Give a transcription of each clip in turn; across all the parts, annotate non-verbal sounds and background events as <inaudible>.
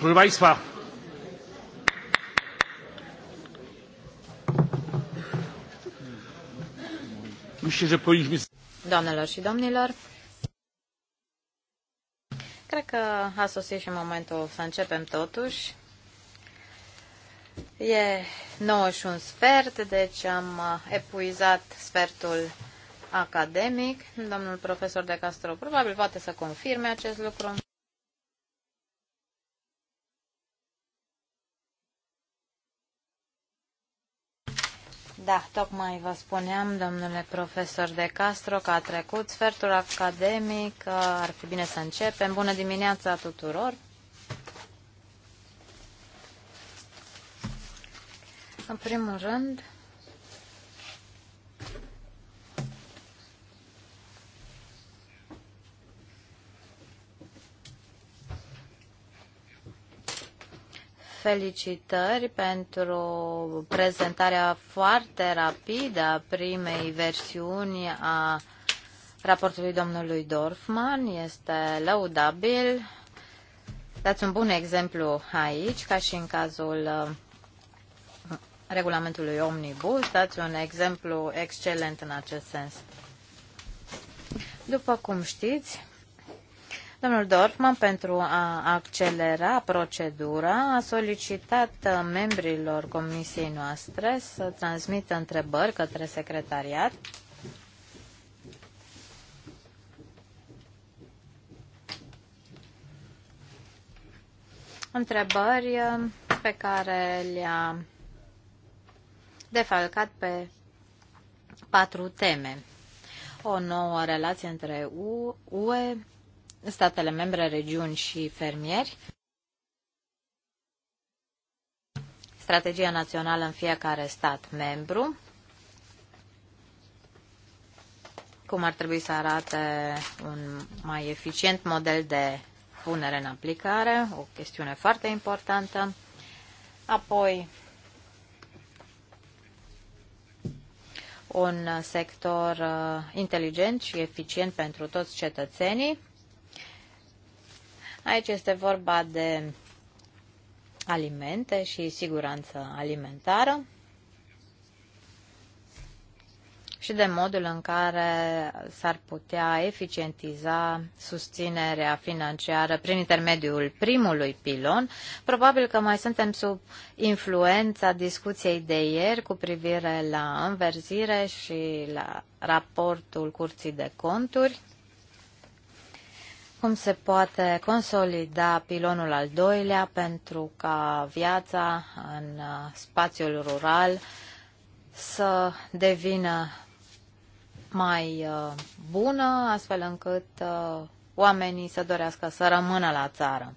Proszę Państwa, myślę, że powinniśmy... Doamnelor și domnilor, cred că a sosit și momentul să începem totuși. E 9 și un sfert, deci am epuizat sfertul academic. Domnul profesor de Castro probabil poate să confirme acest lucru. Da, tocmai vă spuneam, domnule profesor De Castro, că a trecut sfertul academic, ar fi bine să începem. Bună dimineața tuturor! În primul rând, felicitări pentru prezentarea foarte rapidă a primei versiuni a raportului domnului Dorfman. Este lăudabil. Dați un bun exemplu aici, ca și în cazul uh, regulamentului Omnibus. Dați un exemplu excelent în acest sens. După cum știți, Domnul Dorfman, pentru a accelera procedura, a solicitat uh, membrilor comisiei noastre să transmită întrebări către secretariat. Întrebări uh, pe care le-a defalcat pe patru teme. O nouă relație între UE, statele membre, regiuni și fermieri. Strategia națională în fiecare stat membru. Cum ar trebui să arate un mai eficient model de punere în aplicare, o chestiune foarte importantă. Apoi, un sector uh, inteligent și eficient pentru toți cetățenii. Aici este vorba de alimente și siguranță alimentară și de modul în care s-ar putea eficientiza susținerea financiară prin intermediul primului pilon. Probabil că mai suntem sub influența discuției de ieri cu privire la înverzire și la raportul Curții de Conturi cum se poate consolida pilonul al doilea pentru ca viața în uh, spațiul rural să devină mai uh, bună, astfel încât uh, oamenii să dorească să rămână la țară.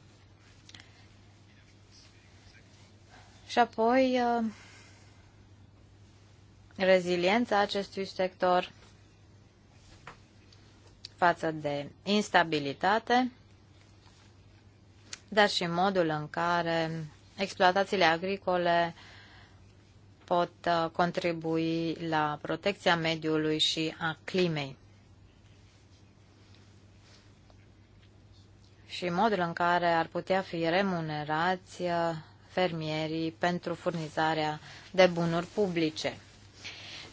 Și apoi reziliența acestui sector față de instabilitate, dar și modul în care exploatațiile agricole pot uh, contribui la protecția mediului și a climei. Și modul în care ar putea fi remunerați uh, fermierii pentru furnizarea de bunuri publice.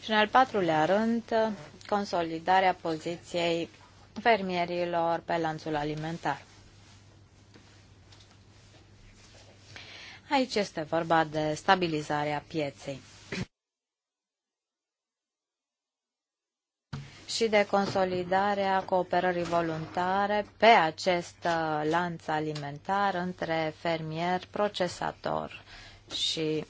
Și în al patrulea rând, consolidarea poziției fermierilor pe lanțul alimentar. Aici este vorba de stabilizarea pieței și de consolidarea cooperării voluntare pe acest uh, lanț alimentar între fermier, procesator și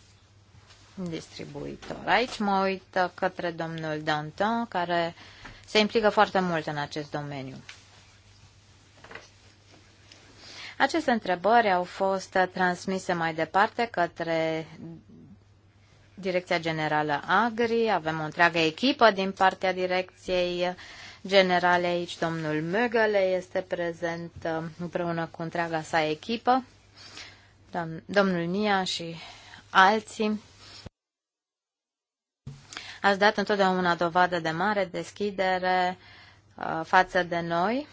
distribuitor. Aici mă uit către domnul Danton, care uh, se implică foarte mult în acest domeniu. Aceste întrebări au fost transmise mai departe către Direcția Generală Agri. Avem o întreagă echipă din partea Direcției Generale aici. Domnul Mögele este prezent uh, împreună cu întreaga sa echipă, domnul Nia și alții ați dat întotdeauna dovadă de mare deschidere uh, față de noi.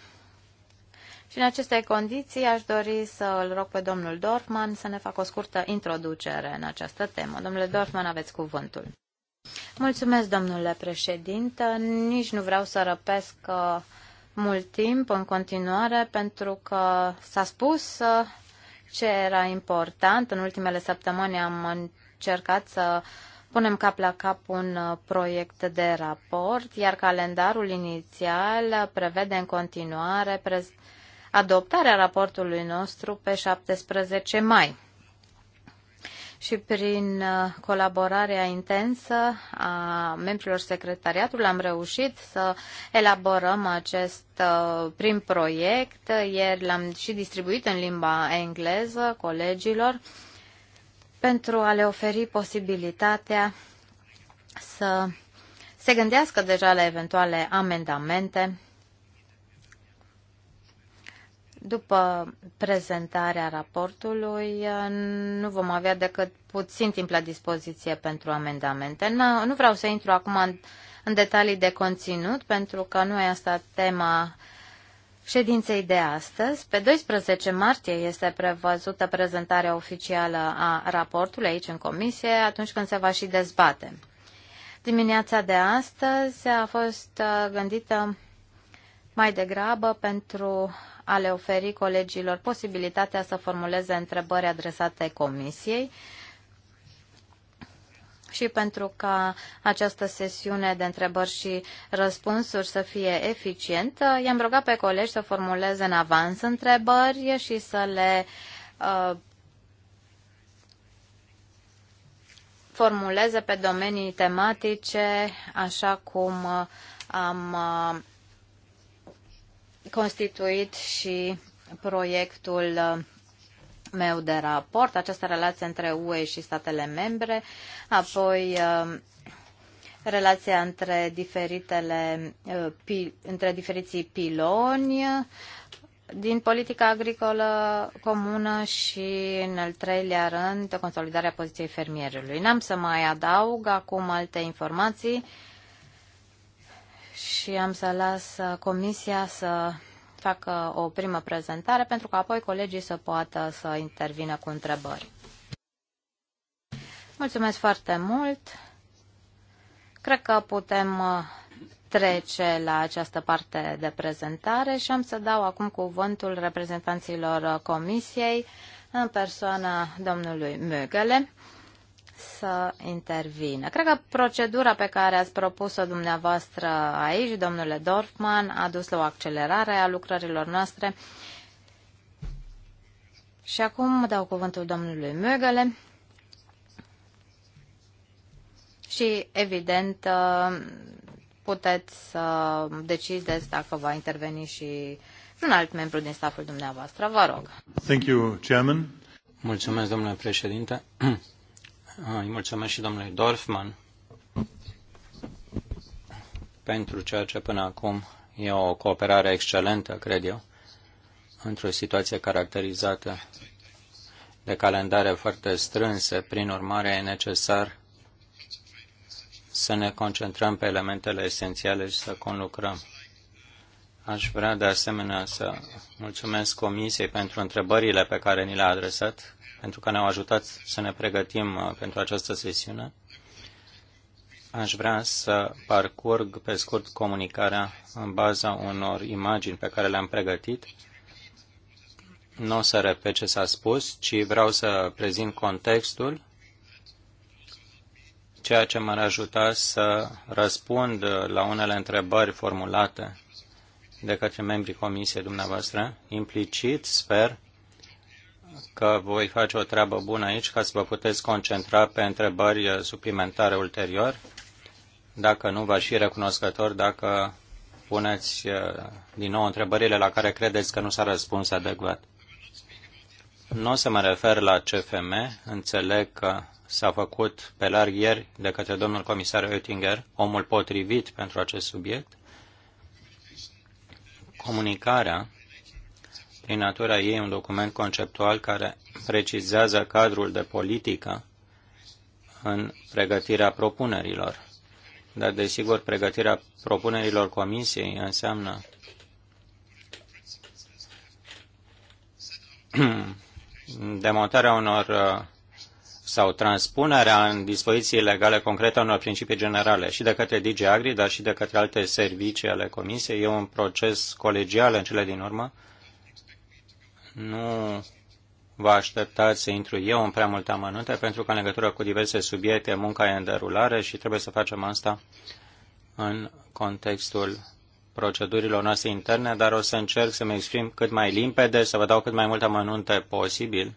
Și în aceste condiții aș dori să îl rog pe domnul Dorfman să ne facă o scurtă introducere în această temă. Domnule Dorfman, aveți cuvântul. Mulțumesc, domnule președinte. Nici nu vreau să răpesc uh, mult timp în continuare pentru că s-a spus uh, ce era important. În ultimele săptămâni am încercat să uh, punem cap la cap un uh, proiect de raport, iar calendarul inițial prevede în continuare adoptarea raportului nostru pe 17 mai. Și prin uh, colaborarea intensă a membrilor secretariatului am reușit să elaborăm acest uh, prim proiect. Ieri l-am și distribuit în limba engleză colegilor pentru a le oferi posibilitatea să se gândească deja la eventuale amendamente după prezentarea raportului, nu vom avea decât puțin timp la dispoziție pentru amendamente. Nu, vreau să intru acum în, în detalii de conținut, pentru că nu e asta tema ședinței de astăzi. Pe 12 martie este prevăzută prezentarea oficială a raportului aici în comisie, atunci când se va și dezbate. Dimineața de astăzi a fost uh, gândită mai degrabă pentru a le oferi colegilor posibilitatea să formuleze întrebări adresate comisiei și pentru ca această sesiune de întrebări și răspunsuri să fie eficientă, i-am rugat pe colegi să formuleze în avans întrebări și să le uh, formuleze pe domenii tematice, așa cum uh, am uh, constituit și proiectul uh, meu de raport, această relație între UE și statele membre, apoi uh, relația între, diferitele, uh, între diferiții piloni din politica agricolă comună și, în al treilea rând, consolidarea poziției fermierului. N-am să mai adaug acum alte informații și am să las uh, Comisia să facă o primă prezentare pentru că apoi colegii să poată să intervină cu întrebări. Mulțumesc foarte mult! Cred că putem uh, trece la această parte de prezentare și am să dau acum cuvântul reprezentanților uh, Comisiei în persoana domnului Mögele să intervină. Cred că procedura pe care ați propus-o dumneavoastră aici, domnule Dorfman, a dus la o accelerare a lucrărilor noastre. Și acum dau cuvântul domnului Mögele și, evident, puteți să decideți dacă va interveni și un alt membru din staful dumneavoastră. Vă rog. Thank you, Chairman. Mulțumesc, domnule președinte. <clears throat> Ah, îi mulțumesc și domnului Dorfman pentru ceea ce până acum e o cooperare excelentă, cred eu, într-o situație caracterizată de calendare foarte strânse. Prin urmare, e necesar să ne concentrăm pe elementele esențiale și să conlucrăm. Aș vrea de asemenea să mulțumesc Comisiei pentru întrebările pe care ni le-a adresat, pentru că ne-au ajutat să ne pregătim uh, pentru această sesiune. Aș vrea să parcurg pe scurt comunicarea în baza unor imagini pe care le-am pregătit. Nu o să repet ce s-a spus, ci vreau să prezint contextul, ceea ce m-ar ajuta să răspund la unele întrebări formulate de către membrii comisiei dumneavoastră, implicit, sper, că voi face o treabă bună aici ca să vă puteți concentra pe întrebări suplimentare ulterior. Dacă nu, v-aș fi recunoscător dacă puneți eh, din nou întrebările la care credeți că nu s-a răspuns adecvat. Nu o să mă refer la CFM, înțeleg că s-a făcut pe larg ieri de către domnul comisar Oettinger, omul potrivit pentru acest subiect. Comunicarea prin natura ei un document conceptual care precizează cadrul de politică în pregătirea propunerilor. Dar, desigur, pregătirea propunerilor comisiei înseamnă <clears throat> demontarea unor uh, sau transpunerea în dispoziții legale concrete a unor principii generale și de către DG Agri, dar și de către alte servicii ale Comisiei. E un proces colegial în cele din urmă nu vă așteptați să intru eu în prea multe amănunte, pentru că în legătură cu diverse subiecte, munca e în derulare și trebuie să facem asta în contextul procedurilor noastre interne, dar o să încerc să mă exprim cât mai limpede, să vă dau cât mai multe amănunte posibil,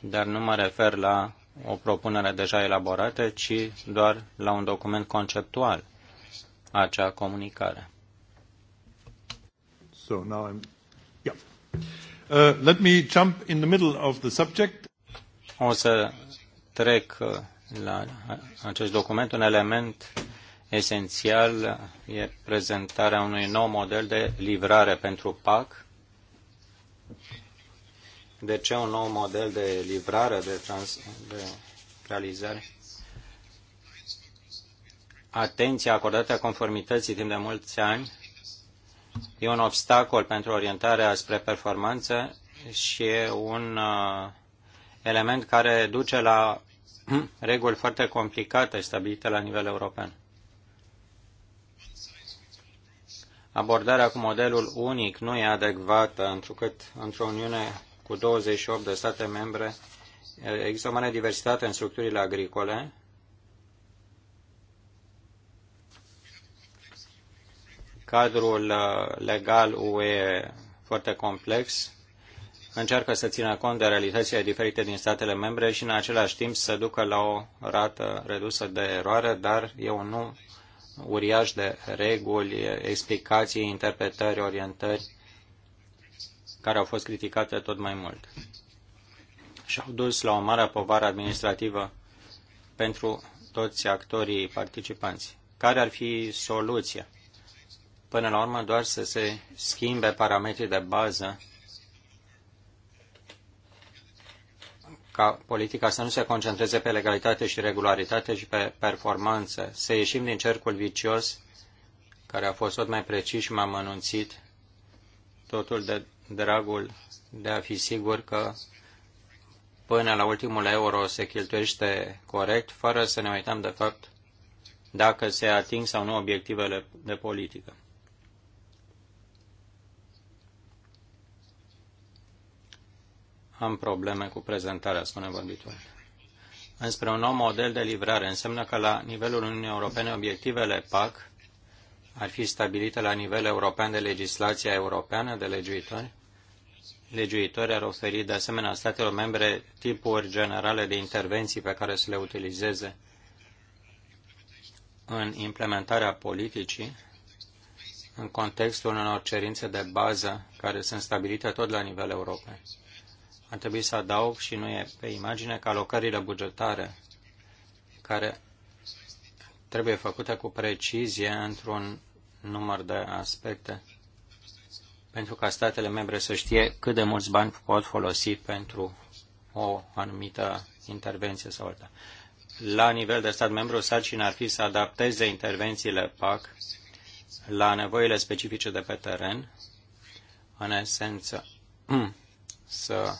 dar nu mă refer la o propunere deja elaborată, ci doar la un document conceptual, acea comunicare. So now I'm... yeah. Uh, let me jump in the middle of the subject. O să trec uh, la uh, acest document. Un element esențial e prezentarea unui nou model de livrare pentru PAC. De ce un nou model de livrare, de, trans, de realizare? Atenția acordată conformității timp de mulți ani e un obstacol pentru orientarea spre performanță și e un uh, element care duce la <clears throat> reguli foarte complicate stabilite la nivel european. Abordarea cu modelul unic nu e adecvată, întrucât într-o Uniune cu 28 de state membre există o mare diversitate în structurile agricole Cadrul uh, legal UE foarte complex încearcă să țină cont de realitățile diferite din statele membre și în același timp să ducă la o rată redusă de eroare, dar e un nu uriaș de reguli, explicații, interpretări, orientări care au fost criticate tot mai mult și au dus la o mare povară administrativă pentru toți actorii participanți. Care ar fi soluția? până la urmă doar să se schimbe parametrii de bază ca politica să nu se concentreze pe legalitate și regularitate și pe performanță, să ieșim din cercul vicios care a fost tot mai precis și m-am anunțit totul de dragul de a fi sigur că până la ultimul euro se cheltuiește corect, fără să ne uităm de fapt dacă se ating sau nu obiectivele de politică. Am probleme cu prezentarea, spune vorbitorul. Înspre un nou model de livrare înseamnă că la nivelul Uniunii Europene obiectivele PAC ar fi stabilite la nivel european de legislația europeană de legiuitori. Legiuitori ar oferi de asemenea statelor membre tipuri generale de intervenții pe care să le utilizeze în implementarea politicii în contextul unor cerințe de bază care sunt stabilite tot la nivel european ar trebui să adaug și nu e pe imagine că alocările bugetare care trebuie făcute cu precizie într-un număr de aspecte pentru ca statele membre să știe cât de mulți bani pot folosi pentru o anumită intervenție sau alta. La nivel de stat membru, sarcina ar fi să adapteze intervențiile PAC la nevoile specifice de pe teren, în esență, <clears throat> să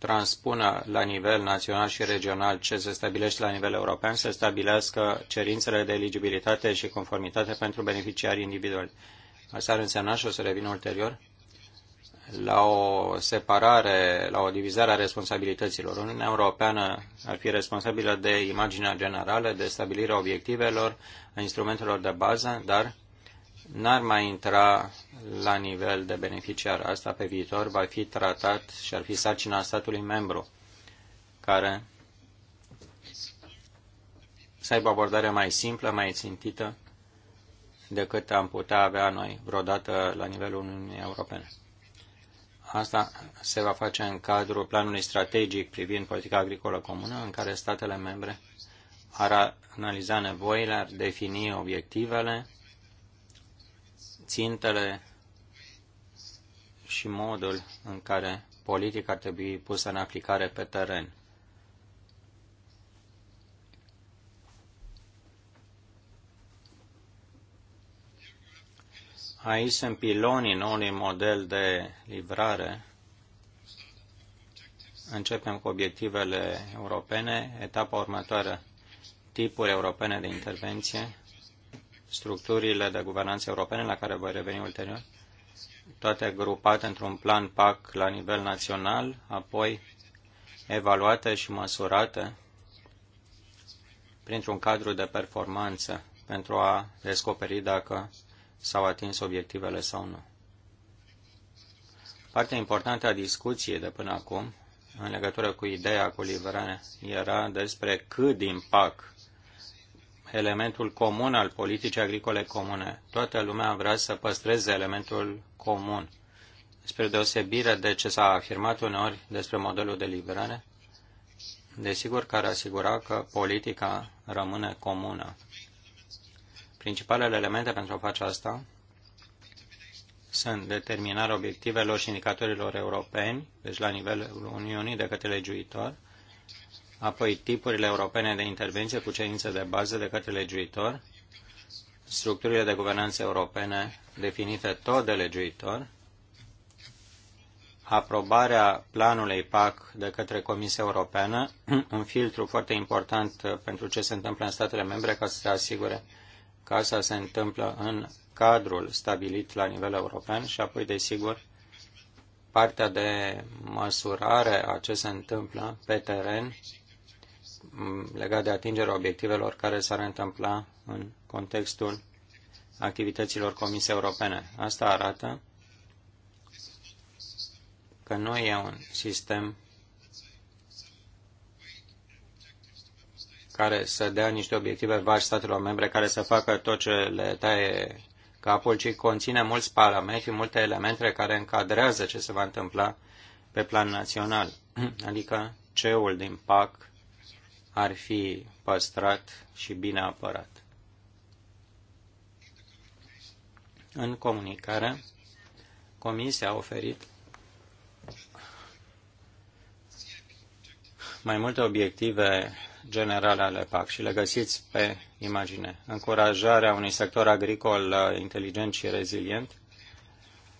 transpună la nivel național și regional ce se stabilește la nivel european, să stabilească cerințele de eligibilitate și conformitate pentru beneficiarii individuali. Asta ar însemna, și o să revin ulterior, la o separare, la o divizare a responsabilităților. Uniunea Europeană ar fi responsabilă de imaginea generală, de stabilirea obiectivelor, a instrumentelor de bază, dar n-ar mai intra la nivel de beneficiar. Asta pe viitor va fi tratat și ar fi sarcina statului membru care să aibă abordare mai simplă, mai țintită decât am putea avea noi vreodată la nivelul Uniunii Europene. Asta se va face în cadrul planului strategic privind politica agricolă comună, în care statele membre ar analiza nevoile, ar defini obiectivele, țintele și modul în care politica ar trebui pusă în aplicare pe teren. Aici sunt pilonii noului model de livrare. Începem cu obiectivele europene, etapa următoare, tipuri europene de intervenție, structurile de guvernanță europene, la care voi reveni ulterior, toate grupate într-un plan PAC la nivel național, apoi evaluate și măsurate printr-un cadru de performanță pentru a descoperi dacă s-au atins obiectivele sau nu. Partea importantă a discuției de până acum, în legătură cu ideea cu livrare, era despre cât din PAC elementul comun al politicii agricole comune. Toată lumea vrea să păstreze elementul comun. Spre deosebire de ce s-a afirmat uneori despre modelul de livrare, desigur care asigura că politica rămâne comună. Principalele elemente pentru a face asta sunt determinarea obiectivelor și indicatorilor europeni, deci la nivelul Uniunii de către legiuitor, apoi tipurile europene de intervenție cu cerințe de bază de către legiuitor, structurile de guvernanță europene definite tot de legiuitor, aprobarea planului PAC de către Comisia Europeană, <clears throat> un filtru foarte important pentru ce se întâmplă în statele membre ca să se asigure că asta se întâmplă în cadrul stabilit la nivel european și apoi, desigur, partea de măsurare a ce se întâmplă pe teren Mm, legat de atingerea obiectivelor care s-ar întâmpla în contextul activităților Comisiei Europene. Asta arată că nu e un sistem care să dea niște obiective vari statelor membre care să facă tot ce le taie capul, ci conține mulți parametri, multe elemente care încadrează ce se va întâmpla pe plan național, <clears throat> adică ceul din PAC ar fi păstrat și bine apărat. În comunicare, Comisia a oferit mai multe obiective generale ale PAC și le găsiți pe imagine. Încurajarea unui sector agricol uh, inteligent și rezilient,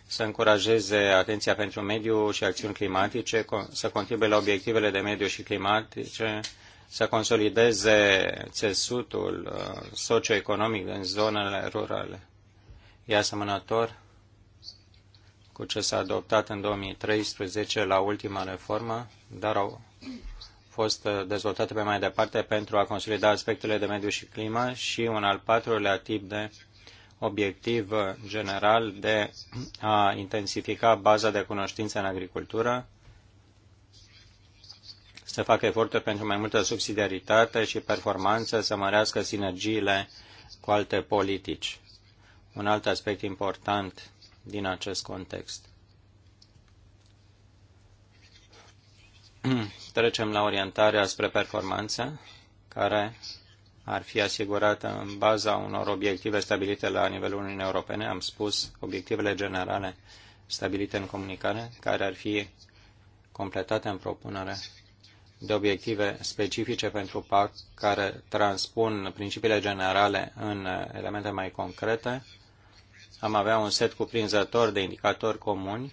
să încurajeze atenția pentru mediu și acțiuni climatice, să contribuie la obiectivele de mediu și climatice, să consolideze țesutul uh, socioeconomic în zonele rurale. E asemănător cu ce s-a adoptat în 2013 la ultima reformă, dar au fost uh, dezvoltate pe mai departe pentru a consolida aspectele de mediu și climă și un al patrulea tip de obiectiv general de a intensifica baza de cunoștință în agricultură, să facă eforturi pentru mai multă subsidiaritate și performanță, să mărească sinergiile cu alte politici. Un alt aspect important din acest context. <clears throat> Trecem la orientarea spre performanță, care ar fi asigurată în baza unor obiective stabilite la nivelul Uniunii Europene. Am spus obiectivele generale stabilite în comunicare, care ar fi completate în propunere de obiective specifice pentru PAC care transpun principiile generale în elemente mai concrete. Am avea un set cuprinzător de indicatori comuni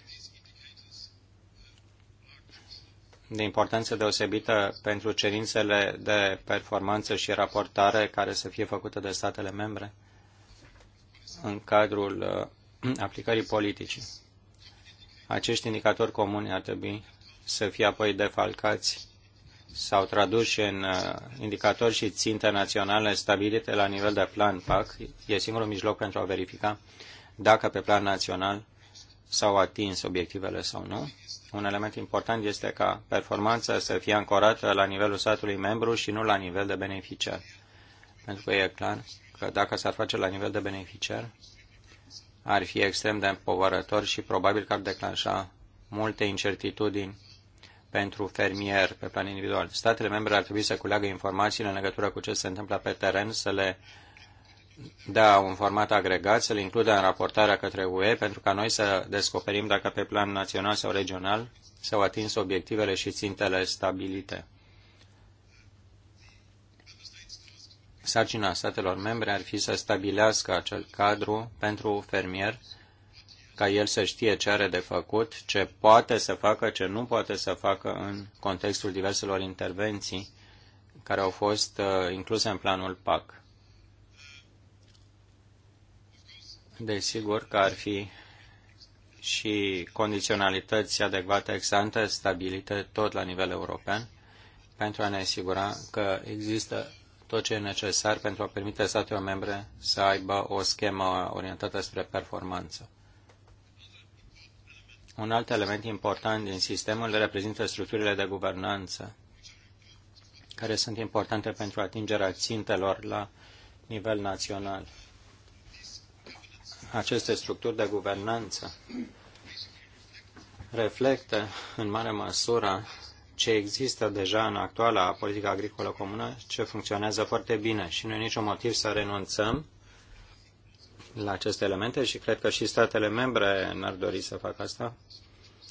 de importanță deosebită pentru cerințele de performanță și raportare care să fie făcute de statele membre în cadrul uh, <clears throat> aplicării politicii. Acești indicatori comuni ar trebui să fie apoi defalcați s-au tradus în uh, indicatori și ținte naționale stabilite la nivel de plan PAC. E singurul mijloc pentru a verifica dacă pe plan național s-au atins obiectivele sau nu. Un element important este ca performanța să fie ancorată la nivelul statului membru și nu la nivel de beneficiar. Pentru că e clar că dacă s-ar face la nivel de beneficiar, ar fi extrem de împovărător și probabil că ar declanșa multe incertitudini pentru fermier pe plan individual. Statele membre ar trebui să culeagă informațiile în legătură cu ce se întâmplă pe teren, să le dea un format agregat, să le includă în raportarea către UE, pentru ca noi să descoperim dacă pe plan național sau regional s-au atins obiectivele și țintele stabilite. Sarcina statelor membre ar fi să stabilească acel cadru pentru fermier, ca el să știe ce are de făcut, ce poate să facă, ce nu poate să facă în contextul diverselor intervenții care au fost uh, incluse în planul PAC. Desigur că ar fi și condiționalități adecvate exante stabilite tot la nivel european pentru a ne asigura că există tot ce e necesar pentru a permite statelor membre să aibă o schemă orientată spre performanță. Un alt element important din sistemul reprezintă structurile de guvernanță, care sunt importante pentru atingerea țintelor la nivel național. Aceste structuri de guvernanță reflectă în mare măsură ce există deja în actuala politică agricolă comună, ce funcționează foarte bine și nu e niciun motiv să renunțăm la aceste elemente și cred că și statele membre n-ar dori să facă asta,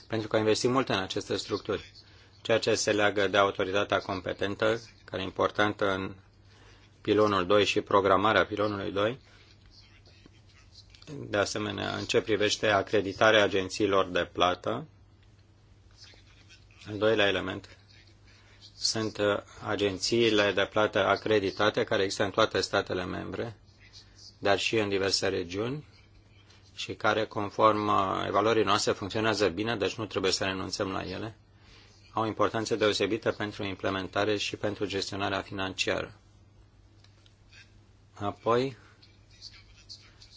pentru că au investit mult în aceste structuri, ceea ce se leagă de autoritatea competentă, care e importantă în pilonul 2 și programarea pilonului 2, de asemenea, în ce privește acreditarea agențiilor de plată, al doilea element sunt agențiile de plată acreditate care există în toate statele membre dar și în diverse regiuni și care, conform uh, evaluării noastre, funcționează bine, deci nu trebuie să renunțăm la ele, au importanță deosebită pentru implementare și pentru gestionarea financiară. Apoi,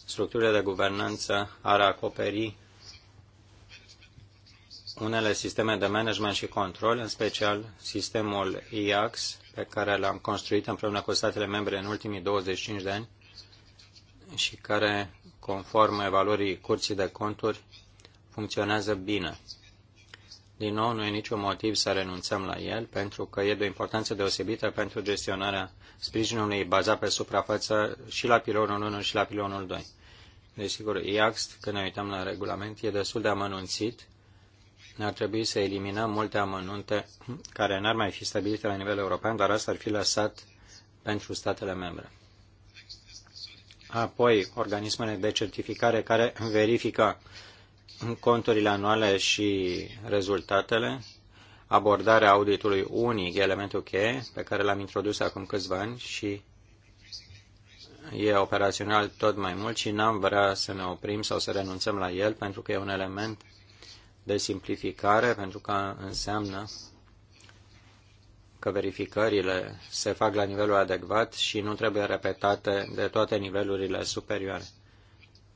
structurile de guvernanță ar acoperi unele sisteme de management și control, în special sistemul IAX, pe care l-am construit împreună cu statele membre în ultimii 25 de ani, și care, conform evaluării curții de conturi, funcționează bine. Din nou, nu e niciun motiv să renunțăm la el, pentru că e de o importanță deosebită pentru gestionarea sprijinului bazat pe suprafață și la pilonul 1 și la pilonul 2. Desigur, IAXT, când ne uităm la regulament, e destul de amănunțit. Ar trebui să eliminăm multe amănunte care n-ar mai fi stabilite la nivel european, dar asta ar fi lăsat pentru statele membre apoi organismele de certificare care verifică conturile anuale și rezultatele, abordarea auditului unic, elementul cheie, pe care l-am introdus acum câțiva ani și e operațional tot mai mult și n-am vrea să ne oprim sau să renunțăm la el pentru că e un element de simplificare, pentru că înseamnă că verificările se fac la nivelul adecvat și nu trebuie repetate de toate nivelurile superioare.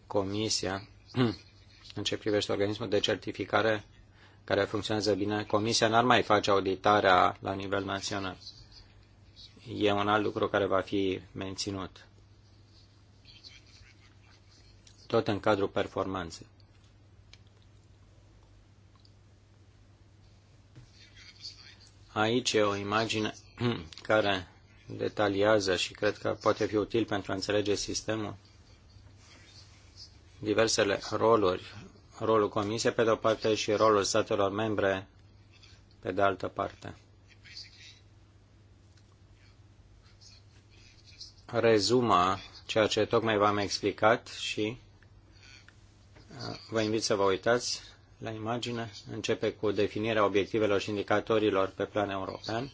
Comisia, <clears throat> în ce privește organismul de certificare care funcționează bine, Comisia n-ar mai face auditarea la nivel național. E un alt lucru care va fi menținut. Tot în cadrul performanței. Aici e o imagine <clears throat> care detaliază și cred că poate fi util pentru a înțelege sistemul. Diversele roluri, rolul Comisiei pe de-o parte și rolul statelor membre pe de altă parte. Rezuma ceea ce tocmai v-am explicat și uh, vă invit să vă uitați la imagine începe cu definirea obiectivelor și indicatorilor pe plan european,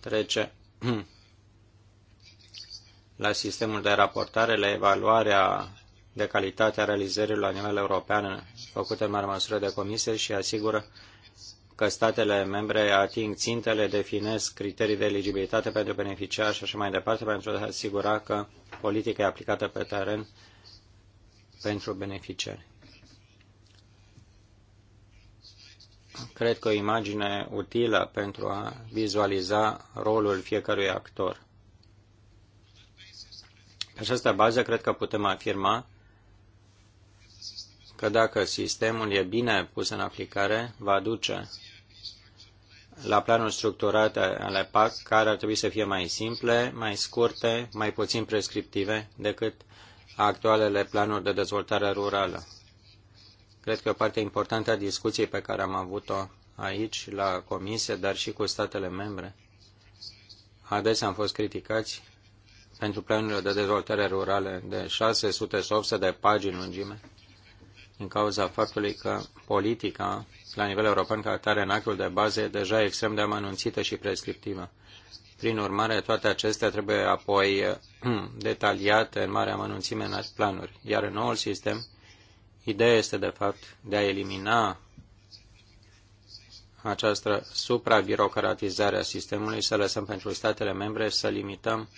trece <clears throat> la sistemul de raportare, la evaluarea de calitate a realizărilor la nivel european făcute în mare măsură de comisie și asigură că statele membre ating țintele, definesc criterii de eligibilitate pentru beneficiar și așa mai departe, pentru a asigura că politica e aplicată pe teren pentru beneficiari. cred că o imagine utilă pentru a vizualiza rolul fiecărui actor. Pe această bază, cred că putem afirma că dacă sistemul e bine pus în aplicare, va duce la planul structurat ale PAC, care ar trebui să fie mai simple, mai scurte, mai puțin prescriptive decât actualele planuri de dezvoltare rurală. Cred că o parte importantă a discuției pe care am avut-o aici, la comisie, dar și cu statele membre, adesea am fost criticați pentru planurile de dezvoltare rurală de 600 sau 800 de pagini lungime, din cauza faptului că politica la nivel european ca atare în actul de bază e deja extrem de amănunțită și prescriptivă. Prin urmare, toate acestea trebuie apoi <clears throat> detaliate în mare amănunțime în planuri, iar în noul sistem Ideea este, de fapt, de a elimina această supra supra-birocratizare a sistemului, să lăsăm pentru statele membre să limităm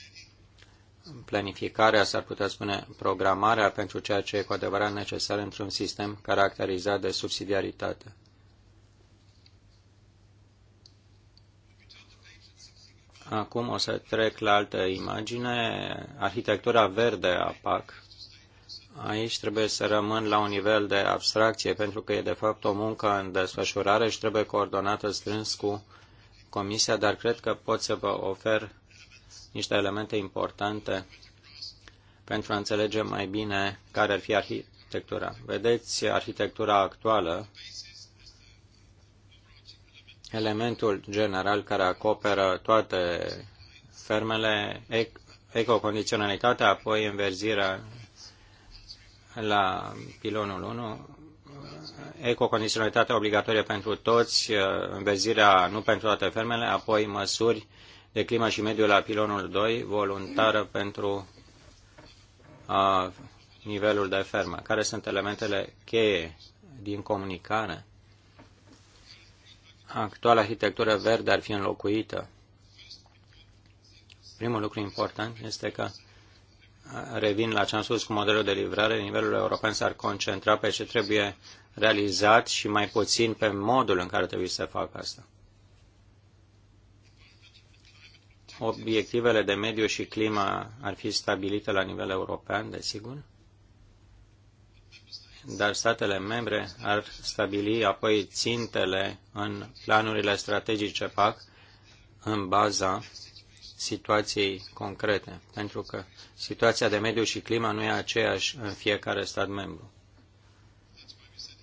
planificarea, s-ar putea spune programarea pentru ceea ce e cu adevărat necesar într-un sistem caracterizat de subsidiaritate. Acum o să trec la altă imagine, arhitectura verde a PAC. Aici trebuie să rămân la un nivel de abstracție, pentru că e de fapt o muncă în desfășurare și trebuie coordonată strâns cu Comisia, dar cred că pot să vă ofer niște elemente importante pentru a înțelege mai bine care ar fi arhitectura. Vedeți arhitectura actuală, elementul general care acoperă toate fermele, ecocondiționalitatea, apoi înverzirea la pilonul 1, ecocondiționalitatea obligatorie pentru toți, uh, învezirea nu pentru toate fermele, apoi măsuri de climă și mediu la pilonul 2, voluntară pentru a, uh, nivelul de fermă. Care sunt elementele cheie din comunicare? Actuala arhitectură verde ar fi înlocuită. Primul lucru important este că revin la ce am spus cu modelul de livrare, nivelul european s-ar concentra pe ce trebuie realizat și mai puțin pe modul în care trebuie să facă asta. Obiectivele de mediu și climă ar fi stabilite la nivel european, desigur, dar statele membre ar stabili apoi țintele în planurile strategice PAC în baza situației concrete, pentru că situația de mediu și clima nu e aceeași în fiecare stat membru.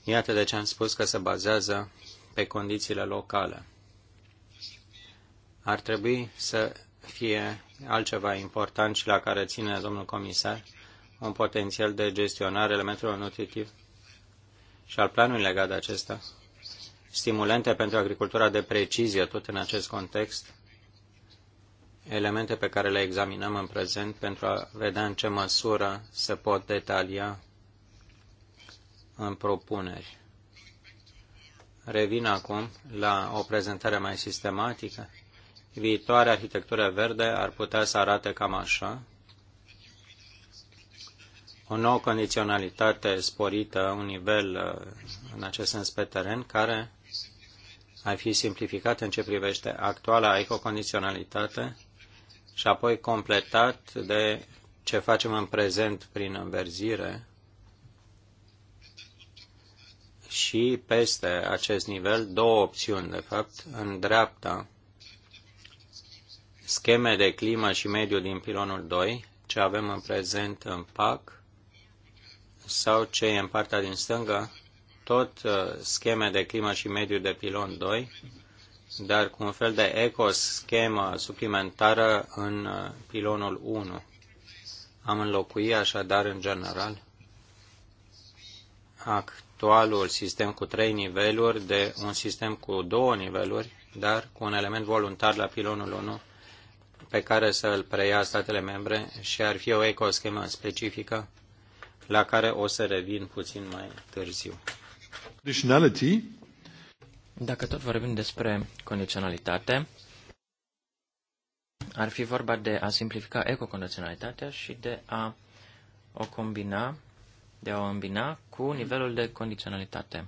Iată de ce am spus că se bazează pe condițiile locale. Ar trebui să fie altceva important și la care ține domnul comisar, un potențial de gestionare elementelor nutritive și al planului legat de acesta, stimulente pentru agricultura de precizie, tot în acest context, elemente pe care le examinăm în prezent pentru a vedea în ce măsură se pot detalia în propuneri. Revin acum la o prezentare mai sistematică. Viitoarea arhitectură verde ar putea să arate cam așa. O nouă condiționalitate sporită, un nivel uh, în acest sens pe teren, care ar fi simplificat în ce privește actuala ecocondiționalitate și apoi completat de ce facem în prezent prin înverzire și peste acest nivel două opțiuni, de fapt, în dreapta scheme de climă și mediu din pilonul 2, ce avem în prezent în PAC, sau ce e în partea din stânga, tot uh, scheme de climă și mediu de pilon 2, dar cu un fel de ecoschemă suplimentară în uh, pilonul 1. Am înlocui așadar, în general, actualul sistem cu trei niveluri de un sistem cu două niveluri, dar cu un element voluntar la pilonul 1 pe care să îl preia statele membre și ar fi o ecoschemă specifică la care o să revin puțin mai târziu. Dacă tot vorbim despre condiționalitate, ar fi vorba de a simplifica ecocondiționalitatea și de a o combina, de a o îmbina cu nivelul de condiționalitate.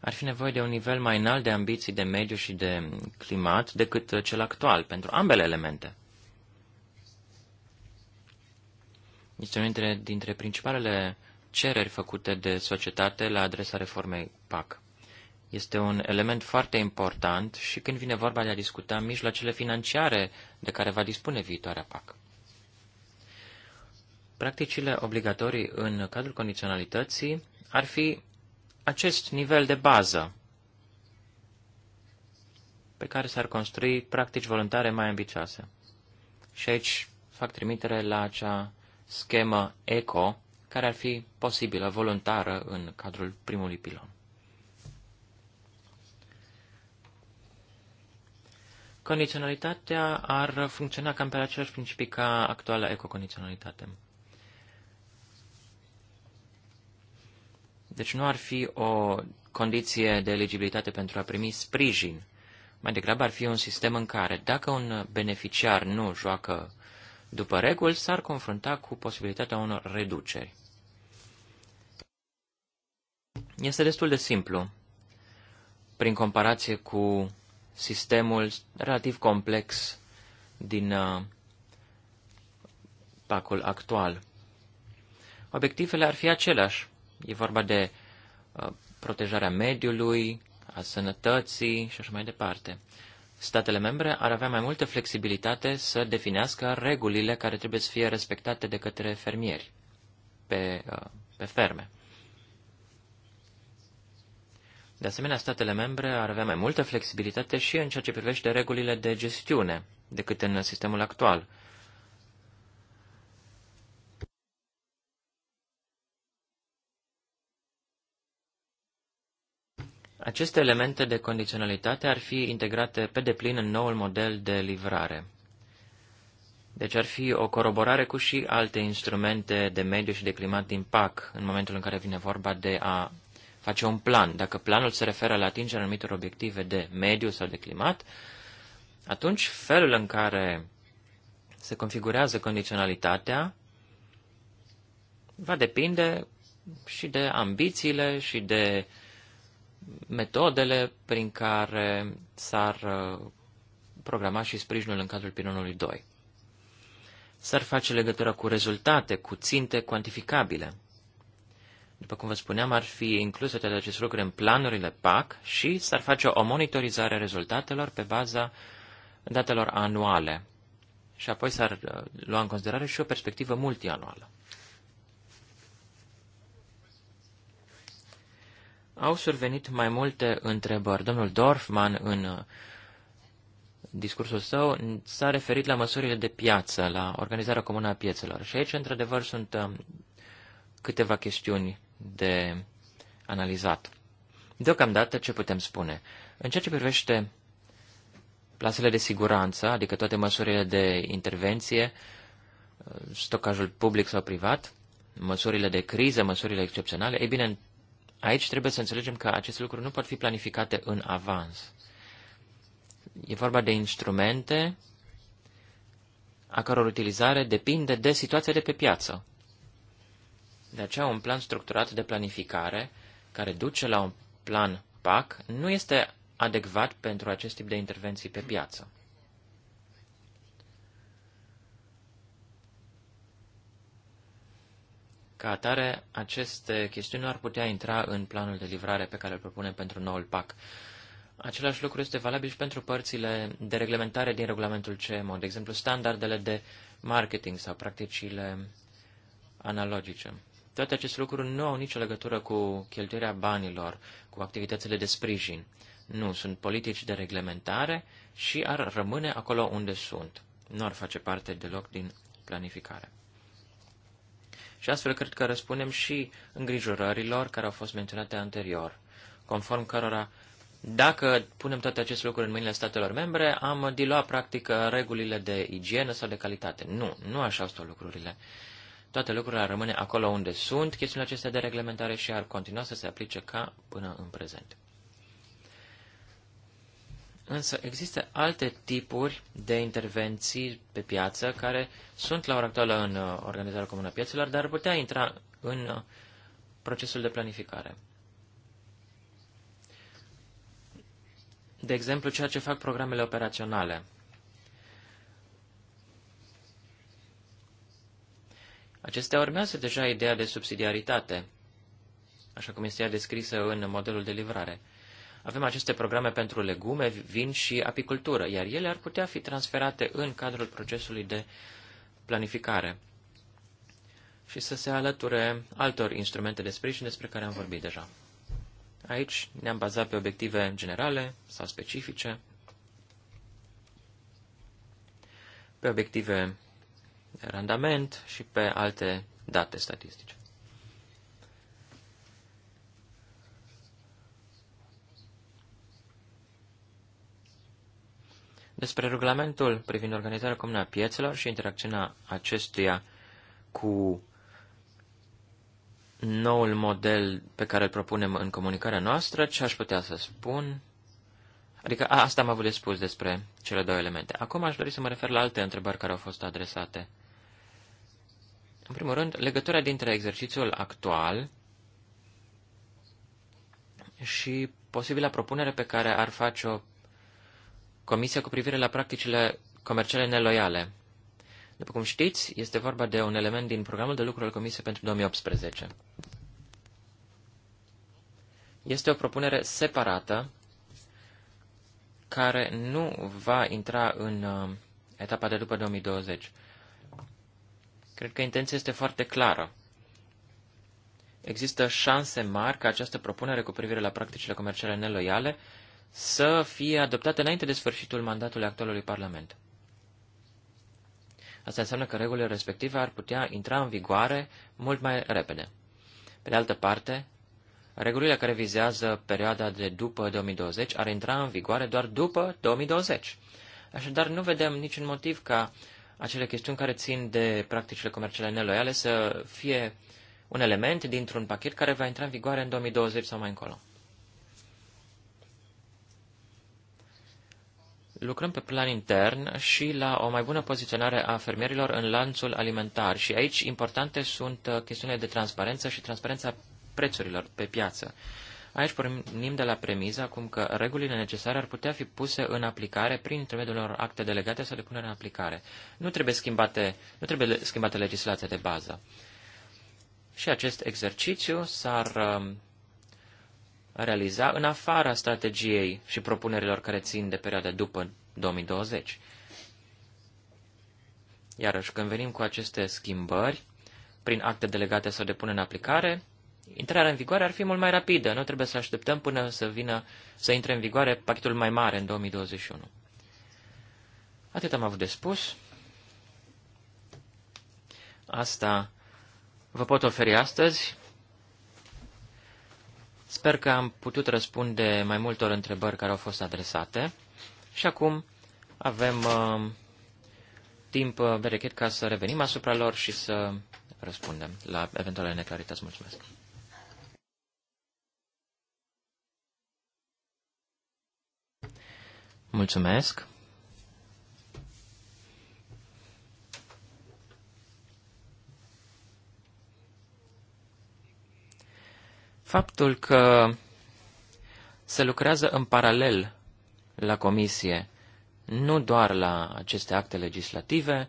Ar fi nevoie de un nivel mai înalt de ambiții de mediu și de climat decât cel actual pentru ambele elemente. Este unul dintre, dintre principalele cereri făcute de societate la adresa reformei PAC. Este un element foarte important și când vine vorba de a discuta mijloacele financiare de care va dispune viitoarea PAC. Practicile obligatorii în cadrul condiționalității ar fi acest nivel de bază pe care s-ar construi practici voluntare mai ambițioase. Și aici fac trimitere la acea schemă ECO, care ar fi posibilă, voluntară, în cadrul primului pilon. Condiționalitatea ar funcționa cam pe același principii ca actuala ecocondiționalitate. Deci nu ar fi o condiție de eligibilitate pentru a primi sprijin. Mai degrabă ar fi un sistem în care, dacă un beneficiar nu joacă după reguli, s-ar confrunta cu posibilitatea unor reduceri este destul de simplu prin comparație cu sistemul relativ complex din uh, pacul actual. Obiectivele ar fi aceleași. E vorba de uh, protejarea mediului, a sănătății și așa mai departe. Statele membre ar avea mai multă flexibilitate să definească regulile care trebuie să fie respectate de către fermieri pe, uh, pe ferme. De asemenea, statele membre ar avea mai multă flexibilitate și în ceea ce privește regulile de gestiune decât în sistemul actual. Aceste elemente de condiționalitate ar fi integrate pe deplin în noul model de livrare. Deci ar fi o coroborare cu și alte instrumente de mediu și de climat din PAC în momentul în care vine vorba de a face un plan. Dacă planul se referă la atingerea anumitor obiective de mediu sau de climat, atunci felul în care se configurează condiționalitatea va depinde și de ambițiile și de metodele prin care s-ar uh, programa și sprijinul în cadrul pilonului 2. S-ar face legătură cu rezultate, cu ținte cuantificabile. După cum vă spuneam, ar fi incluse toate aceste lucruri în planurile PAC și s-ar face o monitorizare a rezultatelor pe baza datelor anuale. Și apoi s-ar uh, lua în considerare și o perspectivă multianuală. Au survenit mai multe întrebări. Domnul Dorfman, în uh, discursul său, s-a referit la măsurile de piață, la organizarea comună a piețelor. Și aici, într-adevăr, sunt um, câteva chestiuni de analizat. Deocamdată, ce putem spune? În ceea ce privește plasele de siguranță, adică toate măsurile de intervenție, stocajul public sau privat, măsurile de criză, măsurile excepționale, ei bine, aici trebuie să înțelegem că aceste lucruri nu pot fi planificate în avans. E vorba de instrumente a căror utilizare depinde de situația de pe piață. De aceea, un plan structurat de planificare, care duce la un plan PAC, nu este adecvat pentru acest tip de intervenții pe piață. Ca atare, aceste chestiuni nu ar putea intra în planul de livrare pe care îl propunem pentru noul PAC. Același lucru este valabil și pentru părțile de reglementare din regulamentul CMO, de exemplu standardele de marketing sau practicile analogice. Toate aceste lucruri nu au nicio legătură cu cheltuirea banilor, cu activitățile de sprijin. Nu, sunt politici de reglementare și ar rămâne acolo unde sunt. Nu ar face parte deloc din planificare. Și astfel cred că răspundem și îngrijorărilor care au fost menționate anterior, conform cărora dacă punem toate aceste lucruri în mâinile statelor membre, am diluat practic regulile de igienă sau de calitate. Nu, nu așa stau lucrurile toate lucrurile ar rămâne acolo unde sunt chestiunile acestea de reglementare și ar continua să se aplice ca până în prezent. Însă există alte tipuri de intervenții pe piață care sunt la ora actuală în uh, organizarea comună a piețelor, dar ar putea intra în uh, procesul de planificare. De exemplu, ceea ce fac programele operaționale. Acestea urmează deja ideea de subsidiaritate, așa cum este ea descrisă în modelul de livrare. Avem aceste programe pentru legume, vin și apicultură, iar ele ar putea fi transferate în cadrul procesului de planificare și să se alăture altor instrumente de sprijin despre care am vorbit deja. Aici ne-am bazat pe obiective generale sau specifice, pe obiective randament și pe alte date statistice. Despre regulamentul privind organizarea comună a piețelor și interacțiunea acestuia cu noul model pe care îl propunem în comunicarea noastră, ce aș putea să spun? Adică a, asta am avut de spus despre cele două elemente. Acum aș dori să mă refer la alte întrebări care au fost adresate. În primul rând, legătura dintre exercițiul actual și posibila propunere pe care ar face-o Comisia cu privire la practicile comerciale neloiale. După cum știți, este vorba de un element din programul de lucru al Comisiei pentru 2018. Este o propunere separată care nu va intra în uh, etapa de după 2020. Cred că intenția este foarte clară. Există șanse mari ca această propunere cu privire la practicile comerciale neloiale să fie adoptată înainte de sfârșitul mandatului actualului Parlament. Asta înseamnă că regulile respective ar putea intra în vigoare mult mai repede. Pe de altă parte, regulile care vizează perioada de după 2020 ar intra în vigoare doar după 2020. Așadar, nu vedem niciun motiv ca acele chestiuni care țin de practicile comerciale neloiale să fie un element dintr-un pachet care va intra în vigoare în 2020 sau mai încolo. Lucrăm pe plan intern și la o mai bună poziționare a fermierilor în lanțul alimentar și aici importante sunt uh, chestiunile de transparență și transparența prețurilor pe piață. Aici pornim de la premiza cum că regulile necesare ar putea fi puse în aplicare prin intermediul unor acte delegate sau de punere în aplicare. Nu trebuie, schimbate, nu trebuie schimbată legislația de bază. Și acest exercițiu s-ar um, realiza în afara strategiei și propunerilor care țin de perioada după 2020. Iarăși, când venim cu aceste schimbări, prin acte delegate sau de pune în aplicare, intrarea în vigoare ar fi mult mai rapidă. Nu trebuie să așteptăm până să vină să intre în vigoare pachetul mai mare în 2021. Atât am avut de spus. Asta vă pot oferi astăzi. Sper că am putut răspunde mai multor întrebări care au fost adresate. Și acum avem uh, timp berechet uh, ca să revenim asupra lor și să răspundem la eventuale neclarități. Mulțumesc! Mulțumesc. Faptul că se lucrează în paralel la comisie, nu doar la aceste acte legislative,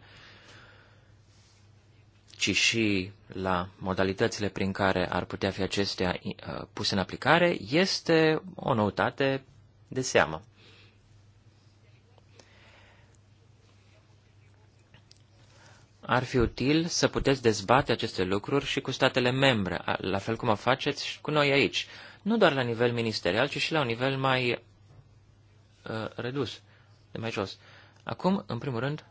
ci și la modalitățile prin care ar putea fi acestea uh, puse în aplicare, este o noutate de seamă. ar fi util să puteți dezbate aceste lucruri și cu statele membre, la fel cum o faceți și cu noi aici, nu doar la nivel ministerial, ci și la un nivel mai uh, redus, de mai jos. Acum, în primul rând,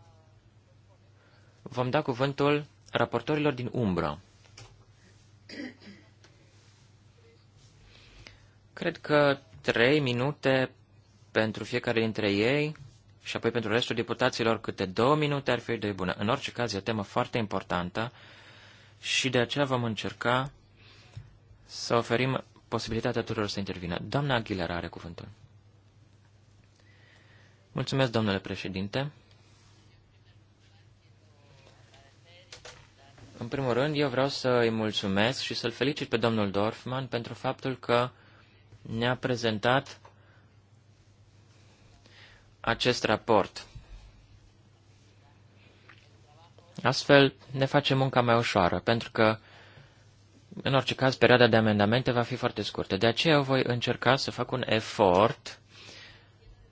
vom da cuvântul raportorilor din umbră. Cred că trei minute pentru fiecare dintre ei și apoi pentru restul deputaților câte două minute ar fi de bună. În orice caz, e o temă foarte importantă și de aceea vom încerca să oferim posibilitatea tuturor să intervină. Doamna Aguilera are cuvântul. Mulțumesc, domnule președinte. În primul rând, eu vreau să îi mulțumesc și să-l felicit pe domnul Dorfman pentru faptul că ne-a prezentat acest raport. Astfel, ne face munca mai ușoară, pentru că, în orice caz, perioada de amendamente va fi foarte scurtă. De aceea voi încerca să fac un efort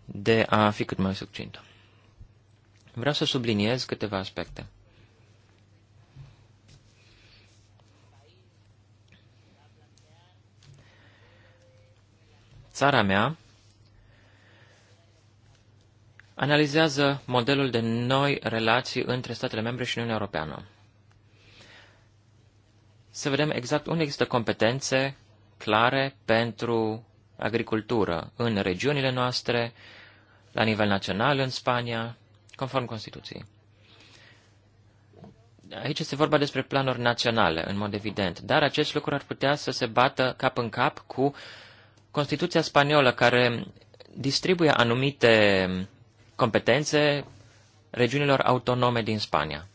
de a fi cât mai succintă. Vreau să subliniez câteva aspecte. Țara mea analizează modelul de noi relații între statele membre și Uniunea Europeană. Să vedem exact unde există competențe clare pentru agricultură în regiunile noastre, la nivel național în Spania, conform Constituției. Aici este vorba despre planuri naționale, în mod evident, dar acest lucru ar putea să se bată cap în cap cu Constituția spaniolă, care distribuie anumite competențe regiunilor autonome din Spania.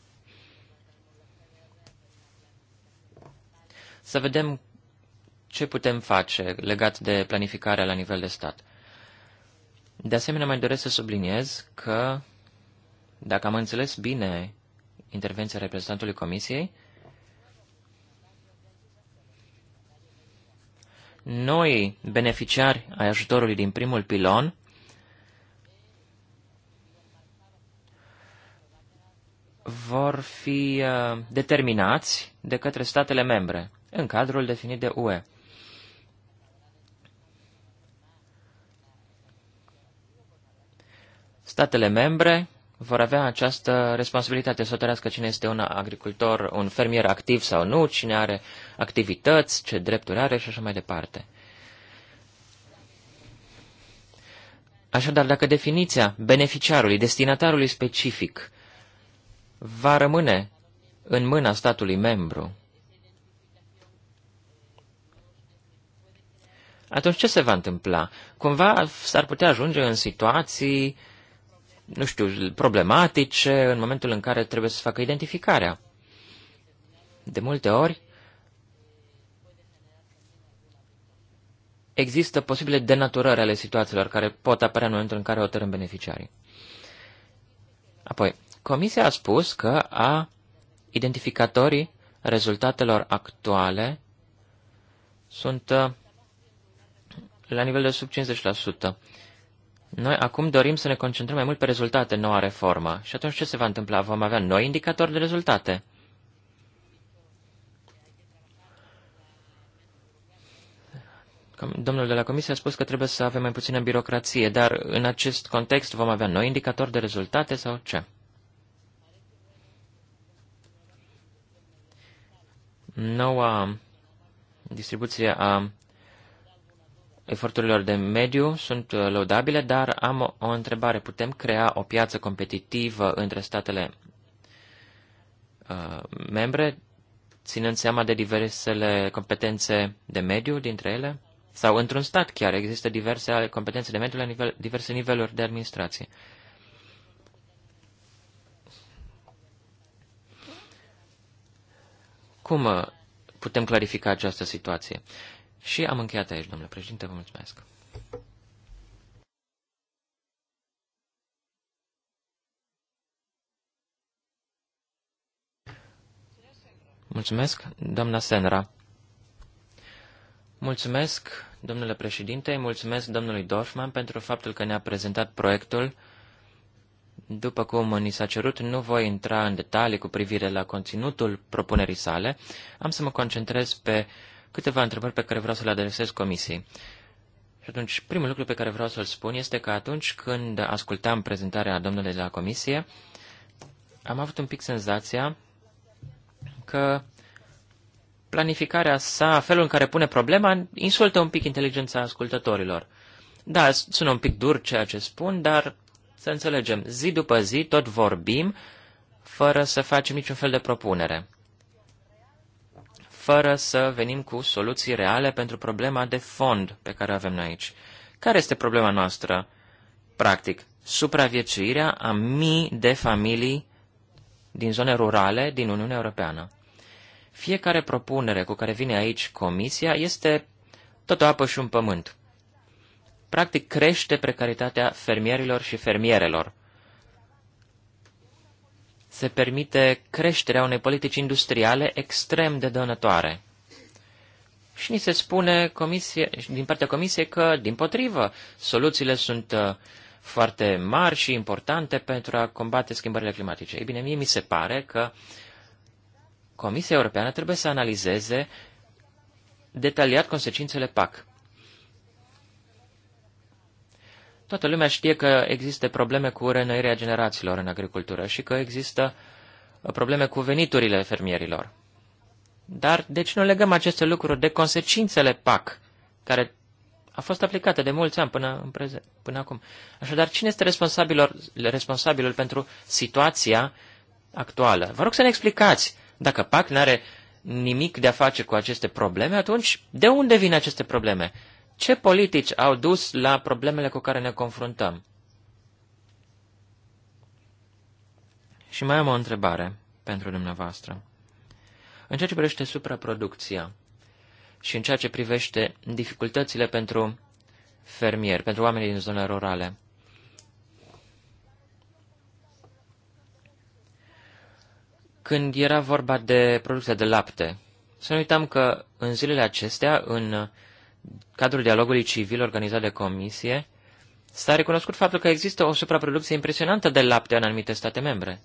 Să vedem ce putem face legat de planificarea la nivel de stat. De asemenea, mai doresc să subliniez că, dacă am înțeles bine intervenția reprezentantului Comisiei, noi, beneficiari ai ajutorului din primul pilon, vor fi uh, determinați de către statele membre, în cadrul definit de UE. Statele membre vor avea această responsabilitate să hotărească cine este un agricultor, un fermier activ sau nu, cine are activități, ce drepturi are și așa mai departe. Așadar, dacă definiția beneficiarului, destinatarului specific va rămâne în mâna statului membru. Atunci ce se va întâmpla? Cumva s-ar putea ajunge în situații, nu știu, problematice în momentul în care trebuie să facă identificarea. De multe ori există posibile denaturări ale situațiilor care pot apărea în momentul în care o tărâm beneficiarii. Apoi, Comisia a spus că a identificatorii rezultatelor actuale sunt uh, la nivel de sub 50%. Noi acum dorim să ne concentrăm mai mult pe rezultate noua reformă. Și atunci ce se va întâmpla? Vom avea noi indicatori de rezultate. Domnul de la Comisie a spus că trebuie să avem mai puțină birocrație, dar în acest context vom avea noi indicatori de rezultate sau ce? noua distribuție a eforturilor de mediu sunt uh, lăudabile, dar am o întrebare. Putem crea o piață competitivă între statele uh, membre, ținând seama de diversele competențe de mediu dintre ele? Sau într-un stat chiar există diverse competențe de mediu la nivel, diverse niveluri de administrație. Cum uh, putem clarifica această situație? Și am încheiat aici, domnule președinte, vă mulțumesc. Mulțumesc, doamna Senra. Mulțumesc, domnule președinte, mulțumesc domnului Dorfman pentru faptul că ne-a prezentat proiectul după cum ni s-a cerut, nu voi intra în detalii cu privire la conținutul propunerii sale, am să mă concentrez pe câteva întrebări pe care vreau să le adresez comisiei. Și atunci, primul lucru pe care vreau să-l spun este că atunci când ascultam prezentarea domnului de la comisie, am avut un pic senzația că planificarea sa, felul în care pune problema, insultă un pic inteligența ascultătorilor. Da, sună un pic dur ceea ce spun, dar să înțelegem. Zi după zi tot vorbim fără să facem niciun fel de propunere, fără să venim cu soluții reale pentru problema de fond pe care o avem noi aici. Care este problema noastră? Practic, supraviețuirea a mii de familii din zone rurale din Uniunea Europeană. Fiecare propunere cu care vine aici comisia este tot o apă și un pământ practic crește precaritatea fermierilor și fermierelor. Se permite creșterea unei politici industriale extrem de dănătoare. Și ni se spune comisie, din partea comisiei că, din potrivă, soluțiile sunt uh, foarte mari și importante pentru a combate schimbările climatice. Ei bine, mie mi se pare că Comisia Europeană trebuie să analizeze detaliat consecințele PAC. Toată lumea știe că există probleme cu reînnoirea generațiilor în agricultură și că există probleme cu veniturile fermierilor. Dar de ce nu legăm aceste lucruri de consecințele PAC, care a fost aplicată de mulți ani până, în prezent, până acum. Așadar, cine este responsabilor, responsabilul pentru situația actuală? Vă rog să ne explicați. Dacă PAC nu are nimic de a face cu aceste probleme, atunci de unde vin aceste probleme? Ce politici au dus la problemele cu care ne confruntăm? Și mai am o întrebare pentru dumneavoastră. În ceea ce privește supraproducția și în ceea ce privește dificultățile pentru fermieri, pentru oamenii din zonele rurale, când era vorba de producția de lapte, să nu uităm că în zilele acestea, în cadrul dialogului civil organizat de comisie, s-a recunoscut faptul că există o supraproducție impresionantă de lapte în anumite state membre.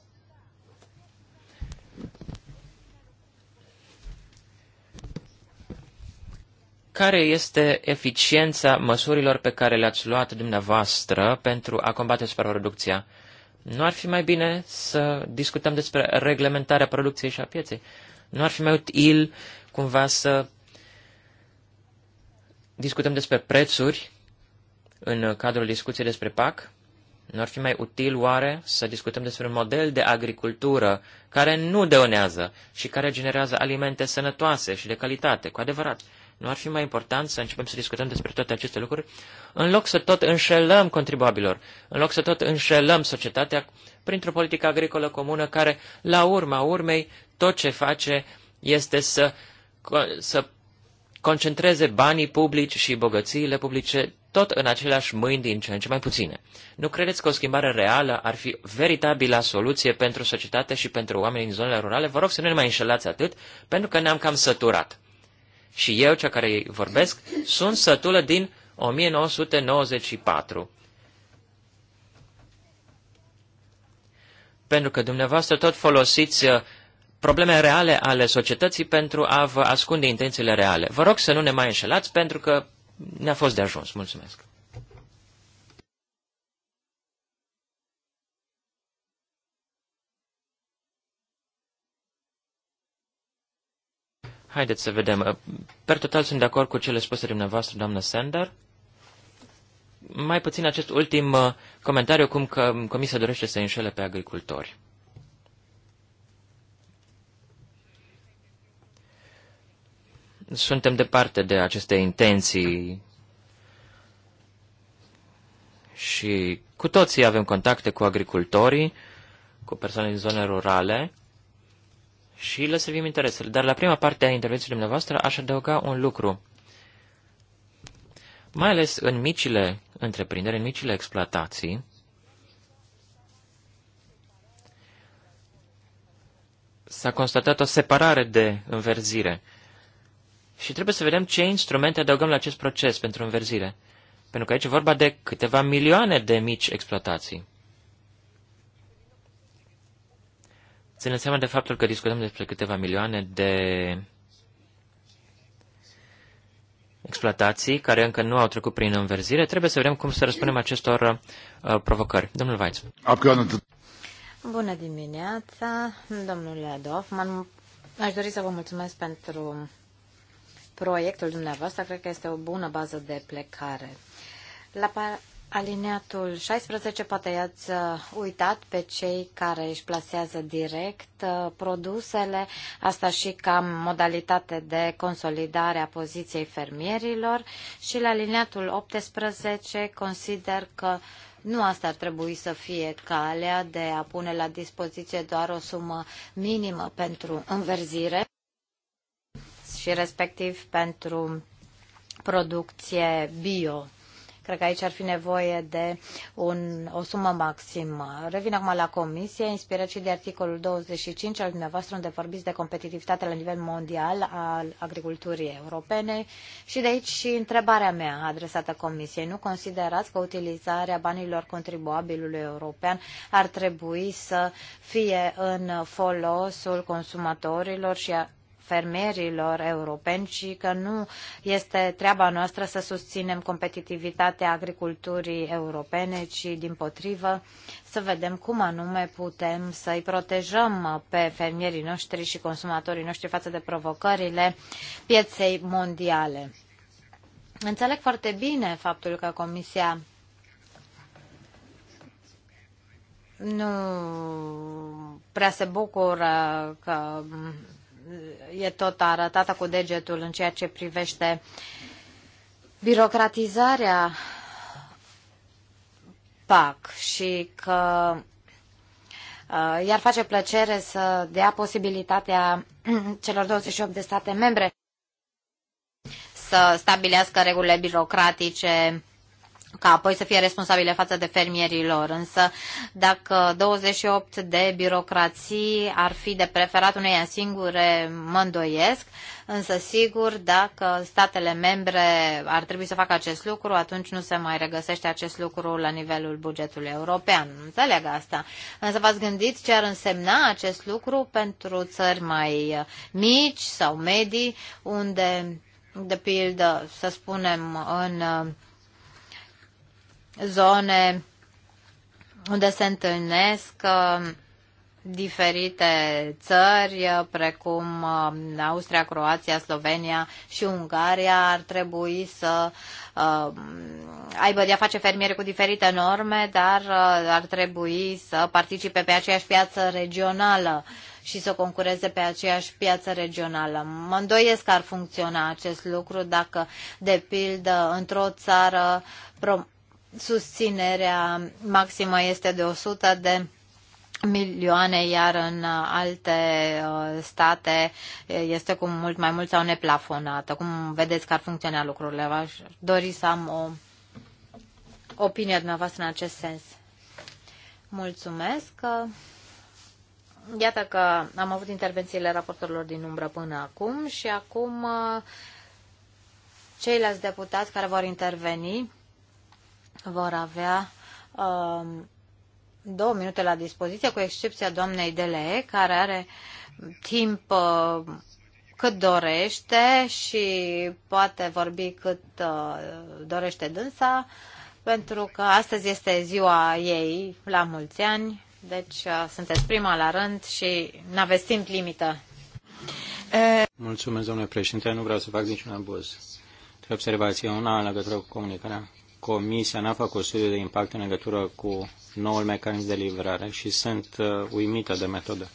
Care este eficiența măsurilor pe care le-ați luat dumneavoastră pentru a combate supraproducția? Nu ar fi mai bine să discutăm despre reglementarea producției și a pieței? Nu ar fi mai util cumva să discutăm despre prețuri în cadrul discuției despre PAC, nu ar fi mai util oare să discutăm despre un model de agricultură care nu dăunează și care generează alimente sănătoase și de calitate, cu adevărat? Nu ar fi mai important să începem să discutăm despre toate aceste lucruri, în loc să tot înșelăm contribuabilor, în loc să tot înșelăm societatea printr-o politică agricolă comună care, la urma urmei, tot ce face este să, să concentreze banii publici și bogățiile publice tot în aceleași mâini din ce în ce mai puține. Nu credeți că o schimbare reală ar fi veritabila soluție pentru societate și pentru oamenii din zonele rurale? Vă rog să nu ne mai înșelați atât, pentru că ne-am cam săturat. Și eu, cea care vorbesc, sunt sătulă din 1994. Pentru că dumneavoastră tot folosiți uh, probleme reale ale societății pentru a vă ascunde intențiile reale. Vă rog să nu ne mai înșelați pentru că ne-a fost de ajuns. Mulțumesc. Haideți să vedem. Per total sunt de acord cu cele spuse dumneavoastră, doamnă Sender. Mai puțin acest ultim uh, comentariu, cum că Comisia dorește să înșele pe agricultori. suntem departe de aceste intenții și cu toții avem contacte cu agricultorii, cu persoane din zone rurale și le servim interesele. Dar la prima parte a intervenției dumneavoastră aș adăuga un lucru. Mai ales în micile întreprinderi, în micile exploatații, s-a constatat o separare de înverzire. Și trebuie să vedem ce instrumente adăugăm la acest proces pentru înverzire. Pentru că aici e vorba de câteva milioane de mici exploatații. Ținând seama de faptul că discutăm despre câteva milioane de exploatații care încă nu au trecut prin înverzire, trebuie să vedem cum să răspundem acestor uh, provocări. Domnul Vaiț. Bună dimineața, domnule Adolf. Aș dori să vă mulțumesc pentru proiectul dumneavoastră cred că este o bună bază de plecare. La alineatul 16 poate i-ați uh, uitat pe cei care își plasează direct uh, produsele, asta și ca modalitate de consolidare a poziției fermierilor și la alineatul 18 consider că nu asta ar trebui să fie calea de a pune la dispoziție doar o sumă minimă pentru înverzire și respectiv pentru producție bio. Cred că aici ar fi nevoie de un, o sumă maximă. Revin acum la comisie, inspirat și de articolul 25 al dumneavoastră, unde vorbiți de competitivitatea la nivel mondial al agriculturii europene. Și de aici și întrebarea mea adresată comisiei. Nu considerați că utilizarea banilor contribuabilului european ar trebui să fie în folosul consumatorilor și a fermierilor europeni și că nu este treaba noastră să susținem competitivitatea agriculturii europene, ci din potrivă să vedem cum anume putem să-i protejăm pe fermierii noștri și consumatorii noștri față de provocările pieței mondiale. Înțeleg foarte bine faptul că Comisia nu prea se bucură că e tot arătată cu degetul în ceea ce privește birocratizarea PAC și că uh, i-ar face plăcere să dea posibilitatea <clears throat> celor 28 de state membre să stabilească regulile birocratice ca apoi să fie responsabile față de lor. Însă, dacă 28 de birocrații ar fi de preferat uneia singure, mă îndoiesc, însă sigur, dacă statele membre ar trebui să facă acest lucru, atunci nu se mai regăsește acest lucru la nivelul bugetului european. Înțeleg asta. Însă v-ați gândit ce ar însemna acest lucru pentru țări mai mici sau medii, unde, de pildă, să spunem, în zone unde se întâlnesc uh, diferite țări, uh, precum uh, Austria, Croația, Slovenia și Ungaria, ar trebui să aibă de-a face fermieri cu diferite norme, dar ar trebui să participe pe aceeași piață regională și să concureze pe aceeași piață regională. Mă îndoiesc că ar funcționa acest lucru dacă, de pildă, într-o țară prom- susținerea maximă este de 100 de milioane, iar în alte uh, state este cu mult mai mult sau neplafonată. Cum vedeți că ar funcționa lucrurile? V-aș dori să am o opinie dumneavoastră în acest sens. Mulțumesc. Iată că am avut intervențiile raportorilor din umbră până acum și acum uh, ceilalți deputați care vor interveni vor avea um, două minute la dispoziție, cu excepția doamnei Dele, care are timp uh, cât dorește și poate vorbi cât uh, dorește dânsa, pentru că astăzi este ziua ei la mulți ani, deci uh, sunteți prima la rând și n-aveți timp limită. Mulțumesc, domnule președinte, nu vreau să fac niciun abuz. Trebuie observație una în legătură cu comunicarea Comisia n-a făcut studiu de impact în legătură cu noul mecanism de livrare și sunt uh, uimită de metodă.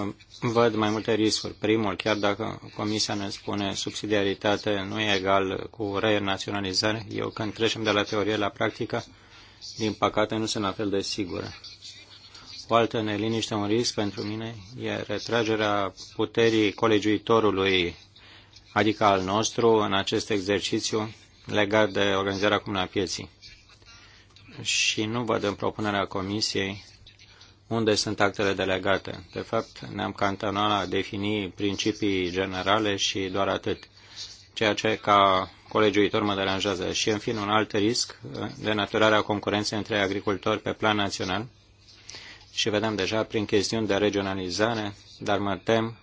Um, văd mai multe riscuri. Primul, chiar dacă Comisia ne spune subsidiaritate nu e egal cu re-naționalizare, eu când trecem de la teorie la practică, din păcate nu sunt la fel de sigură. O altă neliniște, un risc pentru mine, e retragerea puterii colegiuitorului, adică al nostru, în acest exercițiu legat de organizarea comună pieții. Și nu văd în propunerea Comisiei unde sunt actele delegate. De fapt, ne-am cantonat la defini principii generale și doar atât. Ceea ce ca colegiuitor mă deranjează. Și, în fin, un alt risc uh, de naturarea concurenței între agricultori pe plan național. Și vedem deja prin chestiuni de regionalizare, dar mă tem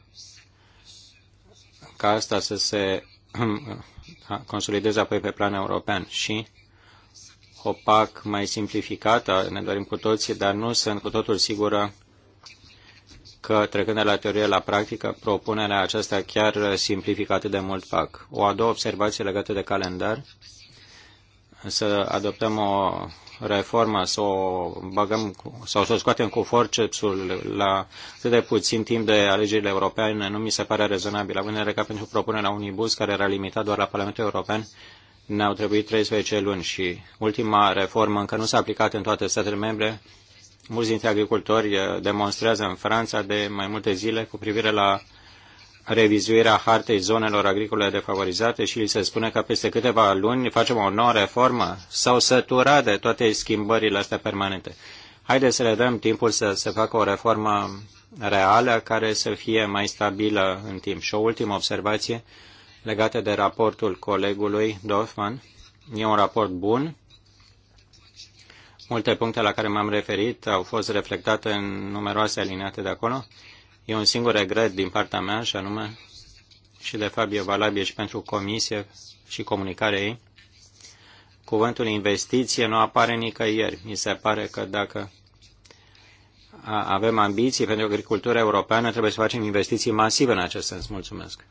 ca asta să se <clears throat> consolideze apoi pe plan european și o mai simplificată, ne dorim cu toții, dar nu sunt cu totul sigură că, trecând de la teorie la practică, propunerea aceasta chiar simplifică atât de mult PAC. O a doua observație legată de calendar, să adoptăm o reformă, să o băgăm sau să o scoatem cu forcepsul la cât de puțin timp de alegerile europene, nu mi se pare rezonabil. Având în vedere că pentru propunerea bus care era limitat doar la Parlamentul European, ne-au trebuit 13 luni și ultima reformă încă nu s-a aplicat în toate statele membre. Mulți dintre agricultori eh, demonstrează în Franța de mai multe zile cu privire la revizuirea hartei zonelor agricole defavorizate și li se spune că peste câteva luni facem o nouă reformă, s-au săturat de toate schimbările astea permanente. Haideți să le dăm timpul să se facă o reformă reală care să fie mai stabilă în timp. Și o ultimă observație legată de raportul colegului Dorfman. E un raport bun. Multe puncte la care m-am referit au fost reflectate în numeroase alineate de acolo E un singur regret din partea mea, și anume, și de fapt e valabil și pentru comisie și comunicarea ei, cuvântul investiție nu apare nicăieri. Mi se pare că dacă avem ambiții pentru agricultura europeană, trebuie să facem investiții masive în acest sens. Mulțumesc.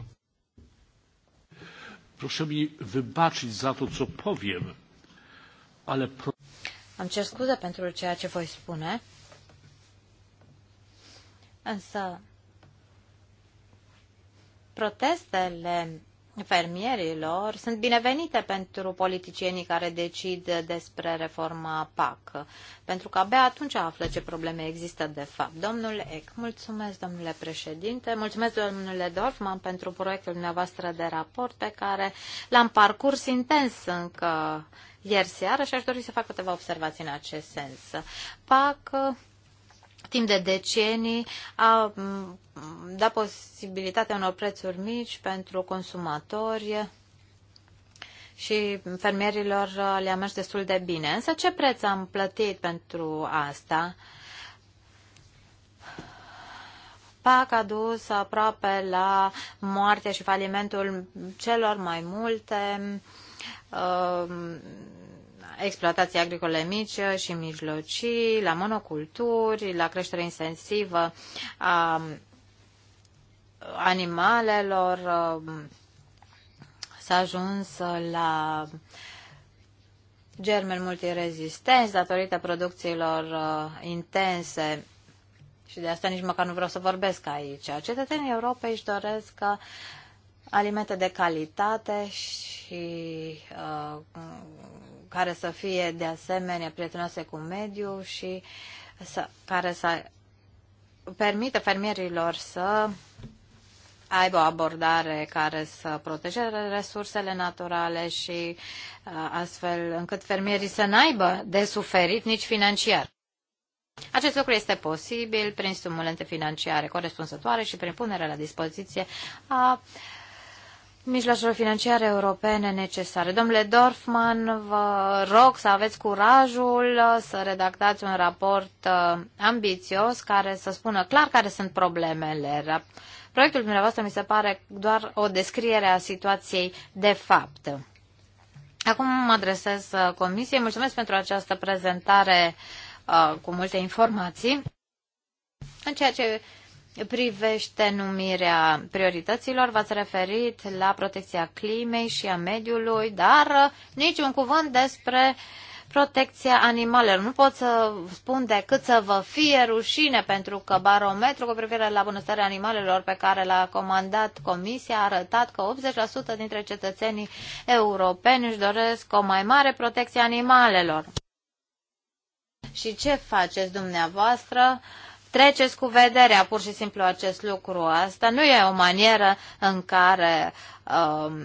Proszę mi wybaczyć za to, co powiem, ale... Am cer scuze pentru ceea ce voi spune, Însă protestele fermierilor sunt binevenite pentru politicienii care decid despre reforma PAC, pentru că abia atunci află ce probleme există de fapt. Domnul Eck, mulțumesc, domnule președinte, mulțumesc, domnule Dorfman, pentru proiectul dumneavoastră de raport pe care l-am parcurs intens încă ieri seară și aș dori să fac câteva observații în acest sens. PAC timp de decenii a dat posibilitatea unor prețuri mici pentru consumatori și fermierilor le-a mers destul de bine. Însă ce preț am plătit pentru asta? PAC a dus aproape la moartea și falimentul celor mai multe uh, exploatații agricole mici și mijlocii, la monoculturi, la creștere intensivă a um, animalelor, um, s-a ajuns la germeni multirezistenți datorită producțiilor uh, intense și de asta nici măcar nu vreau să vorbesc aici. Cetățenii Europei își doresc uh, alimente de calitate și uh, care să fie de asemenea prietenoase cu mediul și să, care să permită fermierilor să aibă o abordare care să protejeze resursele naturale și uh, astfel încât fermierii să n-aibă de suferit nici financiar. Acest lucru este posibil prin stimulente financiare corespunzătoare și prin punerea la dispoziție a uh, mijloacele financiare europene necesare. Domnule Dorfman, vă rog să aveți curajul uh, să redactați un raport uh, ambițios care să spună clar care sunt problemele. Proiectul dumneavoastră mi se pare doar o descriere a situației de fapt. Acum mă adresez uh, Comisiei. Mulțumesc pentru această prezentare cu multe informații. În ceea ce privește numirea priorităților, v-ați referit la protecția climei și a mediului, dar niciun cuvânt despre protecția animalelor. Nu pot să spun decât să vă fie rușine, pentru că barometrul cu privire la bunăstarea animalelor pe care l-a comandat Comisia a arătat că 80% dintre cetățenii europeni își doresc o mai mare protecție animalelor. Și ce faceți dumneavoastră? Uh, treceți cu vederea pur și simplu acest lucru. Asta nu e o manieră în care um,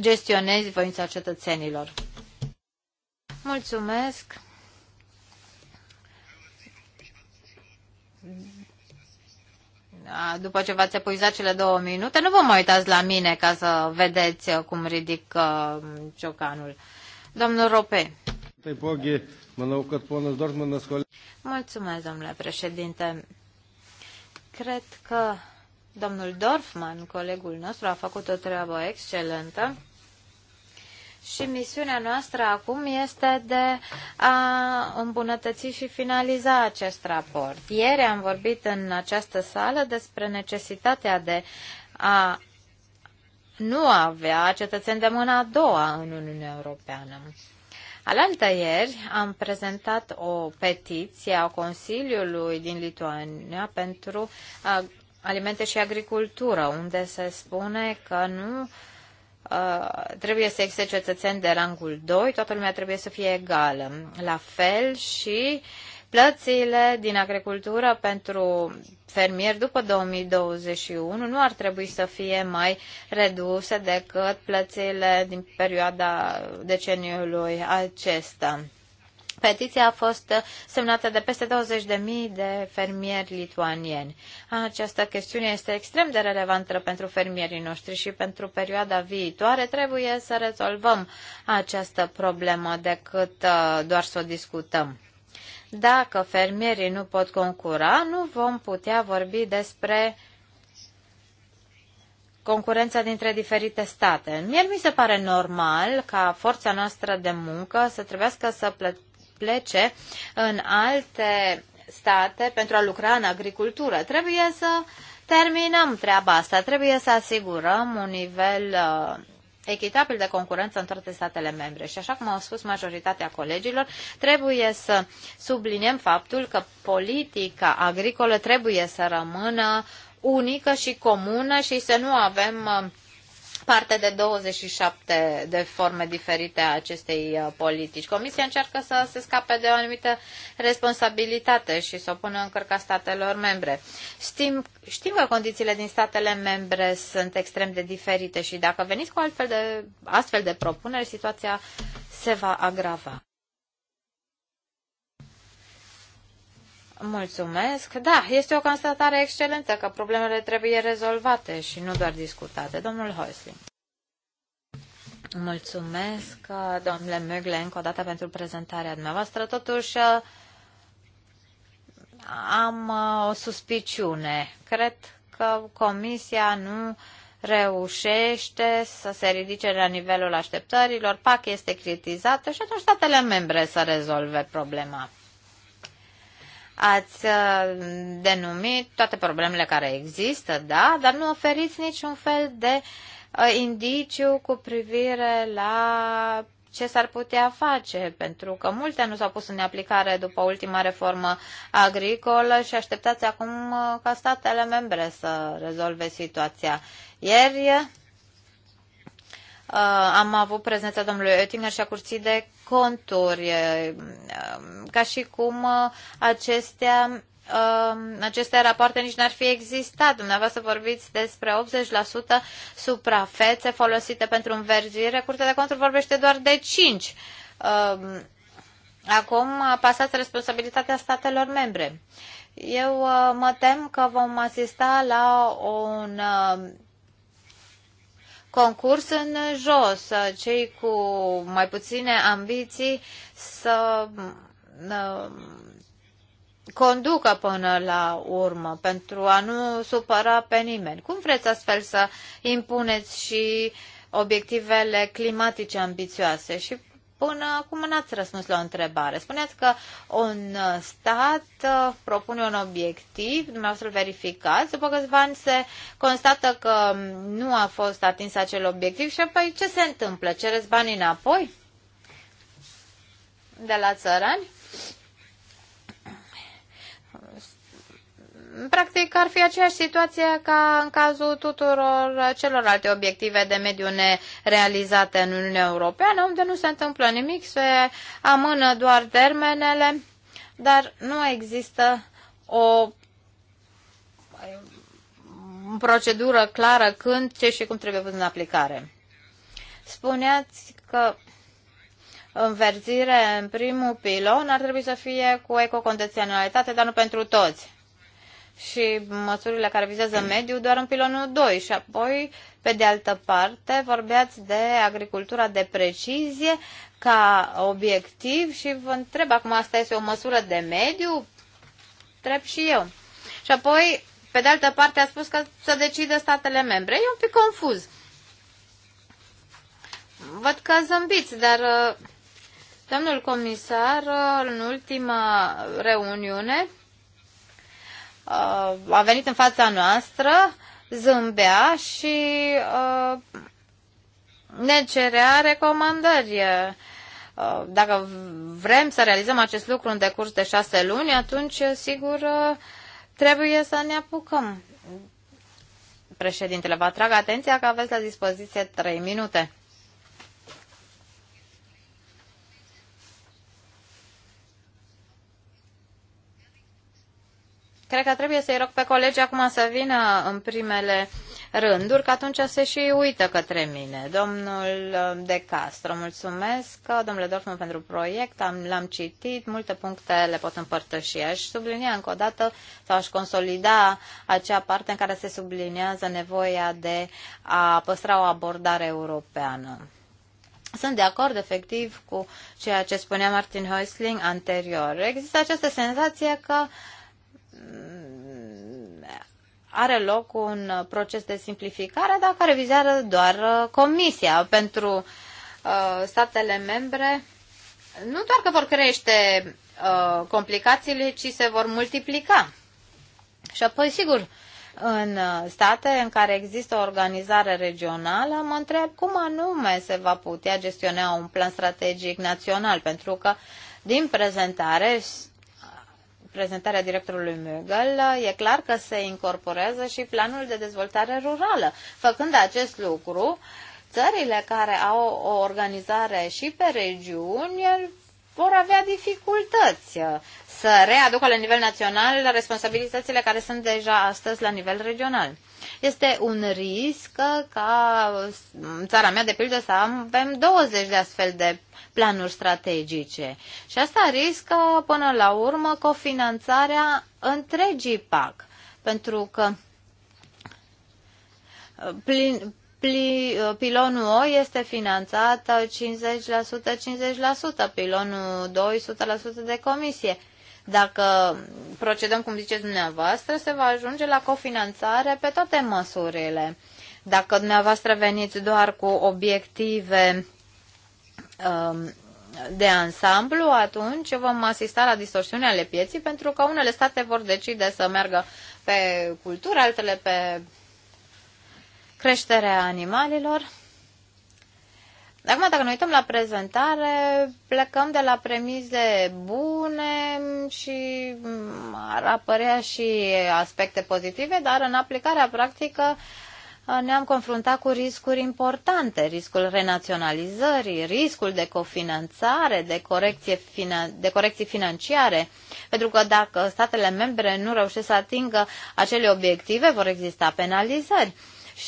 gestionezi voința cetățenilor. Mulțumesc! După ce v-ați epuizat cele două minute, nu vă mai uitați la mine ca să vedeți cum ridic uh, ciocanul. Domnul Rope. Mulțumesc, domnule președinte. Cred că domnul Dorfman, colegul nostru, a făcut o treabă excelentă și misiunea noastră acum este de a îmbunătăți și finaliza acest raport. Ieri am vorbit în această sală despre necesitatea de a nu avea cetățeni de mâna a doua în Uniunea Europeană. Alaltă ieri am prezentat o petiție a Consiliului din Lituania pentru alimente și agricultură, unde se spune că nu ă, trebuie să existe cetățeni de rangul 2, toată lumea trebuie să fie egală. La fel și uh, Plățile din agricultură pentru fermieri după 2021 nu ar trebui să fie mai reduse decât plățile din perioada deceniului acesta. Petiția a fost semnată de peste 20.000 de fermieri lituanieni. Această chestiune este extrem de relevantă pentru fermierii noștri și pentru perioada viitoare trebuie să rezolvăm această problemă decât uh, doar să o discutăm. Dacă fermierii nu pot concura, nu vom putea vorbi despre concurența dintre diferite state. Mie mi se pare normal ca forța noastră de muncă să trebuiască să plece în alte state pentru a lucra în agricultură. Trebuie să terminăm treaba asta, trebuie să asigurăm un nivel uh, echitabil de concurență în toate statele membre. Și așa cum au spus majoritatea colegilor, trebuie să subliniem faptul că politica agricolă trebuie să rămână unică și comună și să nu avem uh, parte de 27 de forme diferite a acestei uh, politici. Comisia încearcă să se scape de o anumită responsabilitate și să o pună în cărca statelor membre. Știm, știm că condițiile din statele membre sunt extrem de diferite și dacă veniți cu altfel de, astfel de propuneri, situația se va agrava. Mulțumesc. Da, este o constatare excelentă că problemele trebuie rezolvate și nu doar discutate. Domnul Hoisling. Mulțumesc, domnule Mugle, încă o dată pentru prezentarea dumneavoastră. Totuși, am uh, o suspiciune. Cred că Comisia nu reușește să se ridice la nivelul așteptărilor, PAC este critizată și atunci statele membre să rezolve problema ați uh, denumit toate problemele care există, da, dar nu oferiți niciun fel de uh, indiciu cu privire la ce s-ar putea face, pentru că multe nu s-au pus în aplicare după ultima reformă agricolă și așteptați acum uh, ca statele membre să rezolve situația. Ieri am avut prezența domnului Oettinger și a curții de conturi, ca și cum acestea aceste rapoarte nici n-ar fi existat. Dumneavoastră vorbiți despre 80% suprafețe folosite pentru înverzire. Curtea de conturi vorbește doar de 5. Acum pasați responsabilitatea statelor membre. Eu mă tem că vom asista la un concurs în jos, cei cu mai puține ambiții să uh, conducă până la urmă, pentru a nu supăra pe nimeni. Cum vreți astfel să impuneți și obiectivele climatice ambițioase? Și Până acum n-ați răspuns la o întrebare. Spuneți că un stat uh, propune un obiectiv, dumneavoastră îl verificați, după câțiva ani se constată că nu a fost atins acel obiectiv și apoi ce se întâmplă? Cereți banii înapoi? De la țărani? practic ar fi aceeași situație ca în cazul tuturor celorlalte obiective de mediu nerealizate în Uniunea Europeană, unde nu se întâmplă nimic, se amână doar termenele, dar nu există o procedură clară când, ce și cum trebuie pus în aplicare. Spuneați că înverzire în primul pilon ar trebui să fie cu ecocondiționalitate, dar nu pentru toți și măsurile care vizează mediul doar în pilonul 2 și apoi, pe de altă parte, vorbeați de agricultura de precizie ca obiectiv și vă întreb acum asta este o măsură de mediu? trebuie și eu. Și apoi, pe de altă parte, a spus că să decide statele membre. E un pic confuz. Văd că zâmbiți, dar uh, domnul comisar, uh, în ultima reuniune, Uh, a venit în fața noastră, zâmbea și uh, ne cerea recomandări. Uh, dacă vrem să realizăm acest lucru în decurs de șase luni, atunci, sigur, trebuie să ne apucăm. Președintele, vă atrag atenția că aveți la dispoziție trei minute. Cred că trebuie să-i rog pe colegi acum să vină în primele rânduri, că atunci se și uită către mine. Domnul um, De Castro, mulțumesc, domnule Dorfman, pentru proiect, am, l-am citit, multe puncte le pot împărtăși. Aș sublinia încă o dată sau aș consolida acea parte în care se subliniază nevoia de a păstra o abordare europeană. Sunt de acord efectiv cu ceea ce spunea Martin Häusling anterior. Există această senzație că uh, are loc un proces de simplificare, dar care vizează doar uh, Comisia. Pentru uh, statele membre, nu doar că vor crește uh, complicațiile, ci se vor multiplica. Și apoi, sigur, în uh, state în care există o organizare regională, mă întreb cum anume se va putea gestiona un plan strategic național, pentru că din prezentare prezentarea directorului Mugel, e clar că se incorporează și planul de dezvoltare rurală. Făcând acest lucru, țările care au o organizare și pe regiuni vor avea dificultăți să readucă la nivel național responsabilitățile care sunt deja astăzi la nivel regional. Este un risc ca în țara mea, de pildă, să avem 20 de astfel de planuri strategice. Și asta riscă, până la urmă, cofinanțarea întregii PAC. Pentru că uh, plin, uh, pilonul O este finanțat 50%, 50%, pilonul 2, 100% de comisie. Dacă procedăm cum ziceți dumneavoastră, se va ajunge la cofinanțare pe toate măsurile. Dacă dumneavoastră veniți doar cu obiective um, de ansamblu, atunci vom asista la distorsiunea ale pieții, pentru că unele state vor decide să meargă pe cultură, altele pe creșterea animalelor. Acum, dacă ne uităm la prezentare, plecăm de la premize bune și mm, ar apărea și aspecte pozitive, dar în aplicarea practică uh, ne-am confruntat cu riscuri importante, riscul renaționalizării, riscul de cofinanțare, de, corecție finan- de corecții financiare, pentru că dacă statele membre nu reușesc să atingă acele obiective, vor exista penalizări.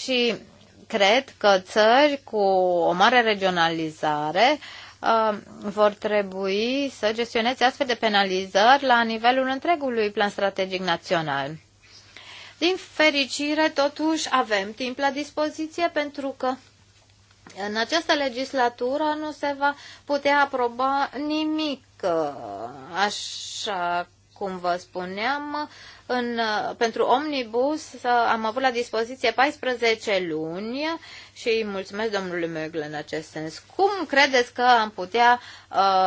Și cred că țări cu o mare regionalizare uh, vor trebui să gestioneze astfel de penalizări la nivelul întregului plan strategic național. Din fericire, totuși, avem timp la dispoziție pentru că în această legislatură nu se va putea aproba nimic uh, așa cum vă spuneam, în, pentru Omnibus am avut la dispoziție 14 luni și îi mulțumesc domnului Megle în acest sens. Cum credeți că am putea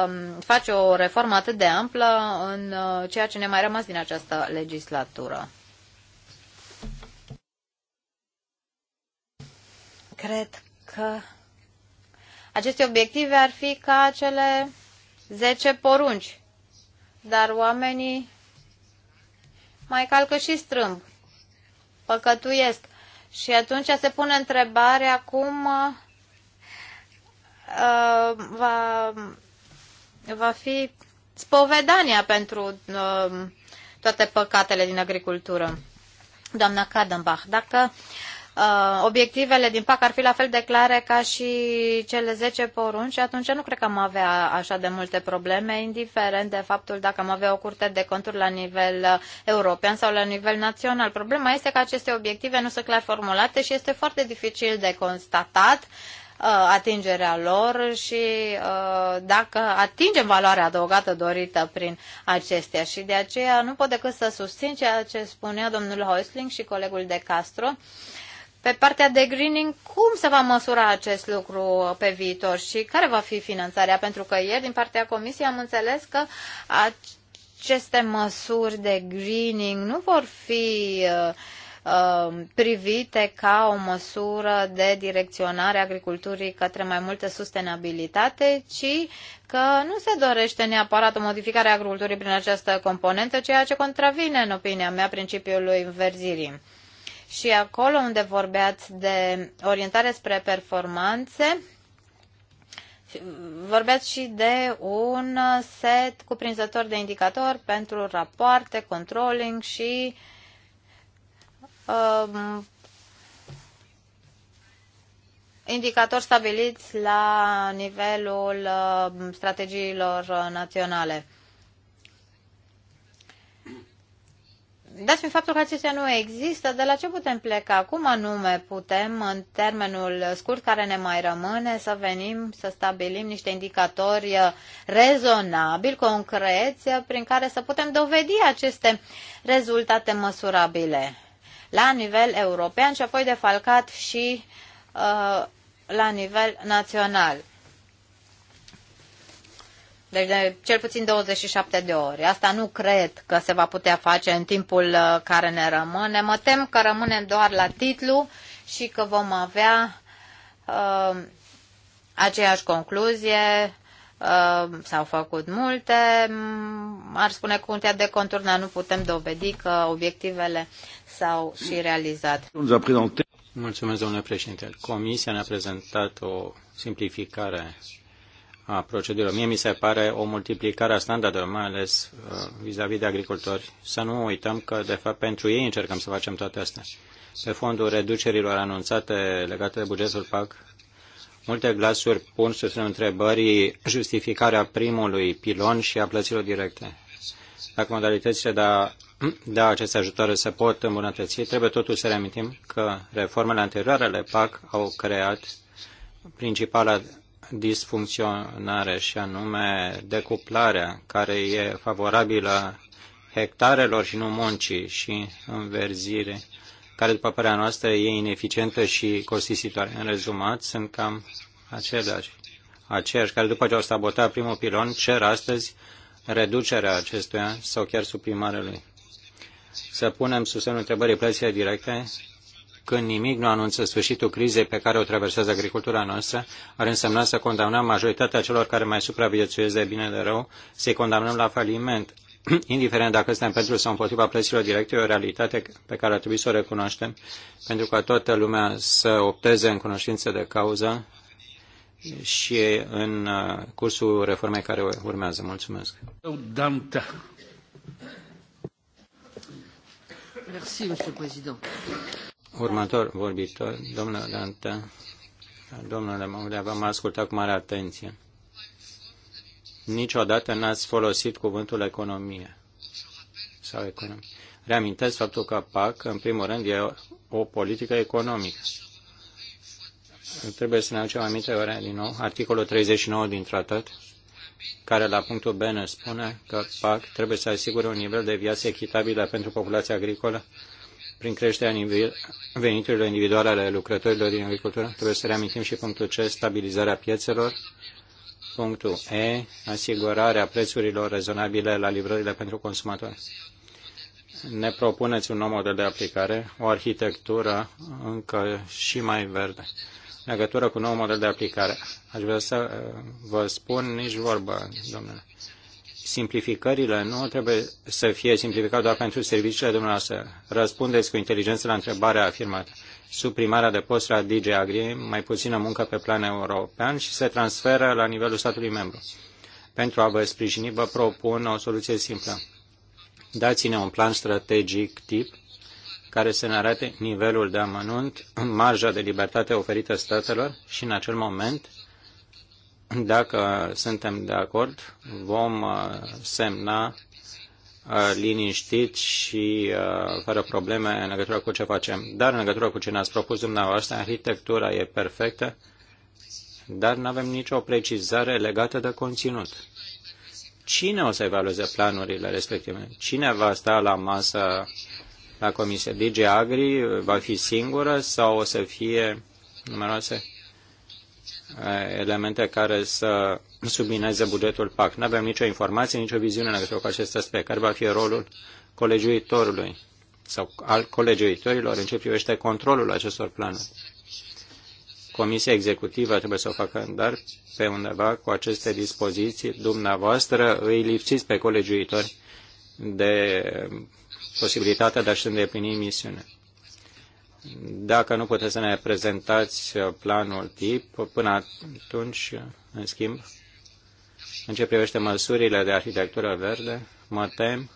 um, face o reformă atât de amplă în uh, ceea ce ne mai rămas din această legislatură? Cred că aceste obiective ar fi ca cele 10 porunci dar oamenii mai calcă și strâmb, păcătuiesc. Și atunci se pune întrebarea cum uh, uh, va, va fi spovedania pentru uh, toate păcatele din agricultură. Doamna Kadenbach, dacă Uh, obiectivele din PAC ar fi la fel de clare ca și cele 10 porunci, atunci nu cred că am avea așa de multe probleme, indiferent de faptul dacă am avea o curte de conturi la nivel uh, european sau la nivel național. Problema este că aceste obiective nu sunt clar formulate și este foarte dificil de constatat uh, atingerea lor și dacă atingem valoarea adăugată dorită prin acestea. Și de aceea nu pot decât să susțin ceea ce spunea domnul Hoisling și colegul de Castro pe partea de greening, cum se va măsura acest lucru pe viitor și care va fi finanțarea? Pentru că ieri, din partea Comisiei, am înțeles că aceste măsuri de greening nu vor fi uh, uh, privite ca o măsură de direcționare agriculturii către mai multă sustenabilitate, ci că nu se dorește neapărat o modificare a agriculturii prin această componentă, ceea ce contravine, în opinia mea, principiului înverzirii și acolo unde vorbeați de orientare spre performanțe, vorbeați și de un set cuprinzător de indicatori pentru rapoarte, controlling și um, indicatori stabiliți la nivelul um, strategiilor naționale. dați mi faptul că acestea nu există, de la ce putem pleca? Cum anume putem, în termenul scurt care ne mai rămâne, să venim, să stabilim niște indicatori rezonabili, concreți, prin care să putem dovedi aceste rezultate măsurabile la nivel european și apoi defalcat și uh, la nivel național. Deci de cel puțin 27 de ori. Asta nu cred că se va putea face în timpul uh, care ne rămâne. Mă tem că rămânem doar la titlu și că vom avea uh, aceeași concluzie. Uh, s-au făcut multe, mm, ar spune Curtea de Conturi, dar nu putem dovedi că obiectivele s-au și realizat. Mulțumesc, domnule președinte. Comisia ne-a prezentat o simplificare a procedurilor. Mie mi se pare o multiplicare a standardelor, mai ales uh, vis-a-vis -vis de agricultori. Să nu uităm că, de fapt, pentru ei încercăm să facem toate astea. Pe fondul reducerilor anunțate legate de bugetul PAC, multe glasuri pun sus în întrebării justificarea primului pilon și a plăților directe. Dacă modalitățile de a da aceste ajutoare se pot îmbunătăți, trebuie totuși să reamintim că reformele anterioare ale PAC au creat principala disfuncționare și anume decuplarea care e favorabilă hectarelor și nu muncii și înverzire, care după părerea noastră e ineficientă și costisitoare. În rezumat, sunt cam aceleași, aceiași care după ce au sabotat primul pilon cer astăzi reducerea acestuia sau chiar suprimarea lui. Să punem sub semnul întrebării plățile directe când nimic nu anunță sfârșitul crizei pe care o traversează agricultura noastră, ar însemna să condamnăm majoritatea celor care mai supraviețuiesc de bine de rău, să-i condamnăm la faliment. <clears throat> Indiferent dacă suntem pentru sau împotriva plăților directe, e o realitate pe care ar trebui să o recunoaștem, pentru ca toată lumea să opteze în cunoștință de cauză și în uh, cursul reformei care urmează. Mulțumesc. Dante. Merci, Monsieur le Président. Următor vorbitor, domnul dante domnule Maudea, v-am ascultat cu mare atenție. Niciodată n-ați folosit cuvântul economie sau economie. Reamintesc faptul că PAC, în primul rând, e o politică economică. Trebuie să ne aducem aminte ori din nou articolul 39 din tratat, care la punctul B ne spune că PAC trebuie să asigure un nivel de viață echitabilă pentru populația agricolă prin creșterea veniturilor individuale ale lucrătorilor din agricultură. Trebuie să reamintim și punctul C, stabilizarea piețelor. Punctul E, asigurarea prețurilor rezonabile la livrările pentru consumatori. Ne propuneți un nou model de aplicare, o arhitectură încă și mai verde. În legătură cu nou model de aplicare, aș vrea să eh, vă spun nici vorbă, domnule simplificările nu trebuie să fie simplificate doar pentru serviciile dumneavoastră. Răspundeți cu inteligență la întrebarea afirmată. Suprimarea de post la DG Agri, mai puțină muncă pe plan european și se transferă la nivelul statului membru. Pentru a vă sprijini, vă propun o soluție simplă. Dați-ne un plan strategic tip care să ne arate nivelul de amănunt, marja de libertate oferită statelor și în acel moment dacă suntem de acord, vom uh, semna uh, liniștit și uh, fără probleme în legătură cu ce facem. Dar în legătură cu ce ne-ați propus dumneavoastră, arhitectura e perfectă, dar nu avem nicio precizare legată de conținut. Cine o să evalueze planurile respective? Cine va sta la masă la comisie? DG Agri va fi singură sau o să fie numeroase Eh, elemente care să submineze bugetul PAC. Nu avem nicio informație, nicio viziune în legătură cu acest aspect. Care va fi rolul colegiuitorului sau al colegiuitorilor în ce privește controlul acestor planuri? Comisia Executivă trebuie să o facă, dar pe undeva cu aceste dispoziții dumneavoastră îi lipsiți pe colegiuitori de posibilitatea de a-și îndeplini misiunea. Dacă nu puteți să ne prezentați uh, planul tip, până atunci, în schimb, în ce privește măsurile de arhitectură verde, mă tem,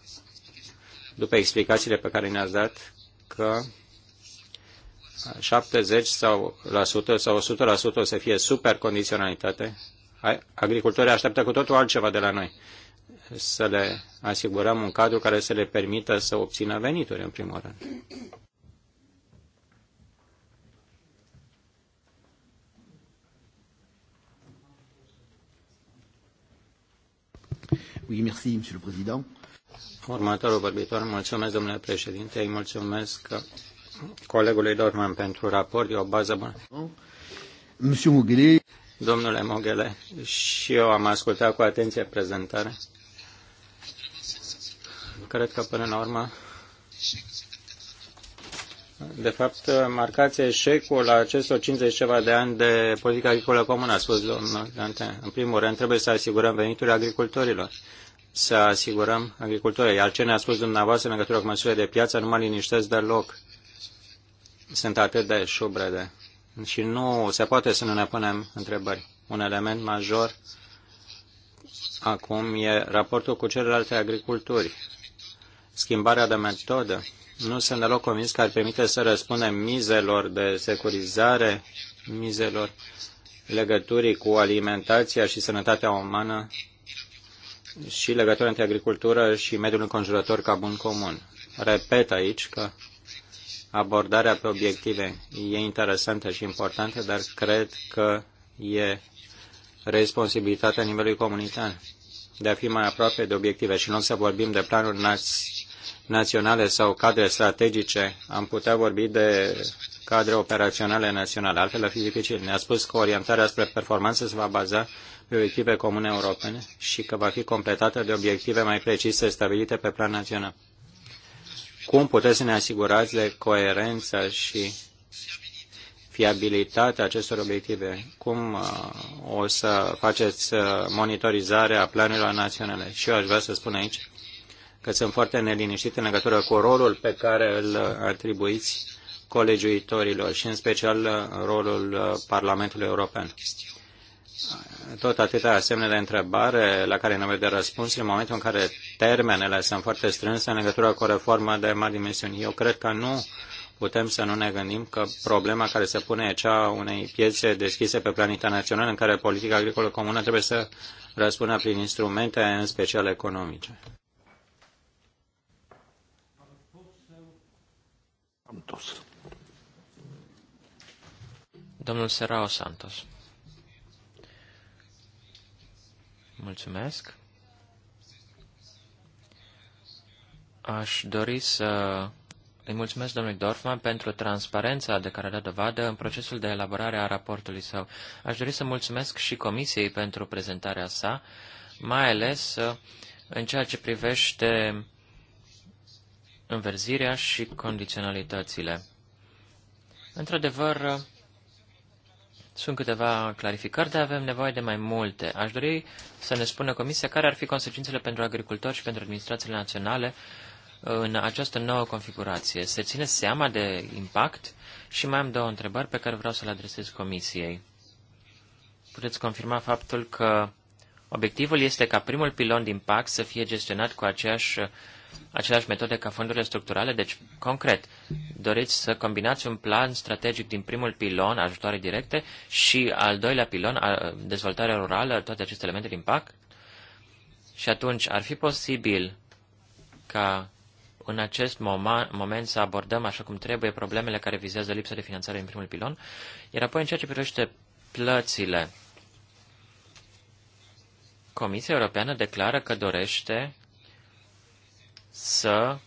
după explicațiile pe care ne-ați dat, că 70 sau, la 100, sau 100% o să fie super condiționalitate. Agricultorii așteaptă cu totul altceva de la noi. Să le asigurăm un cadru care să le permită să obțină venituri, în primul rând. Oui, merci, monsieur le président. Următorul vorbitor, mulțumesc, domnule președinte, îi mulțumesc colegului Dorman pentru raport, e o bază bună. Monsieur Mughele. Domnule Moghele, și eu am ascultat cu atenție prezentarea. Cred că până la urmă de fapt, marcați eșecul la acestor 50 ceva de ani de politică agricolă comună, a spus domnul Dante. În primul rând, trebuie să asigurăm veniturile agricultorilor, să asigurăm agricultorii. Iar ce ne-a spus dumneavoastră în legătură cu măsurile de piață, nu mă liniștesc deloc. Sunt atât de șubrede. Și nu se poate să nu ne punem întrebări. Un element major acum e raportul cu celelalte agriculturi. Schimbarea de metodă nu sunt deloc convins că ar permite să răspundem mizelor de securizare, mizelor legăturii cu alimentația și sănătatea umană și legătura între agricultură și mediul înconjurător ca bun comun. Repet aici că abordarea pe obiective e interesantă și importantă, dar cred că e responsabilitatea nivelului comunitar de a fi mai aproape de obiective și nu să vorbim de planuri naționale naționale sau cadre strategice, am putea vorbi de cadre operaționale naționale. Altfel ar fi dificil. Ne-a spus că orientarea spre performanță se va baza pe obiective comune europene și că va fi completată de obiective mai precise stabilite pe plan național. Cum puteți să ne asigurați de coerența și fiabilitatea acestor obiective? Cum uh, o să faceți uh, monitorizarea planurilor naționale? Și eu aș vrea să spun aici că sunt foarte neliniștit în legătură cu rolul pe care îl atribuiți colegiuitorilor și în special uh, rolul uh, Parlamentului European. Tot atâtea semne de întrebare la care nu vede răspuns în momentul în care termenele sunt foarte strânse în legătură cu o reformă de mari dimensiuni. Eu cred că nu putem să nu ne gândim că problema care se pune e cea unei piețe deschise pe plan internațional în care politica agricolă comună trebuie să răspundă prin instrumente, în special economice. Santos. Domnul Serao Santos. Mulțumesc. Aș dori să îi mulțumesc domnului Dorfman pentru transparența de care a dat dovadă în procesul de elaborare a raportului său. Aș dori să mulțumesc și comisiei pentru prezentarea sa, mai ales în ceea ce privește înverzirea și condiționalitățile. Într-adevăr, sunt câteva clarificări, dar avem nevoie de mai multe. Aș dori să ne spună Comisia care ar fi consecințele pentru agricultori și pentru administrațiile naționale uh, în această nouă configurație. Se ține seama de impact? Și mai am două întrebări pe care vreau să le adresez Comisiei. Puteți confirma faptul că obiectivul este ca primul pilon din PAC să fie gestionat cu aceeași aceleași metode ca fondurile structurale? Deci, concret, doriți să combinați un plan strategic din primul pilon, ajutoare directe, și al doilea pilon, dezvoltare rurală, toate aceste elemente din PAC? Și atunci, ar fi posibil ca în acest moment să abordăm așa cum trebuie problemele care vizează lipsa de finanțare în primul pilon, iar apoi în ceea ce privește plățile, Comisia Europeană declară că dorește să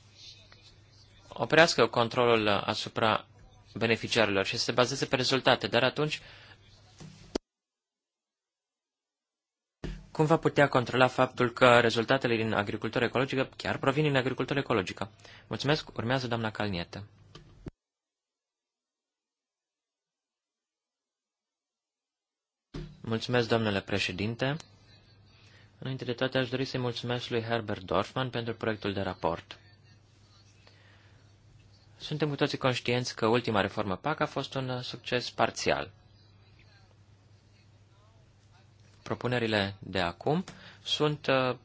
oprească controlul asupra beneficiarilor și să se bazeze pe rezultate, dar atunci cum va putea controla faptul că rezultatele din agricultură ecologică chiar provin din agricultură ecologică? Mulțumesc, urmează doamna Calnietă. Mulțumesc, domnule președinte. Înainte de toate, aș dori să-i mulțumesc lui Herbert Dorfman pentru proiectul de raport. Suntem cu toții conștienți că ultima reformă PAC a fost un succes parțial. Propunerile de acum sunt uh,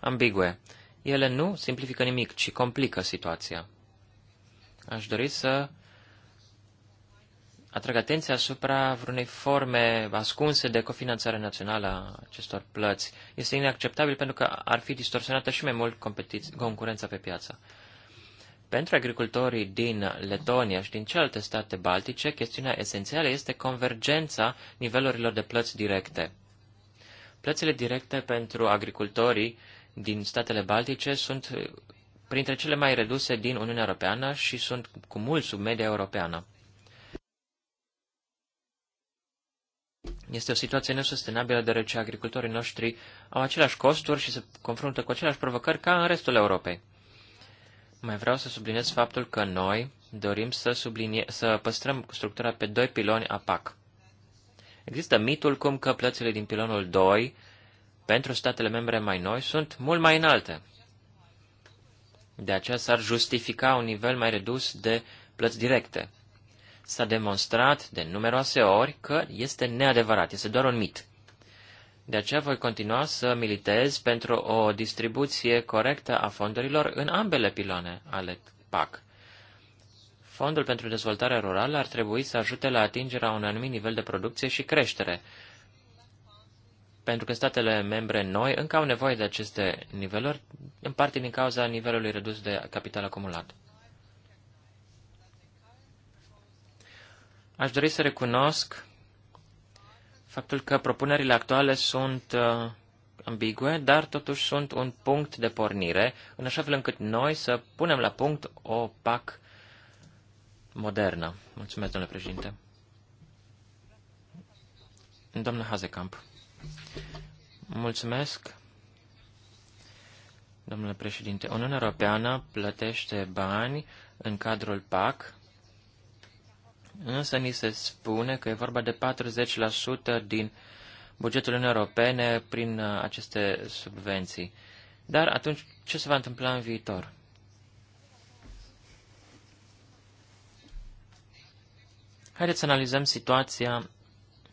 ambigue. Ele nu simplifică nimic, ci complică situația. Aș dori să atrag atenția asupra vreunei forme ascunse de cofinanțare națională a acestor plăți. Este inacceptabil pentru că ar fi distorsionată și mai mult concurența pe piață. Pentru agricultorii din Letonia și din celelalte state baltice, chestiunea esențială este convergența nivelurilor de plăți directe. Plățile directe pentru agricultorii din statele baltice sunt printre cele mai reduse din Uniunea Europeană și sunt cu mult sub media europeană. Este o situație nesustenabilă deoarece agricultorii noștri au aceleași costuri și se confruntă cu aceleași provocări ca în restul Europei. Mai vreau să subliniez faptul că noi dorim să, sublinie, să păstrăm structura pe doi piloni a PAC. Există mitul cum că plățile din pilonul 2 pentru statele membre mai noi sunt mult mai înalte. De aceea s-ar justifica un nivel mai redus de plăți directe s-a demonstrat de numeroase ori că este neadevărat, este doar un mit. De aceea voi continua să militez pentru o distribuție corectă a fondurilor în ambele piloane ale PAC. Fondul pentru dezvoltare rurală ar trebui să ajute la atingerea unui anumit nivel de producție și creștere, pentru că statele membre noi încă au nevoie de aceste niveluri, în parte din cauza nivelului redus de capital acumulat. Aș dori să recunosc faptul că propunerile actuale sunt uh, ambigue, dar totuși sunt un punct de pornire, în așa fel încât noi să punem la punct o PAC modernă. Mulțumesc, domnule președinte. Domnule Hazekamp, mulțumesc. Domnule președinte, Uniunea Europeană plătește bani în cadrul PAC Însă ni se spune că e vorba de 40% din bugetul Uniunii Europene prin uh, aceste subvenții. Dar atunci ce se va întâmpla în viitor? Haideți să analizăm situația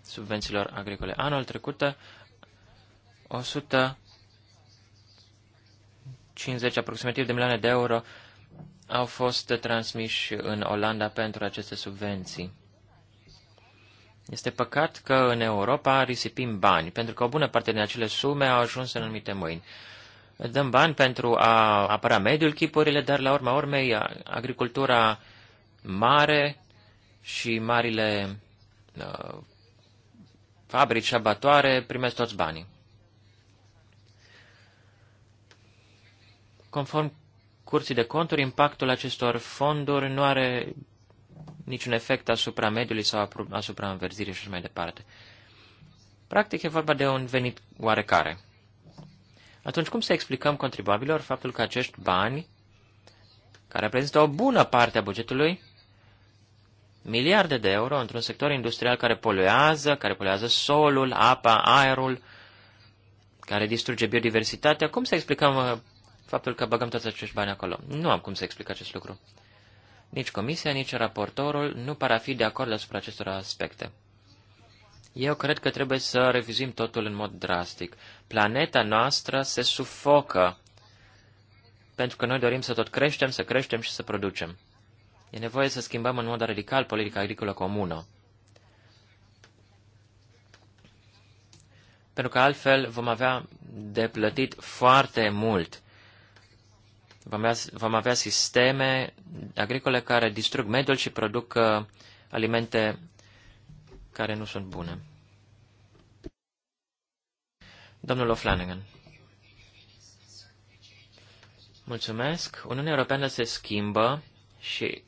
subvențiilor agricole. Anul trecut, 150 aproximativ de milioane de euro au fost transmiși în Olanda pentru aceste subvenții. Este păcat că în Europa risipim bani, pentru că o bună parte din acele sume au ajuns în anumite mâini. Dăm bani pentru a apăra mediul chipurile, dar la urma urmei agricultura mare și marile uh, fabrici abatoare primesc toți banii. Conform Curții de Conturi, impactul acestor fonduri nu are niciun efect asupra mediului sau asupra înverzirii și așa mai departe. Practic e vorba de un venit oarecare. Atunci cum să explicăm contribuabilor faptul că acești bani, care reprezintă o bună parte a bugetului, miliarde de euro într-un sector industrial care poluează, care poluează solul, apa, aerul, care distruge biodiversitatea, cum să explicăm uh, faptul că băgăm toți acești bani acolo. Nu am cum să explic acest lucru. Nici comisia, nici raportorul nu par a fi de acord asupra acestor aspecte. Eu cred că trebuie să revizuim totul în mod drastic. Planeta noastră se sufocă pentru că noi dorim să tot creștem, să creștem și să producem. E nevoie să schimbăm în mod radical politica agricolă comună. Pentru că altfel vom avea de plătit foarte mult Vom avea, vom avea sisteme agricole care distrug mediul și produc uh, alimente care nu sunt bune. Domnul O'Flanagan. Mulțumesc. Uniunea Europeană se schimbă și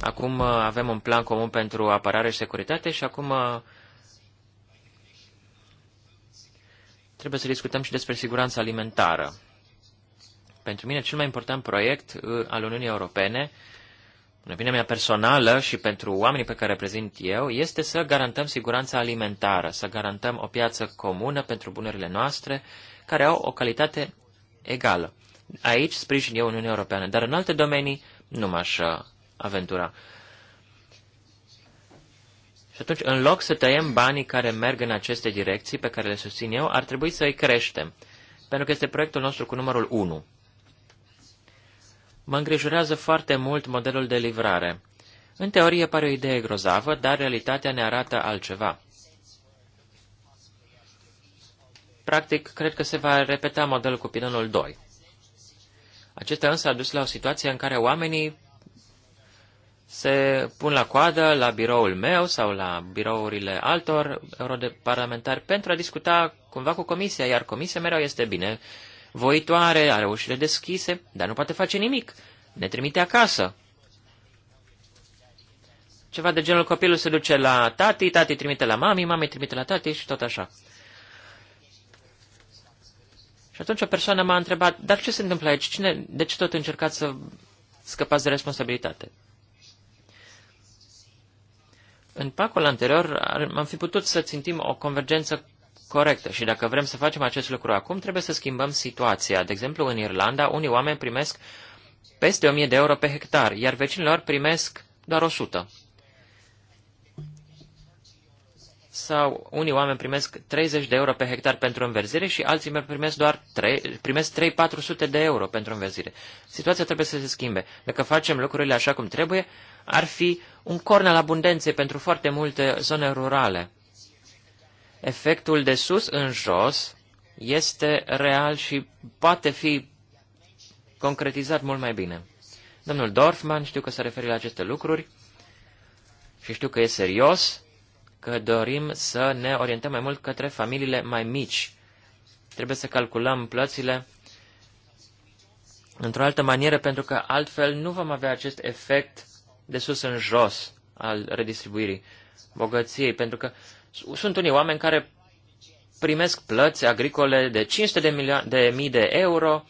acum uh, avem un plan comun pentru apărare și securitate și acum uh, trebuie să discutăm și despre siguranța alimentară pentru mine cel mai important proiect uh, al Uniunii Europene, în opinia mea personală și pentru oamenii pe care reprezint eu, este să garantăm siguranța alimentară, să garantăm o piață comună pentru bunurile noastre, care au o calitate egală. Aici sprijin eu Uniunea Europeană, dar în alte domenii nu m-aș uh, aventura. Și atunci, în loc să tăiem banii care merg în aceste direcții pe care le susțin eu, ar trebui să îi creștem, pentru că este proiectul nostru cu numărul 1. Mă îngrijorează foarte mult modelul de livrare. În teorie pare o idee grozavă, dar realitatea ne arată altceva. Practic, cred că se va repeta modelul cu pilonul 2. Acesta însă a dus la o situație în care oamenii se pun la coadă la biroul meu sau la birourile altor europarlamentari pentru a discuta cumva cu comisia, iar comisia mereu este bine, voitoare, are ușile deschise, dar nu poate face nimic. Ne trimite acasă. Ceva de genul copilul se duce la tati, tati trimite la mami, mami trimite la tati și tot așa. Și atunci o persoană m-a întrebat, dar ce se întâmplă aici? Cine, de ce tot încercați să scăpați de responsabilitate? În pacul anterior am fi putut să țintim o convergență corectă. Și dacă vrem să facem acest lucru acum, trebuie să schimbăm situația. De exemplu, în Irlanda, unii oameni primesc peste 1000 de euro pe hectar, iar vecinilor primesc doar 100. Sau unii oameni primesc 30 de euro pe hectar pentru înverzire și alții mai primesc doar 3, primesc 3-400 de euro pentru înverzire. Situația trebuie să se schimbe. Dacă facem lucrurile așa cum trebuie, ar fi un corn al abundenței pentru foarte multe zone rurale efectul de sus în jos este real și poate fi concretizat mult mai bine. Domnul Dorfman știu că se referi la aceste lucruri și știu că e serios, că dorim să ne orientăm mai mult către familiile mai mici. Trebuie să calculăm plățile într-o altă manieră, pentru că altfel nu vom avea acest efect de sus în jos al redistribuirii bogăției, pentru că uh, sunt unii oameni care primesc plăți agricole de 500 de, milio- de mii de euro,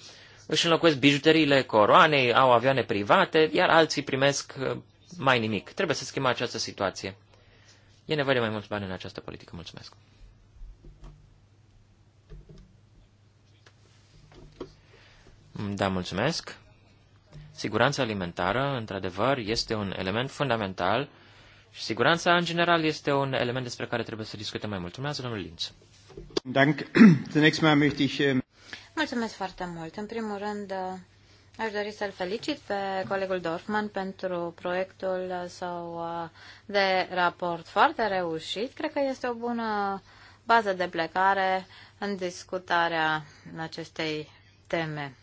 își înlocuiesc bijuteriile coroanei, au avioane private, iar alții primesc uh, mai nimic. Trebuie să schimbăm această situație. E nevoie de mai mulți bani în această politică. Mulțumesc. Da, mulțumesc. Siguranța alimentară, într-adevăr, este un element fundamental și siguranța, în general, este un element despre care trebuie să discutăm mai mult. Urmează domnul Linț. <clears throat> Ähm, Mulțumesc foarte mult. În primul rând, Aș dori să-l felicit pe colegul Dorfman pentru proiectul său uh, de raport foarte reușit. Cred că este o bună bază de plecare în discutarea acestei teme.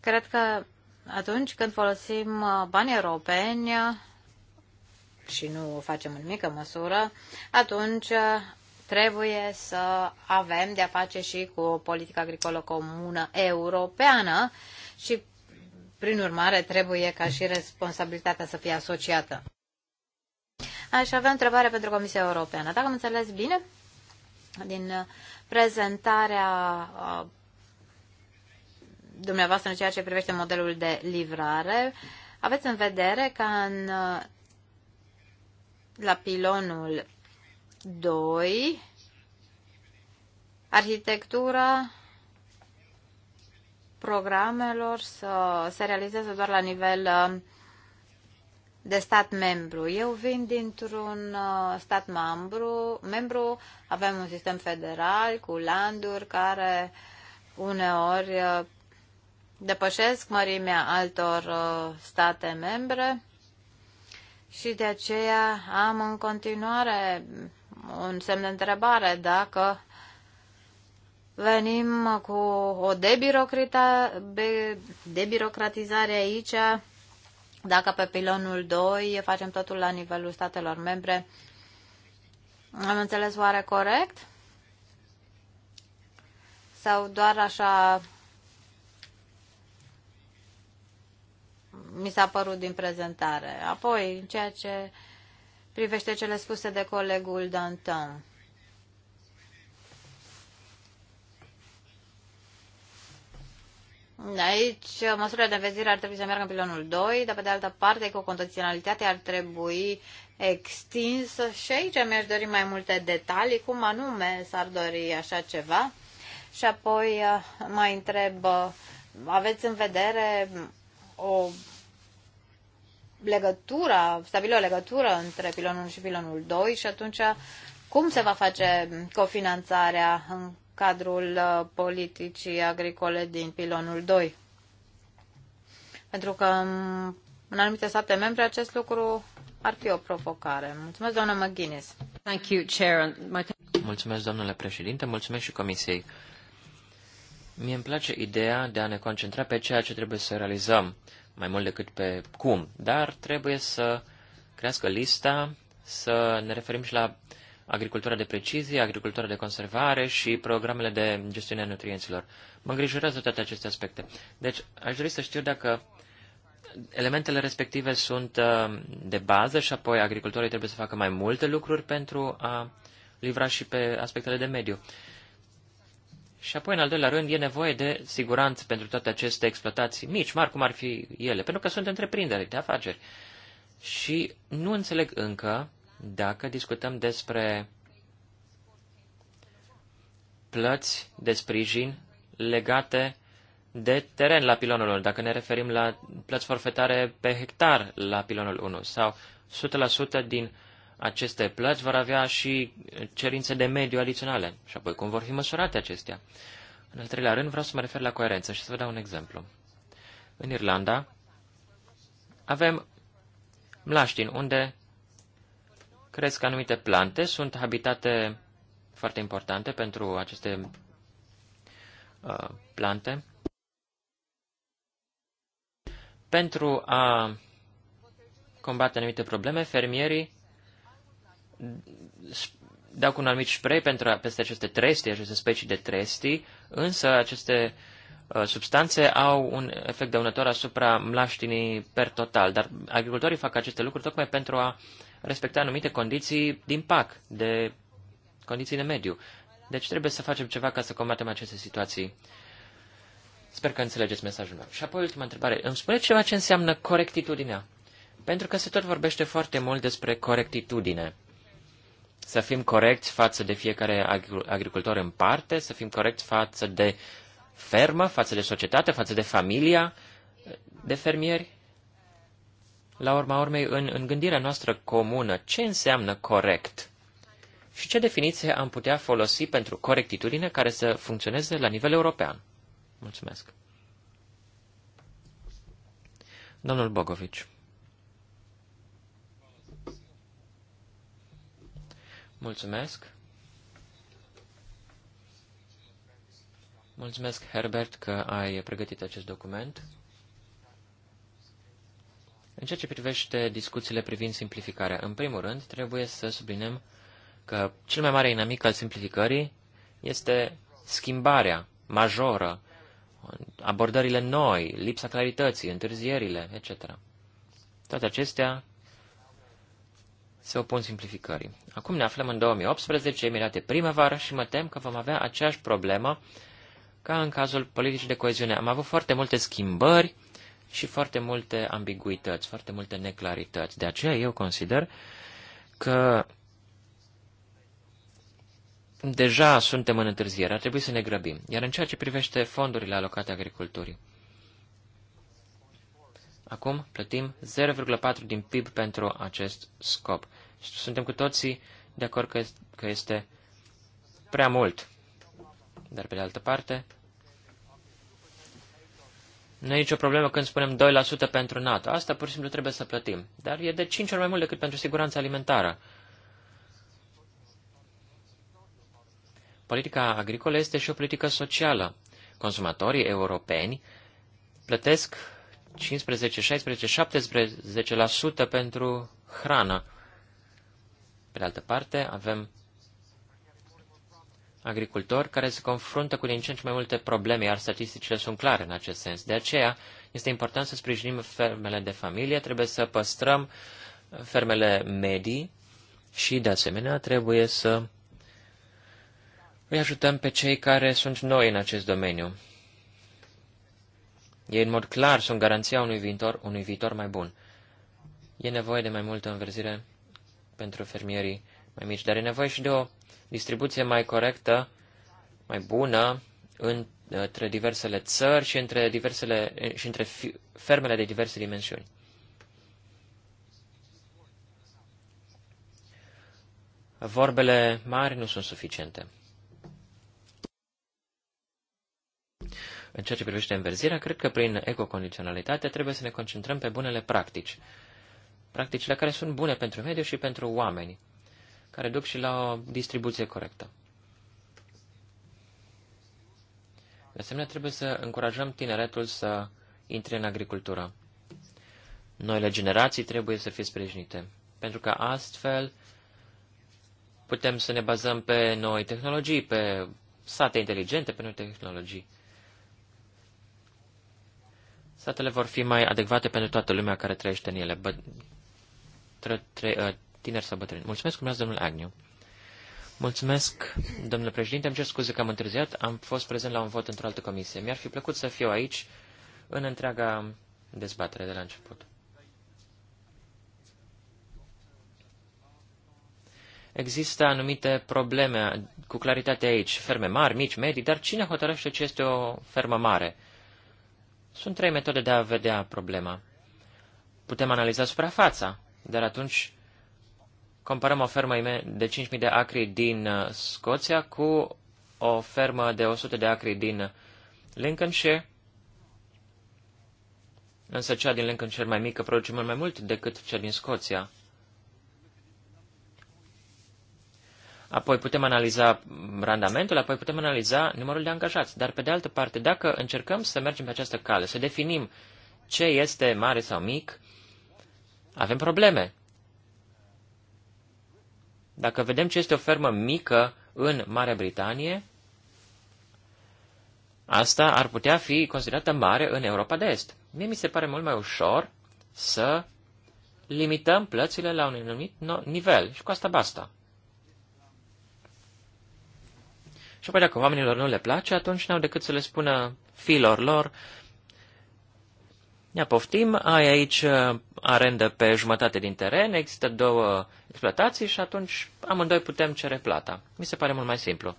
Cred că atunci când folosim uh, bani europeni, și nu o facem în mică măsură, atunci trebuie să avem de-a face și cu o politică agricolă comună europeană și, prin urmare, trebuie ca și responsabilitatea să fie asociată. Aș avea o întrebare pentru Comisia Europeană. Dacă am înțeles bine, din prezentarea uh, dumneavoastră în ceea ce privește modelul de livrare, aveți în vedere că în uh, la pilonul 2, arhitectura programelor să se realizeze doar la nivel uh, de stat membru. Eu vin dintr-un uh, stat membru, membru, avem un sistem federal cu landuri care uneori uh, depășesc mărimea altor state membre și de aceea am în continuare un semn de întrebare dacă venim cu o debirocratizare aici, dacă pe pilonul 2 facem totul la nivelul statelor membre. Am înțeles oare corect? Sau doar așa mi s-a părut din prezentare. Apoi, în ceea ce privește cele spuse de colegul Danton. Aici, măsurile de învezire ar trebui să meargă în pilonul 2, dar pe de altă parte, cu condiționalitate ar trebui extinsă și aici mi-aș dori mai multe detalii, cum anume s-ar dori așa ceva. Și apoi uh, mai întreb, uh, aveți în vedere o legătura, stabilă o legătură între pilonul 1 și pilonul 2 și atunci cum se va face cofinanțarea în cadrul uh, politicii agricole din pilonul 2? Pentru că în anumite state membre acest lucru ar fi o provocare. Mulțumesc, doamna McGuinness. Thank you, Chair. Mulțumesc, domnule președinte. Mulțumesc și Comisiei Mie îmi place ideea de a ne concentra pe ceea ce trebuie să realizăm, mai mult decât pe cum, dar trebuie să crească lista, să ne referim și la agricultura de precizie, agricultura de conservare și programele de gestiune a nutrienților. Mă îngrijorează toate aceste aspecte. Deci, aș dori să știu dacă elementele respective sunt uh, de bază și apoi agricultorii trebuie să facă mai multe lucruri pentru a livra și pe aspectele de mediu. Și apoi, în al doilea rând, e nevoie de siguranță pentru toate aceste exploatații, mici, mari cum ar fi ele, pentru că sunt întreprinderi de afaceri. Și nu înțeleg încă dacă discutăm despre plăți de sprijin legate de teren la pilonul 1, dacă ne referim la plăți forfetare pe hectar la pilonul 1 sau 100% din aceste plăți vor avea și cerințe de mediu adiționale și apoi cum vor fi măsurate acestea. În al treilea rând, vreau să mă refer la coerență și să vă dau un exemplu. În Irlanda avem mlaștini unde cresc anumite plante, sunt habitate foarte importante pentru aceste uh, plante. Pentru a combate anumite probleme, fermierii dau cu un anumit spray pentru, peste aceste trestii, aceste specii de trestii, însă aceste uh, substanțe au un efect dăunător asupra mlaștinii per total, dar agricultorii fac aceste lucruri tocmai pentru a respecta anumite condiții din PAC, de condiții de mediu. Deci trebuie să facem ceva ca să combatem aceste situații. Sper că înțelegeți mesajul meu. Și apoi ultima întrebare. Îmi spuneți ceva ce înseamnă corectitudinea? Pentru că se tot vorbește foarte mult despre corectitudine să fim corecți față de fiecare agricultor în parte, să fim corecți față de fermă, față de societate, față de familia de fermieri. La urma urmei, în, în gândirea noastră comună, ce înseamnă corect? Și ce definiție am putea folosi pentru corectitudine care să funcționeze la nivel european? Mulțumesc. Domnul Bogovici. Mulțumesc. Mulțumesc, Herbert, că ai pregătit acest document. În ceea ce privește discuțiile privind simplificarea, în primul rând, trebuie să subliniem că cel mai mare inamic al simplificării este schimbarea majoră, abordările noi, lipsa clarității, întârzierile, etc. Toate acestea se opun simplificării. Acum ne aflăm în 2018, Emirate primăvară și mă tem că vom avea aceeași problemă ca în cazul politicii de coeziune. Am avut foarte multe schimbări și foarte multe ambiguități, foarte multe neclarități. De aceea eu consider că deja suntem în întârziere, ar trebui să ne grăbim. Iar în ceea ce privește fondurile alocate agriculturii, Acum plătim 0,4 din PIB pentru acest scop. Suntem cu toții de acord că, că este prea mult. Dar pe de altă parte, nu e nicio problemă când spunem 2% pentru NATO. Asta pur și simplu trebuie să plătim. Dar e de 5 ori mai mult decât pentru siguranța alimentară. Politica agricolă este și o politică socială. Consumatorii europeni plătesc 15, 16, 17% pentru hrană. Pe de altă parte, avem agricultori care se confruntă cu din ce în ce mai multe probleme, iar statisticile sunt clare în acest sens. De aceea, este important să sprijinim fermele de familie, trebuie să păstrăm fermele medii și, de asemenea, trebuie să îi ajutăm pe cei care sunt noi în acest domeniu. Ei, în mod clar, sunt garanția unui viitor, unui viitor mai bun. E nevoie de mai multă înverzire pentru fermierii mai mici, dar e nevoie și de o distribuție mai corectă, mai bună între diversele țări și între, diversele, și între fermele de diverse dimensiuni. Vorbele mari nu sunt suficiente. În ceea ce privește înverzirea, cred că prin ecocondiționalitate trebuie să ne concentrăm pe bunele practici practicile care sunt bune pentru mediu și pentru oameni, care duc și la o distribuție corectă. De asemenea, trebuie să încurajăm tineretul să intre în agricultură. Noile generații trebuie să fie sprijinite, pentru că astfel putem să ne bazăm pe noi tehnologii, pe sate inteligente, pe noi tehnologii. Satele vor fi mai adecvate pentru toată lumea care trăiește în ele. Uh, tineri sau bătrâni. Mulțumesc, urmează domnul Agniu. Mulțumesc, domnule președinte. Îmi cer scuze că am întârziat. Am fost prezent la un vot într-o altă comisie. Mi-ar fi plăcut să fiu aici în întreaga dezbatere de la început. Există anumite probleme uh, cu claritate aici. Ferme mari, mici, medii, dar cine hotărăște ce este o fermă mare? Sunt trei metode de a vedea problema. Putem analiza suprafața, dar atunci comparăm o fermă de 5.000 de acri din uh, Scoția cu o fermă de 100 de acri din uh, Lincolnshire. Însă cea din Lincolnshire mai mică produce mult mai mult decât cea din Scoția. Apoi putem analiza randamentul, apoi putem analiza numărul de angajați. Dar, pe de altă parte, dacă încercăm să mergem pe această cale, să definim ce este mare sau mic, avem probleme. Dacă vedem ce este o fermă mică în Marea Britanie, asta ar putea fi considerată mare în Europa de Est. Mie mi se pare mult mai ușor să limităm plățile la un anumit nivel și cu asta basta. Și apoi dacă oamenilor nu le place, atunci n-au decât să le spună fiilor lor, ne poftim, ai aici uh, arendă pe jumătate din teren, există două exploatații și atunci amândoi putem cere plata. Mi se pare mult mai simplu.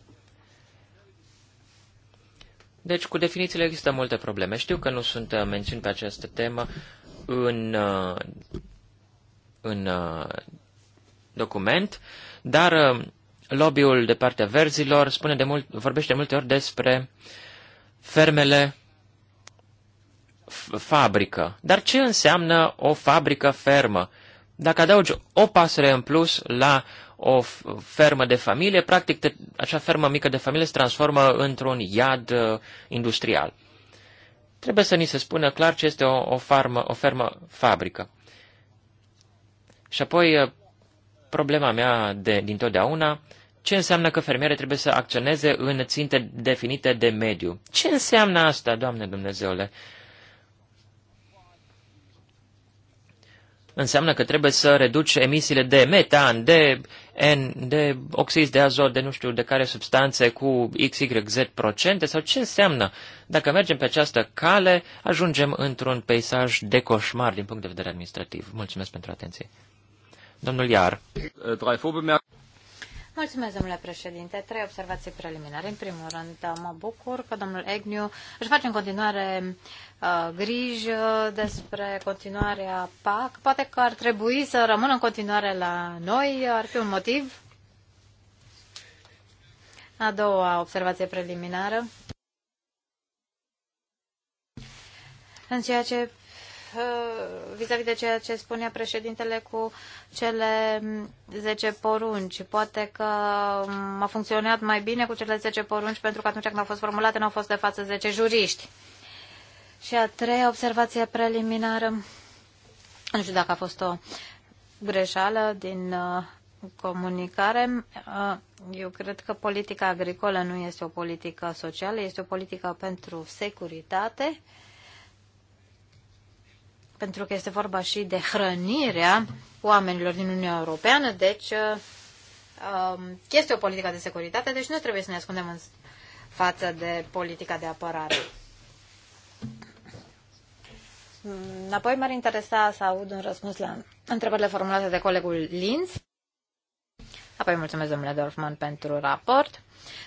Deci, cu definițiile există multe probleme. Știu că nu sunt uh, mențiuni pe această temă în, uh, în document, dar lobby-ul de partea verzilor spune de mult, vorbește de multe ori despre fermele fabrică. Dar ce înseamnă o fabrică fermă? Dacă adaugi o pasăre în plus la o fermă de familie, practic te, acea fermă mică de familie se transformă într-un iad uh, industrial. Trebuie să ni se spună clar ce este o, o, farmă, o fermă fabrică. Și apoi, uh, problema mea de, din totdeauna, ce înseamnă că fermiere trebuie să acționeze în ținte definite de mediu? Ce înseamnă asta, Doamne Dumnezeule? Uh, înseamnă că trebuie să reduci emisiile de metan, de, N, de oxid de azot, de nu știu de care substanțe cu XYZ procente sau ce înseamnă. Dacă mergem pe această cale, ajungem într-un peisaj de coșmar din punct de vedere administrativ. Mulțumesc pentru atenție. Domnul Iar. Mulțumesc, domnule președinte. Trei observații preliminare. În primul rând, mă bucur că domnul Egniu își face în continuare uh, grijă uh, despre continuarea PAC. Poate că ar trebui să rămână în continuare la noi. Ar fi un motiv. A doua observație preliminară. În ceea ce Uh, vis-a-vis de ceea ce spunea președintele cu cele 10 porunci. Poate că um, a funcționat mai bine cu cele 10 porunci pentru că atunci când au fost formulate nu au fost de față 10 juriști. Și a treia observație preliminară, nu știu dacă a fost o greșeală din uh, comunicare. Uh, eu cred că politica agricolă nu este o politică socială, este o politică pentru securitate. Uh, pentru că este vorba și de hrănirea oamenilor din Uniunea Europeană, deci uh, um, este o politică de securitate, deci nu trebuie să ne ascundem în față de politica de apărare. Mm, Apoi m-ar interesa să aud un răspuns la întrebările formulate de colegul Linz. Apoi mulțumesc, domnule Dorfman, pentru raport.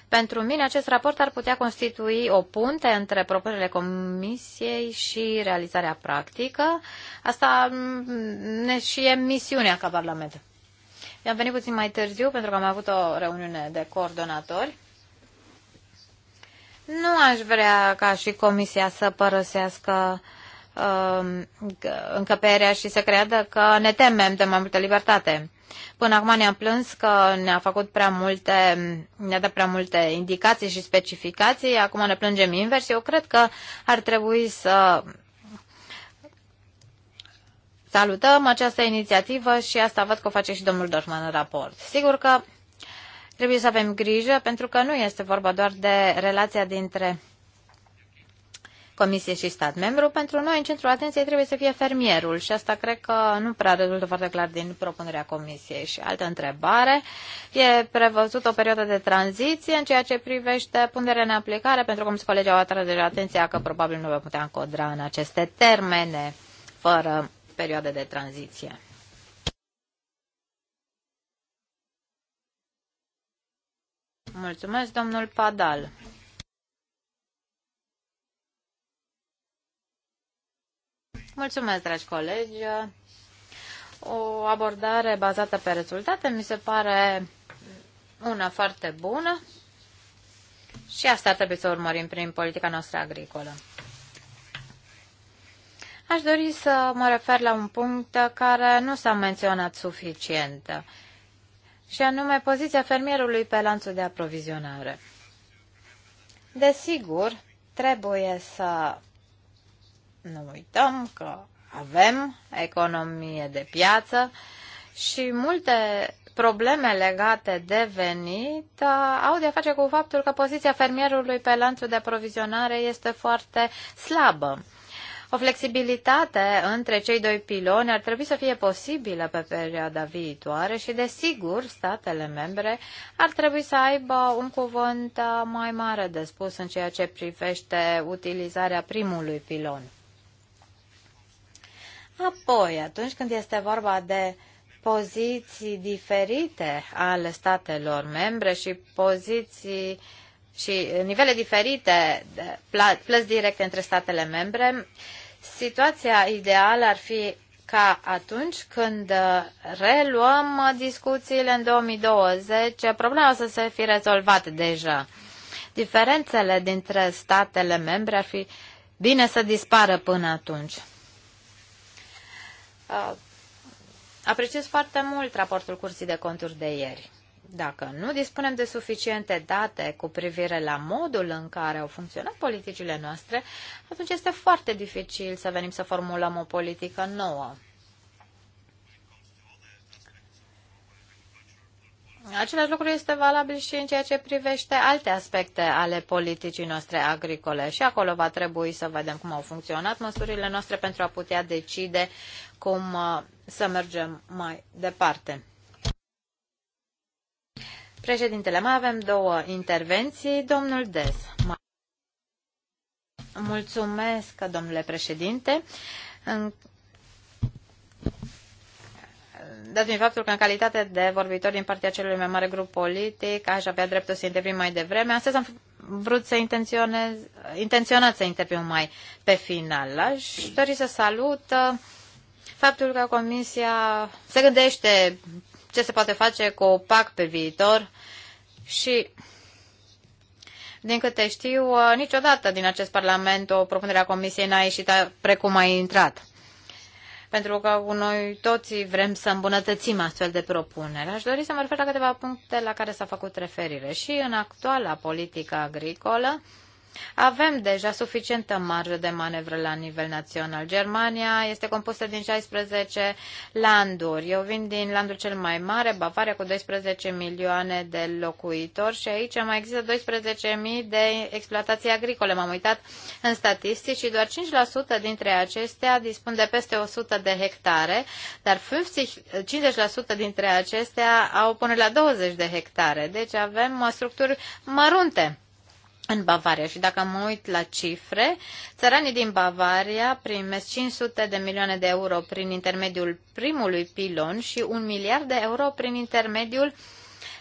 Pentru mine, acest raport ar putea constitui o punte între propunerile comisiei și realizarea practică. Asta mm, ne și e misiunea ca Parlament. I-am venit puțin mai târziu pentru că am avut o reuniune de coordonatori. Nu aș vrea ca și comisia să părăsească uh, încăperea și să creadă că ne temem de mai multă libertate. Până acum ne-am plâns că ne-a făcut prea multe, ne-a dat prea multe indicații și specificații, acum ne plângem invers. Eu cred că ar trebui să salutăm această inițiativă și asta văd că o face și domnul Dorfman în raport. Sigur că trebuie să avem grijă pentru că nu este vorba doar de relația dintre Comisie și stat membru. Pentru noi, în centrul atenției trebuie să fie fermierul și asta cred că nu prea rezultă foarte clar din propunerea Comisiei. Și altă întrebare, e prevăzut o perioadă de tranziție în ceea ce privește punerea în aplicare, pentru că mulți colegi au atras deja atenția că probabil nu vă putea încodra în aceste termene fără perioade de tranziție. Mulțumesc, domnul Padal. Mulțumesc, dragi colegi. O abordare bazată pe rezultate mi se pare una foarte bună și asta trebuie să urmărim prin politica noastră agricolă. Aș dori să mă refer la un punct care nu s-a menționat suficient, și anume poziția fermierului pe lanțul de aprovizionare. Desigur, trebuie să nu uităm că avem economie de piață și multe probleme legate de venit uh, au de a face cu faptul că poziția fermierului pe lanțul de aprovizionare este foarte slabă. O flexibilitate între cei doi piloni ar trebui să fie posibilă pe perioada viitoare și, desigur, statele membre ar trebui să aibă un cuvânt mai mare de spus în ceea ce privește utilizarea primului pilon. Apoi, atunci când este vorba de poziții diferite ale statelor membre și poziții și nivele diferite de plăți directe între statele membre, situația ideală ar fi ca atunci când uh, reluăm uh, discuțiile în 2020, problema să se fi rezolvat deja. Diferențele dintre statele membre ar fi bine să dispară până atunci. Uh, apreciez foarte mult raportul Curții de Conturi de ieri. Dacă nu dispunem de suficiente date cu privire la modul în care au funcționat politicile noastre, atunci este foarte dificil să venim să formulăm o politică nouă. Același lucru este valabil și în ceea ce privește alte aspecte ale politicii noastre agricole și acolo va trebui să vedem cum au funcționat măsurile noastre pentru a putea decide cum uh, să mergem mai departe. Președintele, mai avem două intervenții. Domnul Des. Mulțumesc, domnule președinte. În dat din faptul că în calitate de vorbitor din partea celui mai mare grup politic aș avea dreptul să intervin mai devreme. Astăzi am vrut să intenționez, intenționat să interviu mai pe final. Aș dori să salut uh, faptul că Comisia se gândește ce se poate face cu PAC pe viitor și din câte știu, uh, niciodată din acest Parlament o propunere a Comisiei n-a ieșit precum a intrat pentru că noi toți vrem să îmbunătățim astfel de propunere. Aș dori să mă refer la câteva puncte la care s-a făcut referire. Și în actuala politică agricolă, avem deja suficientă marjă de manevră la nivel național. Germania este compusă din 16 landuri. Eu vin din landul cel mai mare, Bavaria, cu 12 milioane de locuitori și aici mai există 12.000 de exploatații agricole. M-am uitat în statistici și doar 5% dintre acestea dispun de peste 100 de hectare, dar 50% dintre acestea au până la 20 de hectare. Deci avem uh, structuri mărunte în Bavaria. Și dacă mă uit la cifre, țăranii din Bavaria primesc 500 de milioane de euro prin intermediul primului pilon și un miliard de euro prin intermediul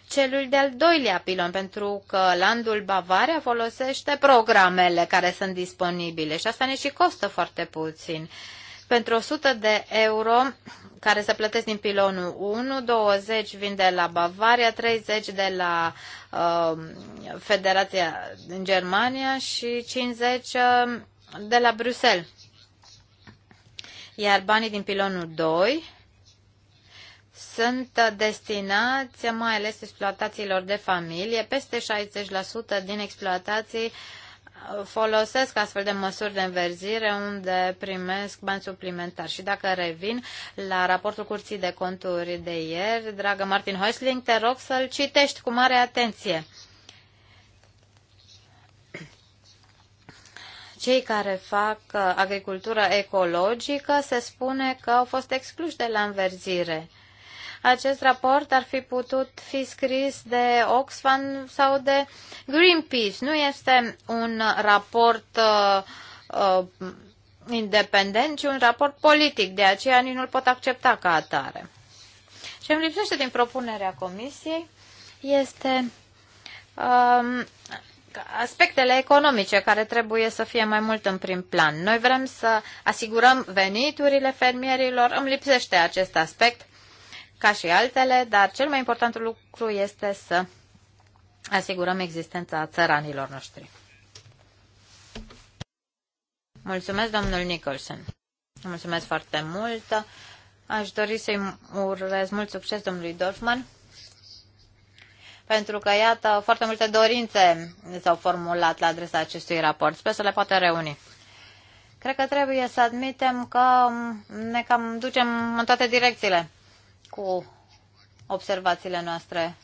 celui de-al doilea pilon, pentru că landul Bavaria folosește programele care sunt disponibile și asta ne și costă foarte puțin. Pentru 100 de euro care se plătesc din pilonul 1, 20 vin de la Bavaria, 30 de la uh, Federația din Germania și 50 uh, de la Bruxelles. Iar banii din pilonul 2 sunt uh, destinați mai ales exploatațiilor de familie. Peste 60% din exploatații uh, folosesc astfel de măsuri de înverzire unde primesc bani suplimentari. Și dacă revin la raportul Curții de Conturi de ieri, dragă Martin Heusling, te rog să-l citești cu mare atenție. Cei care fac uh, agricultură ecologică se spune că au fost excluși de la înverzire acest raport ar fi putut fi scris de Oxfam sau de Greenpeace. Nu este un raport uh, uh, independent, ci un raport politic, de aceea nici nu-l pot accepta ca atare. Ce îmi lipsește din propunerea comisiei este uh, aspectele economice care trebuie să fie mai mult în prim plan. Noi vrem să asigurăm veniturile fermierilor, îmi lipsește acest aspect ca și altele, dar cel mai important lucru este să asigurăm existența țăranilor noștri. Mulțumesc, domnul Nicholson. Mulțumesc foarte mult. Aș dori să-i urez mult succes domnului Dorfman, pentru că, iată, foarte multe dorințe s-au formulat la adresa acestui raport. Sper să le poată reuni. Cred că trebuie să admitem că ne cam ducem în toate direcțiile cu observațiile noastre.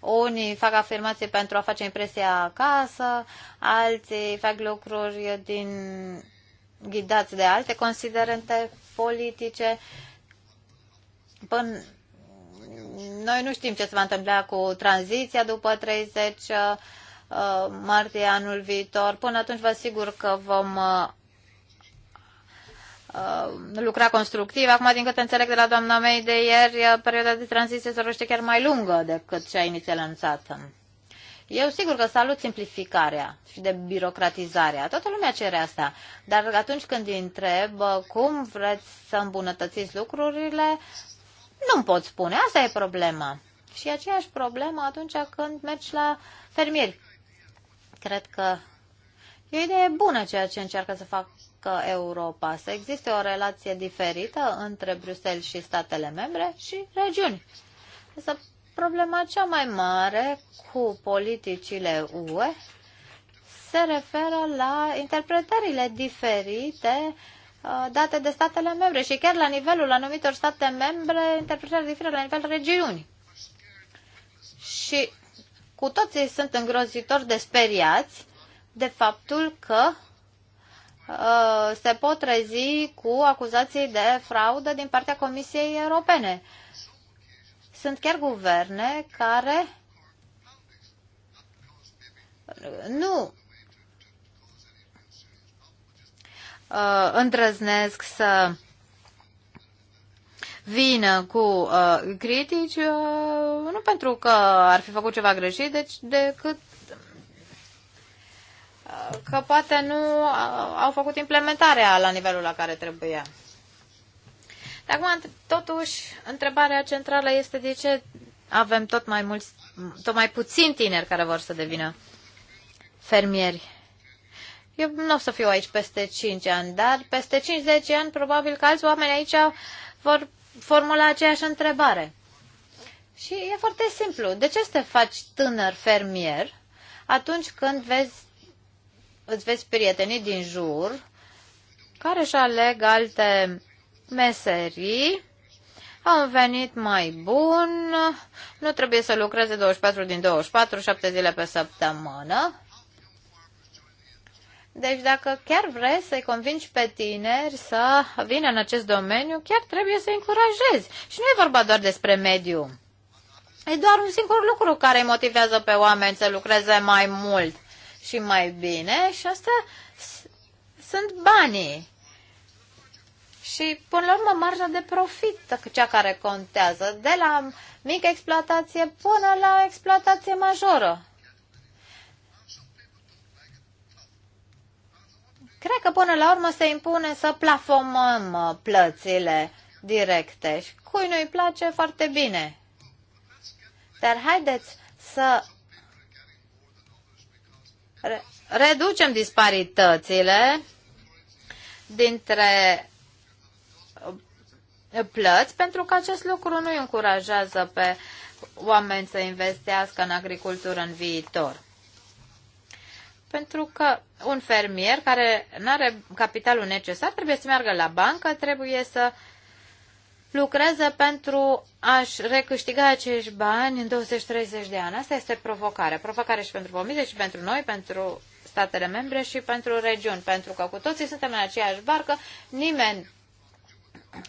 Unii fac afirmații pentru a face impresia acasă, alții fac lucruri din ghidați de alte considerente politice. Până noi nu știm ce se va întâmpla cu tranziția după 30 uh, uh, martie anul viitor. Până atunci vă asigur că vom uh, Uh, lucra constructiv. Acum, din câte înțeleg de la doamna mei de ieri, uh, perioada de tranziție se roște chiar mai lungă decât cea inițial anunțată. Eu sigur că salut simplificarea și de birocratizarea. Toată lumea cere asta. Dar atunci când îi întreb uh, cum vreți să îmbunătățiți lucrurile, nu pot spune. Asta e problema. Și e aceeași problemă atunci când mergi la fermieri. Cred că e o idee bună ceea ce încearcă să fac. Europa, să existe o relație diferită între Bruxelles și statele membre și regiuni. Însă problema cea mai mare cu politicile UE se referă la interpretările diferite uh, date de statele membre și chiar la nivelul anumitor state membre, interpretările diferite la nivel regiuni. Și cu toții sunt îngrozitor de speriați de faptul că Uh, se pot trezi cu acuzații de fraudă din partea Comisiei Europene. Sunt chiar guverne care nu uh, îndrăznesc să vină cu uh, critici, nu pentru că ar fi făcut ceva greșit, deci decât că poate nu au făcut implementarea la nivelul la care trebuia. De acum, totuși, întrebarea centrală este de ce avem tot mai, mulți, tot mai puțin tineri care vor să devină fermieri. Eu nu o să fiu aici peste 5 ani, dar peste 5-10 ani probabil că alți oameni aici vor formula aceeași întrebare. Și e foarte simplu. De ce să te faci tânăr fermier atunci când vezi îți vezi prietenii din jur care își aleg alte meserii, au venit mai bun, nu trebuie să lucreze 24 din 24, 7 zile pe săptămână. Deci dacă chiar vrei să-i convingi pe tineri să vină în acest domeniu, chiar trebuie să-i încurajezi. Și nu e vorba doar despre mediu. E doar un singur lucru care îi motivează pe oameni să lucreze mai mult și mai bine și asta sunt banii. Și până la urmă marja de profit, cea care contează, de la mică exploatație până la exploatație majoră. Cred că până la urmă se impune să plafomăm plățile directe și cui nu-i place foarte bine. Dar haideți să reducem disparitățile dintre uh, plăți, pentru că acest lucru nu îi încurajează pe oameni să investească în agricultură în viitor. Pentru că un fermier care nu are capitalul necesar trebuie să meargă la bancă, trebuie să uh, lucrează pentru a-și recâștiga acești bani în 20-30 de ani. Asta este provocarea. Provocarea și pentru comisie, și pentru noi, pentru statele membre și pentru regiuni. Pentru că cu toții suntem în aceeași barcă, nimeni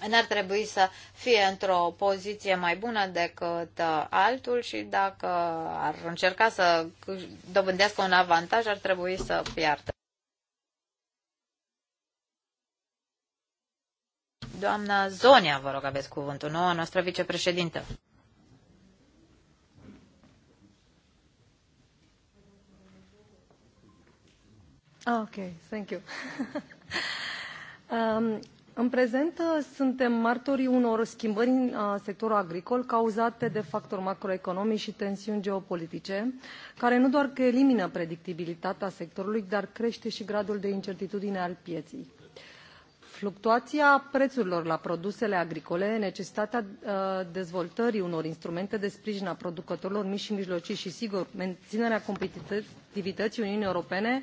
n-ar trebui să fie într-o poziție mai bună decât altul și dacă ar încerca să dobândească un avantaj, ar trebui să piardă. Doamna Zonia, vă rog, aveți cuvântul, noua noastră vicepreședintă. Ok, thank you. <laughs> um, în prezent uh, suntem martorii unor schimbări în uh, sectorul agricol cauzate de factori macroeconomici și tensiuni geopolitice, care nu doar că elimină predictibilitatea sectorului, dar crește și gradul de incertitudine al pieței fluctuația prețurilor la produsele agricole necesitatea uh, dezvoltării unor instrumente de sprijin a producătorilor mici și mijlocii și sigur menținerea competitivității uniunii europene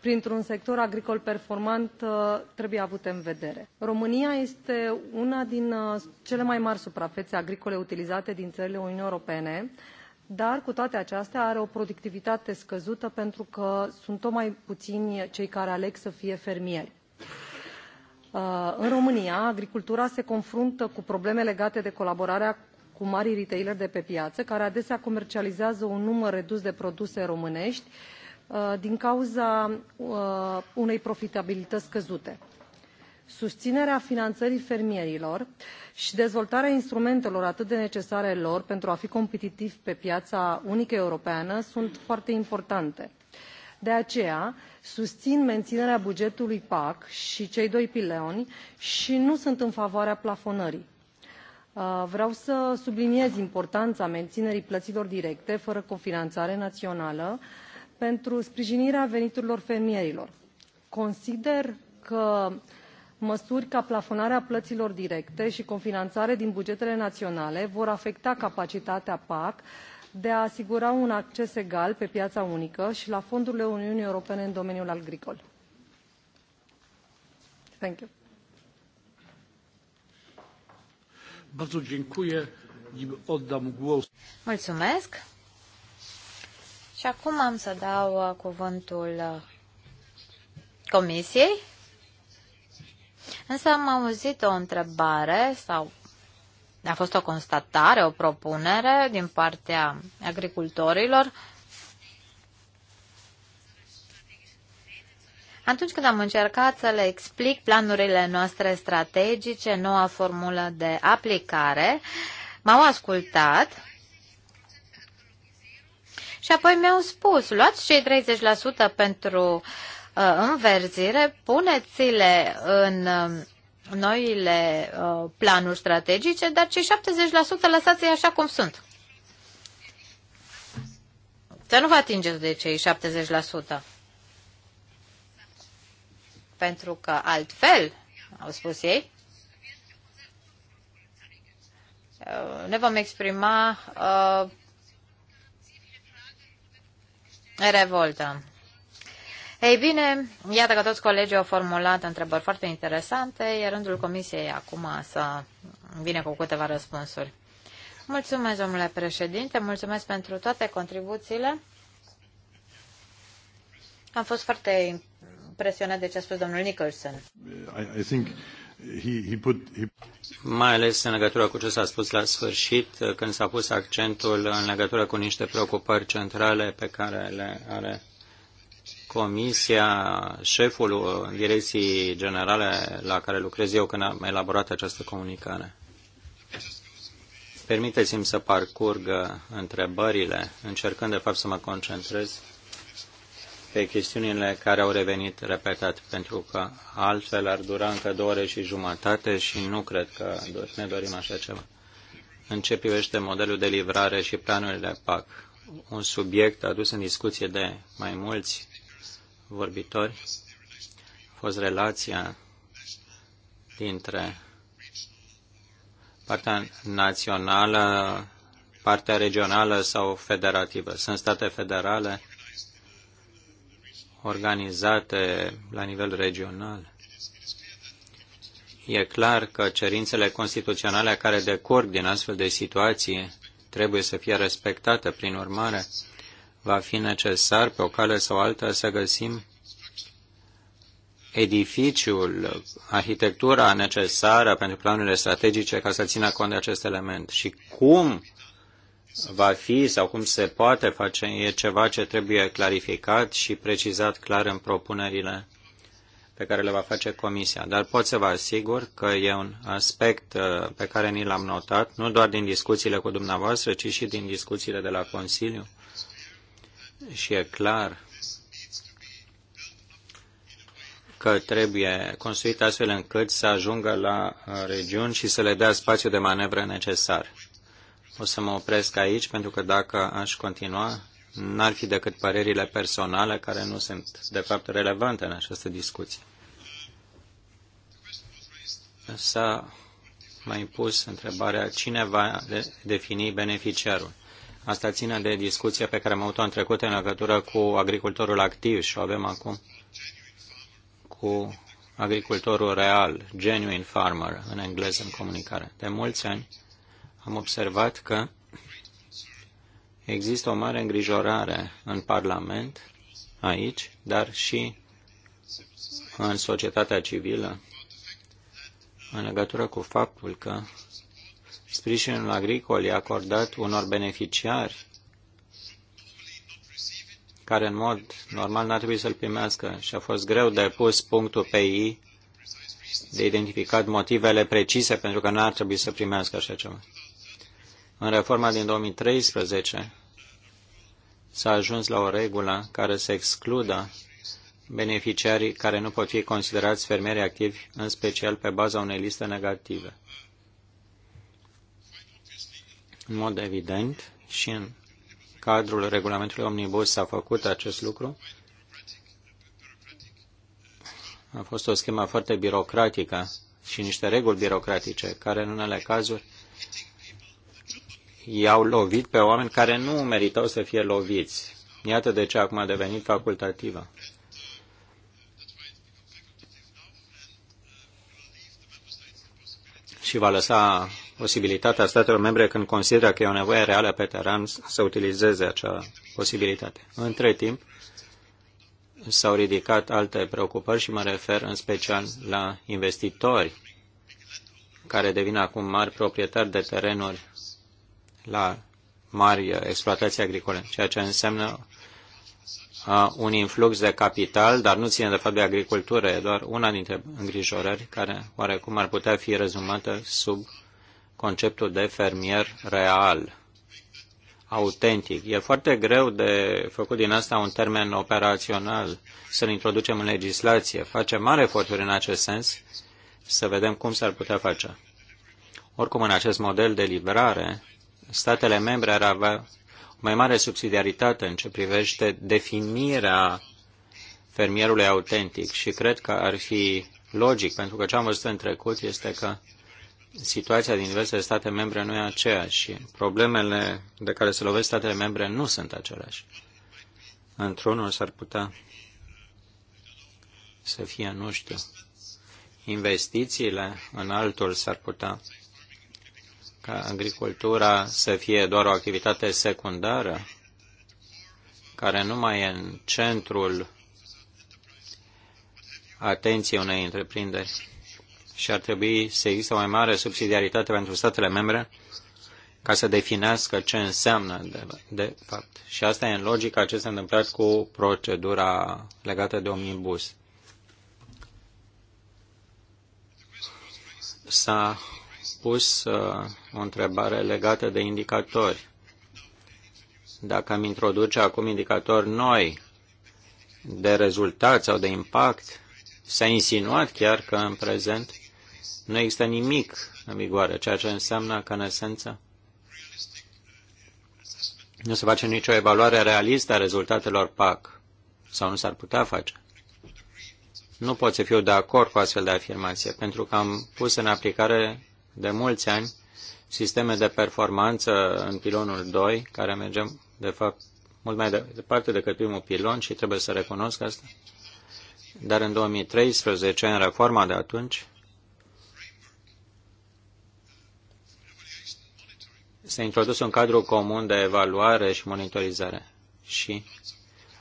printr un sector agricol performant uh, trebuie avute în vedere. românia este una din uh, cele mai mari suprafețe agricole utilizate din țările uniunii europene dar cu toate acestea are o productivitate scăzută pentru că sunt tot mai puțini cei care aleg să fie fermieri Uh, în românia agricultura se confruntă cu probleme legate de colaborarea cu marii retaileri de pe piață care adesea comercializează un număr redus de produse românești uh, din cauza uh, unei profitabilități scăzute. susținerea finanțării fermierilor și dezvoltarea instrumentelor atât de necesare lor pentru a fi competitivi pe piața unică europeană sunt foarte importante de aceea susțin menținerea bugetului pac și cei doi piloni și nu sunt în favoarea plafonării. Uh, vreau să subliniez importanța menținerii plăților directe fără cofinanțare națională pentru sprijinirea veniturilor fermierilor. consider că măsuri ca plafonarea plăților directe și cofinanțare din bugetele naționale vor afecta capacitatea pac de a asigura un acces egal pe piața unică și la fondurile uniunii europene în domeniul agricol. Thank you. Bardzo dziękuję. Nim oddam głos. Mulțumesc. Și acum am să dau uh, cuvântul uh, comisiei. Însă am auzit o întrebare sau a fost o constatare, o propunere din partea agricultorilor. Atunci când am încercat să le explic planurile noastre strategice, noua formulă de aplicare, m-au ascultat și apoi mi-au spus, luați cei 30% pentru uh, înverzire, puneți-le în uh, noile uh, planuri strategice, dar cei 70% lăsați-i așa cum sunt. Să nu vă atingeți de cei 70%. Pentru că altfel, au spus ei, uh, ne vom exprima uh, revoltă. Ei bine, iată că toți colegii au formulat întrebări foarte interesante, iar rândul comisiei acum să vină cu câteva răspunsuri. Mulțumesc, domnule președinte, mulțumesc pentru toate contribuțiile. Am fost foarte impresionat de ce a spus domnul Nicholson. I, I think he, he put, he... Mai ales în legătură cu ce s-a spus la sfârșit, când s-a pus accentul în legătură cu niște preocupări centrale pe care le are comisia, șeful uh, direcției generale la care lucrez eu când am elaborat această comunicare. Permiteți-mi să parcurg uh, întrebările, încercând de fapt să mă concentrez pe chestiunile care au revenit repetat, pentru că altfel ar dura încă două ore și jumătate și nu cred că ne dorim așa ceva. În ce privește modelul de livrare și planurile PAC, un subiect adus în discuție de mai mulți vorbitori a fost relația dintre partea națională, partea regională sau federativă. Sunt state federale organizate la nivel regional. E clar că cerințele constituționale care decurg din astfel de situații trebuie să fie respectate. Prin urmare, va fi necesar pe o cale sau alta să găsim edificiul, arhitectura necesară pentru planurile strategice ca să țină cont de acest element și cum va fi sau cum se poate face e ceva ce trebuie clarificat și precizat clar în propunerile pe care le va face Comisia. Dar pot să vă asigur că e un aspect uh, pe care ni l-am notat, nu doar din discuțiile cu dumneavoastră, ci și din discuțiile de la Consiliu și e clar că trebuie construit astfel încât să ajungă la uh, regiuni și să le dea spațiu de manevră necesar. O să mă opresc aici pentru că dacă aș continua, n-ar fi decât părerile personale care nu sunt de fapt relevante în această discuție. S-a mai pus întrebarea cine va defini beneficiarul. Asta ține de discuția pe care am avut-o în trecut în legătură cu agricultorul activ și o avem acum cu agricultorul real, genuine farmer, în engleză în comunicare. De mulți ani am observat că există o mare îngrijorare în Parlament, aici, dar și în societatea civilă, în legătură cu faptul că sprijinul agricol e acordat unor beneficiari care în mod normal n-ar trebui să-l primească și a fost greu de pus punctul pe I, de identificat motivele precise pentru că n-ar trebui să primească așa ceva. În reforma din 2013 s-a ajuns la o regulă care să excludă beneficiarii care nu pot fi considerați fermieri activi, în special pe baza unei liste negative. În mod evident și în cadrul regulamentului Omnibus s-a făcut acest lucru. A fost o schemă foarte birocratică și niște reguli birocratice, care în unele cazuri i-au lovit pe oameni care nu meritau să fie loviți. Iată de ce acum a devenit facultativă. Și va lăsa posibilitatea statelor membre când consideră că e o nevoie reală pe teren să utilizeze acea posibilitate. Între timp, s-au ridicat alte preocupări și mă refer în special la investitori care devin acum mari proprietari de terenuri la mari exploatații agricole, ceea ce înseamnă un influx de capital, dar nu ține de fapt de agricultură, e doar una dintre îngrijorări care oarecum ar putea fi rezumată sub conceptul de fermier real, autentic. E foarte greu de făcut din asta un termen operațional, să-l introducem în legislație. Facem mari eforturi în acest sens să vedem cum s-ar putea face. Oricum, în acest model de livrare, statele membre ar avea o mai mare subsidiaritate în ce privește definirea fermierului autentic și cred că ar fi logic, pentru că ce am văzut în trecut este că situația din diversele state membre nu e aceeași și problemele de care se lovesc statele membre nu sunt aceleași. Într-unul s-ar putea să fie, nu știu, investițiile, în altul s-ar putea ca agricultura să fie doar o activitate secundară, care nu mai e în centrul atenției unei întreprinderi și ar trebui să existe o mai mare subsidiaritate pentru statele membre ca să definească ce înseamnă de, de fapt. Și asta e în logica ce s-a întâmplat cu procedura legată de omnibus. S-a pus uh, o întrebare legată de indicatori. Dacă am introduce acum indicatori noi de rezultat sau de impact, s-a insinuat chiar că în prezent nu există nimic în vigoare, ceea ce înseamnă că, în esență, nu se face nicio evaluare realistă a rezultatelor PAC, sau nu s-ar putea face. Nu pot să fiu de acord cu astfel de afirmație, pentru că am pus în aplicare de mulți ani sisteme de performanță în pilonul 2, care mergem, de fapt, mult mai departe decât primul pilon și trebuie să recunosc asta. Dar în 2013, în reforma de atunci, s-a introdus un cadru comun de evaluare și monitorizare. Și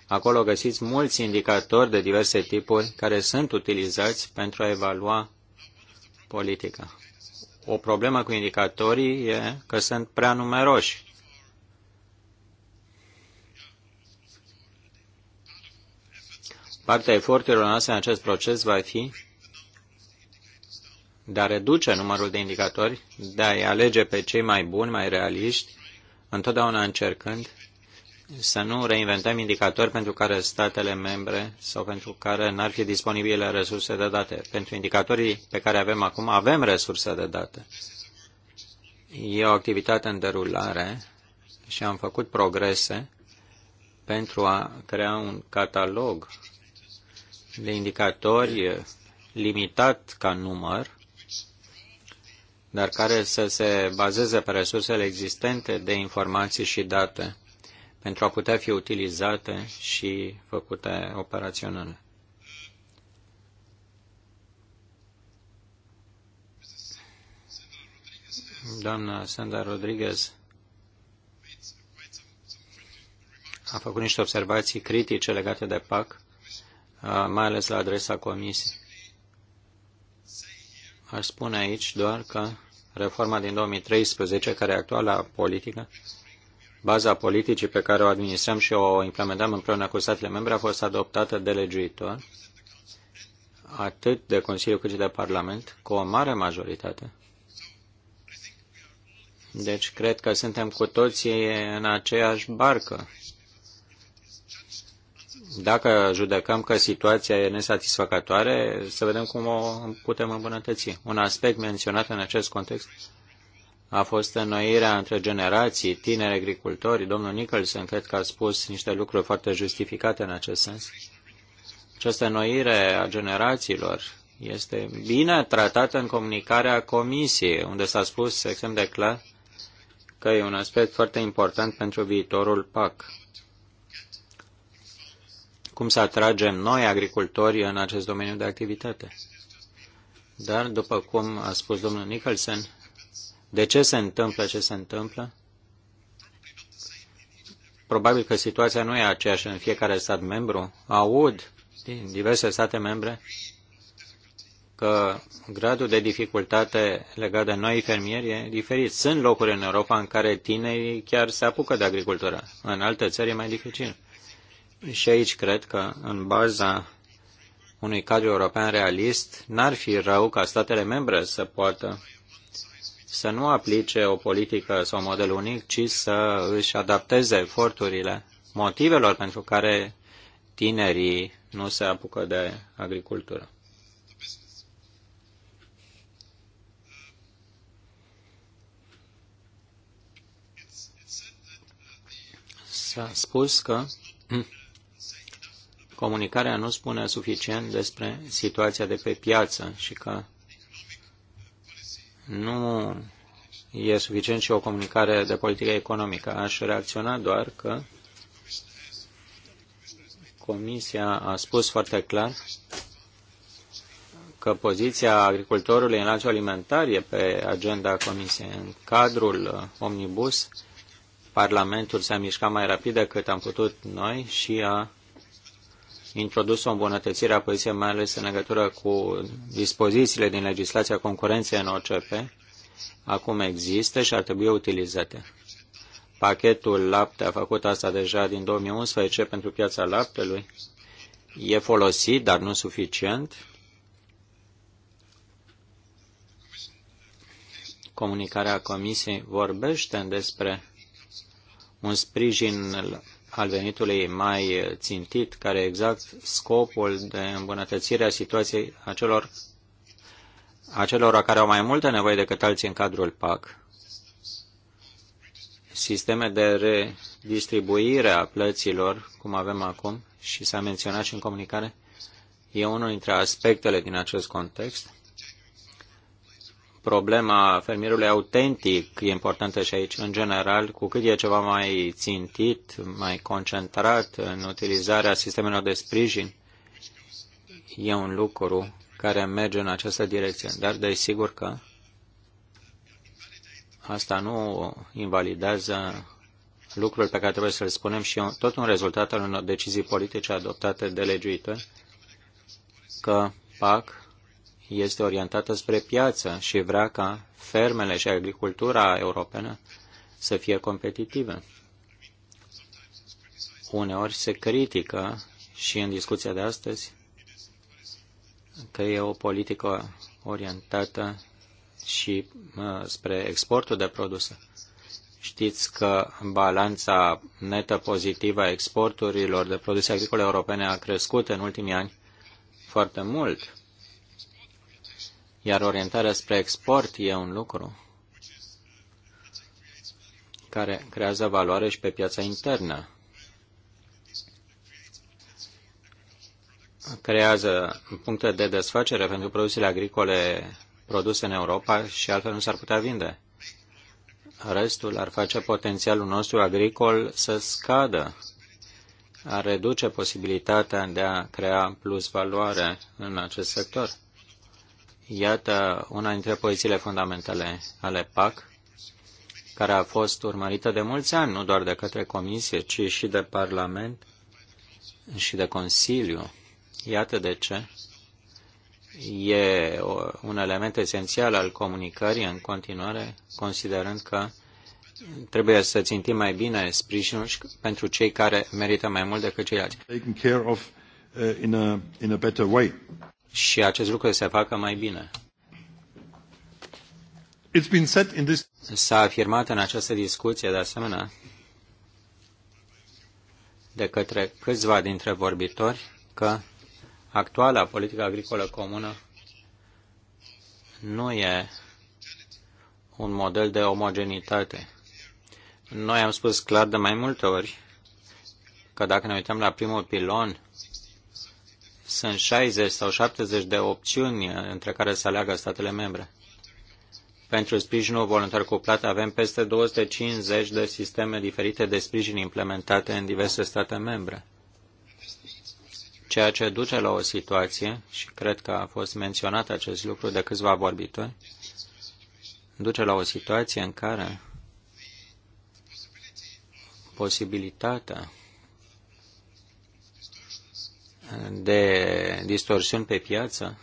acolo găsiți mulți indicatori de diverse tipuri care sunt utilizați pentru a evalua politica. O problemă cu indicatorii e că sunt prea numeroși. Partea eforturilor noastre în acest proces va fi de a reduce numărul de indicatori, de a-i alege pe cei mai buni, mai realiști, întotdeauna încercând să nu reinventăm indicatori pentru care statele membre sau pentru care n-ar fi disponibile resurse de date. Pentru indicatorii pe care avem acum, avem resurse de date. E o activitate în derulare și am făcut progrese pentru a crea un catalog de indicatori limitat ca număr dar care să se bazeze pe resursele existente de informații și date pentru a putea fi utilizate și făcute operaționale. Doamna Sandra Rodriguez a făcut niște observații critice legate de PAC, mai ales la adresa Comisiei. Aș spune aici doar că reforma din 2013, care e actuala politică, baza politicii pe care o administrăm și o implementăm împreună cu statele membre, a fost adoptată de legiuitor, atât de Consiliu cât și de Parlament, cu o mare majoritate. Deci cred că suntem cu toții în aceeași barcă dacă judecăm că situația e nesatisfăcătoare, să vedem cum o putem îmbunătăți. Un aspect menționat în acest context a fost înnoirea între generații, tineri agricultori. Domnul Nicholson cred că a spus niște lucruri foarte justificate în acest sens. Această înnoire a generațiilor este bine tratată în comunicarea comisiei, unde s-a spus extrem de clar că e un aspect foarte important pentru viitorul PAC cum să atragem noi agricultori în acest domeniu de activitate. Dar, după cum a spus domnul Nicholson, de ce se întâmplă ce se întâmplă? Probabil că situația nu e aceeași în fiecare stat membru. Aud din diverse state membre că gradul de dificultate legat de noi fermieri e diferit. Sunt locuri în Europa în care tinerii chiar se apucă de agricultură. În alte țări e mai dificil. Și aici cred că, în baza unui cadru european realist, n-ar fi rău ca statele membre să poată să nu aplice o politică sau un model unic, ci să își adapteze eforturile motivelor pentru care tinerii nu se apucă de agricultură. S-a spus că comunicarea nu spune suficient despre situația de pe piață și că nu e suficient și o comunicare de politică economică. Aș reacționa doar că Comisia a spus foarte clar că poziția agricultorului în lanțul alimentar e pe agenda Comisiei. În cadrul Omnibus, Parlamentul s-a mișcat mai rapid decât am putut noi și a introdus o îmbunătățire a poziției, mai ales în legătură cu dispozițiile din legislația concurenței în OCP. Acum există și ar trebui utilizate. Pachetul lapte a făcut asta deja din 2011 pentru piața laptelui. E folosit, dar nu suficient. Comunicarea Comisiei vorbește despre un sprijin al venitului mai țintit, care e exact scopul de îmbunătățire a situației acelor, acelor care au mai multe nevoie decât alții în cadrul PAC. Sisteme de redistribuire a plăților, cum avem acum, și s-a menționat și în comunicare, e unul dintre aspectele din acest context problema fermierului autentic e importantă și aici. În general, cu cât e ceva mai țintit, mai concentrat în utilizarea sistemelor de sprijin, e un lucru care merge în această direcție. Dar, desigur că asta nu invalidează lucrul pe care trebuie să-l spunem și e tot un rezultat al unor decizii politice adoptate de legiuitori, că PAC este orientată spre piață și vrea ca fermele și agricultura europeană să fie competitive. Uneori se critică și în discuția de astăzi că e o politică orientată și spre exportul de produse. Știți că balanța netă pozitivă a exporturilor de produse agricole europene a crescut în ultimii ani foarte mult iar orientarea spre export e un lucru care creează valoare și pe piața internă. Creează puncte de desfacere pentru produsele agricole produse în Europa și altfel nu s-ar putea vinde. Restul ar face potențialul nostru agricol să scadă, ar reduce posibilitatea de a crea plus valoare în acest sector. Iată una dintre pozițiile fundamentale ale PAC, care a fost urmărită de mulți ani, nu doar de către Comisie, ci și de Parlament și de Consiliu. Iată de ce e un element esențial al comunicării în continuare, considerând că trebuie să țintim mai bine sprijinul pentru cei care merită mai mult decât ceilalți și acest lucru se facă mai bine. S-a afirmat în această discuție, de asemenea, de către câțiva dintre vorbitori că actuala politică agricolă comună nu e un model de omogenitate. Noi am spus clar de mai multe ori că dacă ne uităm la primul pilon sunt 60 sau 70 de opțiuni între care să aleagă statele membre. Pentru sprijinul voluntar cuplat avem peste 250 de sisteme diferite de sprijin implementate în diverse state membre, ceea ce duce la o situație, și cred că a fost menționat acest lucru de câțiva vorbitori, duce la o situație în care posibilitatea de distorsiuni pe piață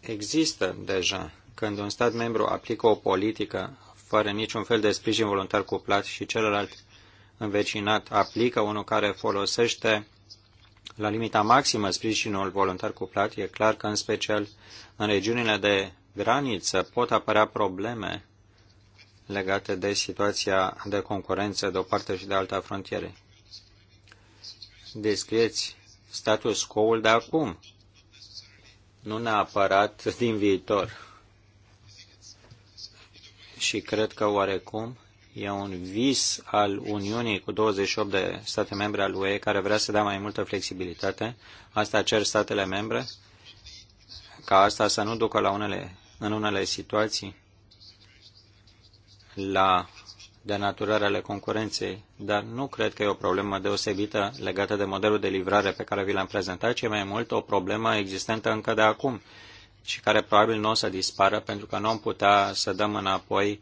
există deja când un stat membru aplică o politică fără niciun fel de sprijin voluntar cuplat și celălalt învecinat aplică unul care folosește la limita maximă sprijinul voluntar cuplat, e clar că în special în regiunile de graniță pot apărea probleme legate de situația de concurență de o parte și de alta a frontierei descrieți status quo-ul de acum, nu neapărat din viitor. Și cred că oarecum e un vis al Uniunii cu 28 de state membre al UE care vrea să dea mai multă flexibilitate. Asta cer statele membre ca asta să nu ducă la unele, în unele situații la de naturare ale concurenței, dar nu cred că e o problemă deosebită legată de modelul de livrare pe care vi l-am prezentat, ci mai mult o problemă existentă încă de acum și care probabil nu o să dispară pentru că nu am putea să dăm înapoi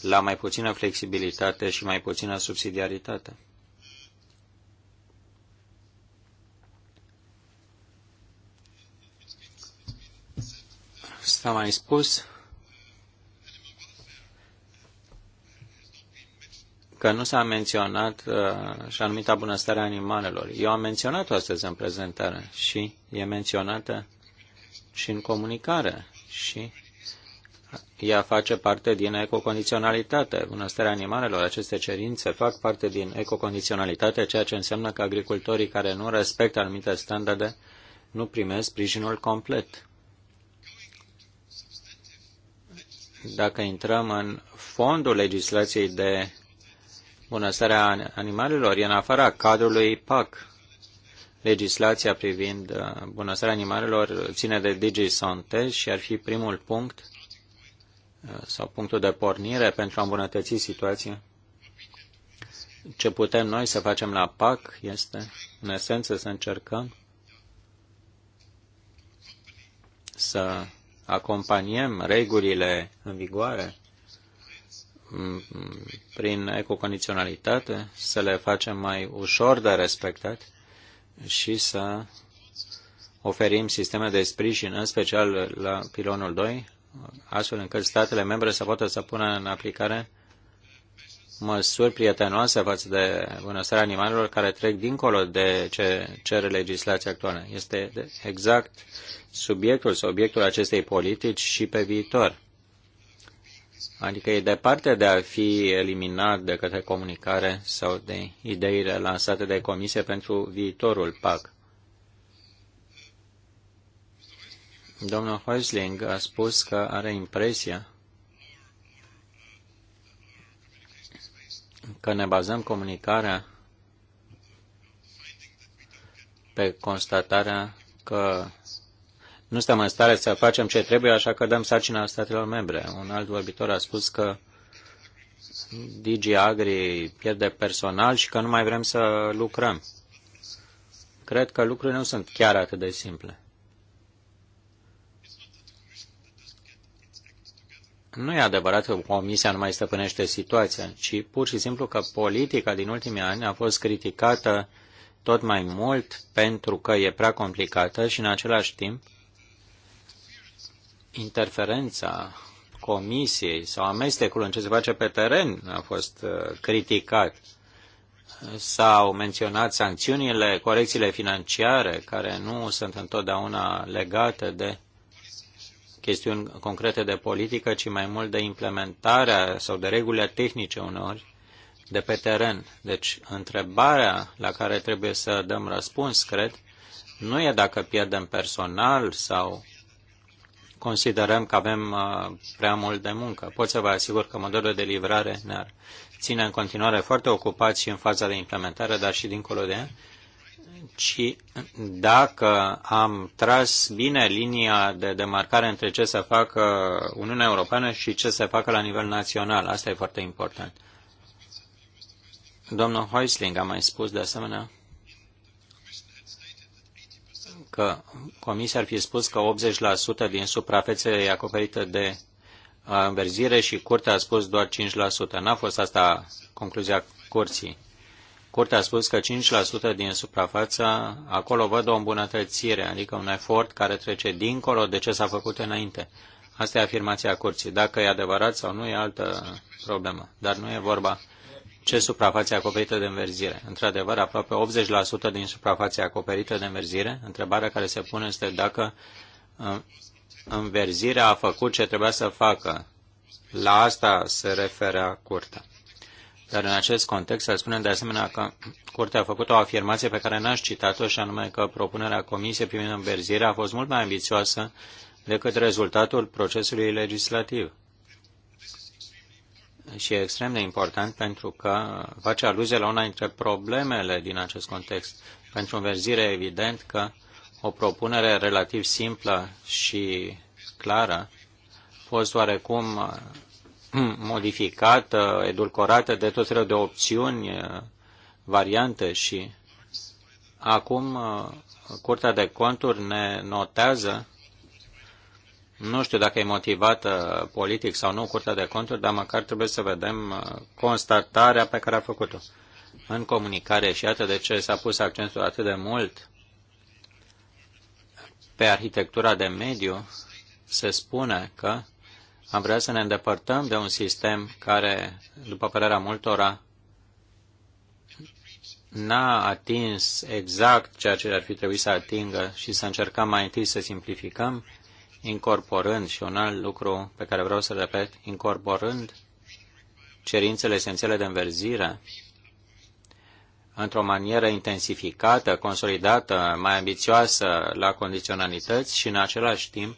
la mai puțină flexibilitate și mai puțină subsidiaritate. S-a mai spus că nu s-a menționat uh, și anumita bunăstare a animalelor. Eu am menționat-o astăzi în prezentare și e menționată și în comunicare și ea face parte din ecocondiționalitate. Bunăstarea animalelor, aceste cerințe fac parte din ecocondiționalitate, ceea ce înseamnă că agricultorii care nu respectă anumite standarde nu primesc sprijinul complet. Dacă intrăm în fondul legislației de bunăstarea animalelor e în afara cadrului PAC. Legislația privind uh, bunăstarea animalelor ține de DigiSante și ar fi primul punct uh, sau punctul de pornire pentru a îmbunătăți situația. Ce putem noi să facem la PAC este, în esență, să încercăm să acompaniem regulile în vigoare prin ecocondiționalitate, să le facem mai ușor de respectat și să oferim sisteme de sprijin, în special la pilonul 2, astfel încât statele membre să poată să pună în aplicare măsuri prietenoase față de bunăstarea animalelor care trec dincolo de ce cere legislația actuală. Este exact subiectul sau obiectul acestei politici și pe viitor. Adică e departe de a fi eliminat de către comunicare sau de ideile lansate de comisie pentru viitorul PAC. Domnul Heusling a spus că are impresia că ne bazăm comunicarea pe constatarea că nu suntem în stare să facem ce trebuie, așa că dăm sarcina statelor membre. Un alt vorbitor a spus că Digi Agri pierde personal și că nu mai vrem să lucrăm. Cred că lucrurile nu sunt chiar atât de simple. Nu e adevărat că Comisia nu mai stăpânește situația, ci pur și simplu că politica din ultimii ani a fost criticată tot mai mult pentru că e prea complicată și în același timp interferența comisiei sau amestecul în ce se face pe teren a fost uh, criticat. S-au menționat sancțiunile, corecțiile financiare, care nu sunt întotdeauna legate de chestiuni concrete de politică, ci mai mult de implementarea sau de regulile tehnice uneori de pe teren. Deci, întrebarea la care trebuie să dăm răspuns, cred, nu e dacă pierdem personal sau considerăm că avem uh, prea mult de muncă. Pot să vă asigur că modelul de livrare ne ține în continuare foarte ocupați și în faza de implementare, dar și dincolo de ea Și dacă am tras bine linia de demarcare între ce se facă Uniunea Europeană și ce se facă la nivel național. Asta e foarte important. Domnul Heusling a mai spus de asemenea că Comisia ar fi spus că 80% din suprafețe e acoperită de înverzire și Curtea a spus doar 5%. N-a fost asta concluzia Curții. Curtea a spus că 5% din suprafață, acolo văd o îmbunătățire, adică un efort care trece dincolo de ce s-a făcut înainte. Asta e afirmația Curții. Dacă e adevărat sau nu e altă problemă. Dar nu e vorba ce suprafață acoperită de înverzire. Într-adevăr, aproape 80% din suprafața acoperită de înverzire. Întrebarea care se pune este dacă uh, înverzirea a făcut ce trebuia să facă. La asta se referea curtea. Dar în acest context să spunem de asemenea că Curtea a făcut o afirmație pe care n-aș citat-o și anume că propunerea Comisiei privind înverzirea a fost mult mai ambițioasă decât rezultatul procesului legislativ și e extrem de important pentru că face aluzie la una dintre problemele din acest context. Pentru înverzire, evident că o propunere relativ simplă și clară a fost oarecum <clears throat> modificată, edulcorată de tot felul de opțiuni, uh, variante și acum uh, Curtea de Conturi ne notează nu știu dacă e motivată politic sau nu Curtea de Conturi, dar măcar trebuie să vedem uh, constatarea pe care a făcut-o în comunicare și iată de ce s-a pus accentul atât de mult pe arhitectura de mediu, se spune că am vrea să ne îndepărtăm de un sistem care, după părerea multora, n-a atins exact ceea ce ar fi trebuit să atingă și să încercăm mai întâi să simplificăm incorporând, și un alt lucru pe care vreau să repet, incorporând cerințele esențiale de înverzire într-o manieră intensificată, consolidată, mai ambițioasă la condiționalități și în același timp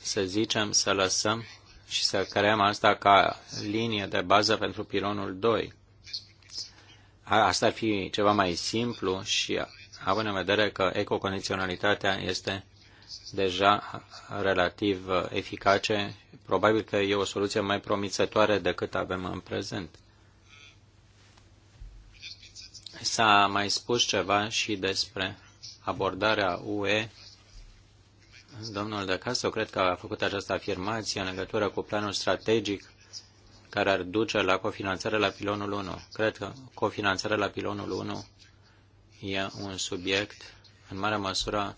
să zicem să lăsăm și să creăm asta ca linie de bază pentru pilonul 2. Asta ar fi ceva mai simplu și având în vedere că ecocondiționalitatea este deja relativ uh, eficace. Probabil că e o soluție mai promițătoare decât avem în prezent. S-a mai spus ceva și despre abordarea UE. Domnul De Castro cred că a făcut această afirmație în legătură cu planul strategic care ar duce la cofinanțare la pilonul 1. Cred că cofinanțarea la pilonul 1 e un subiect în mare măsură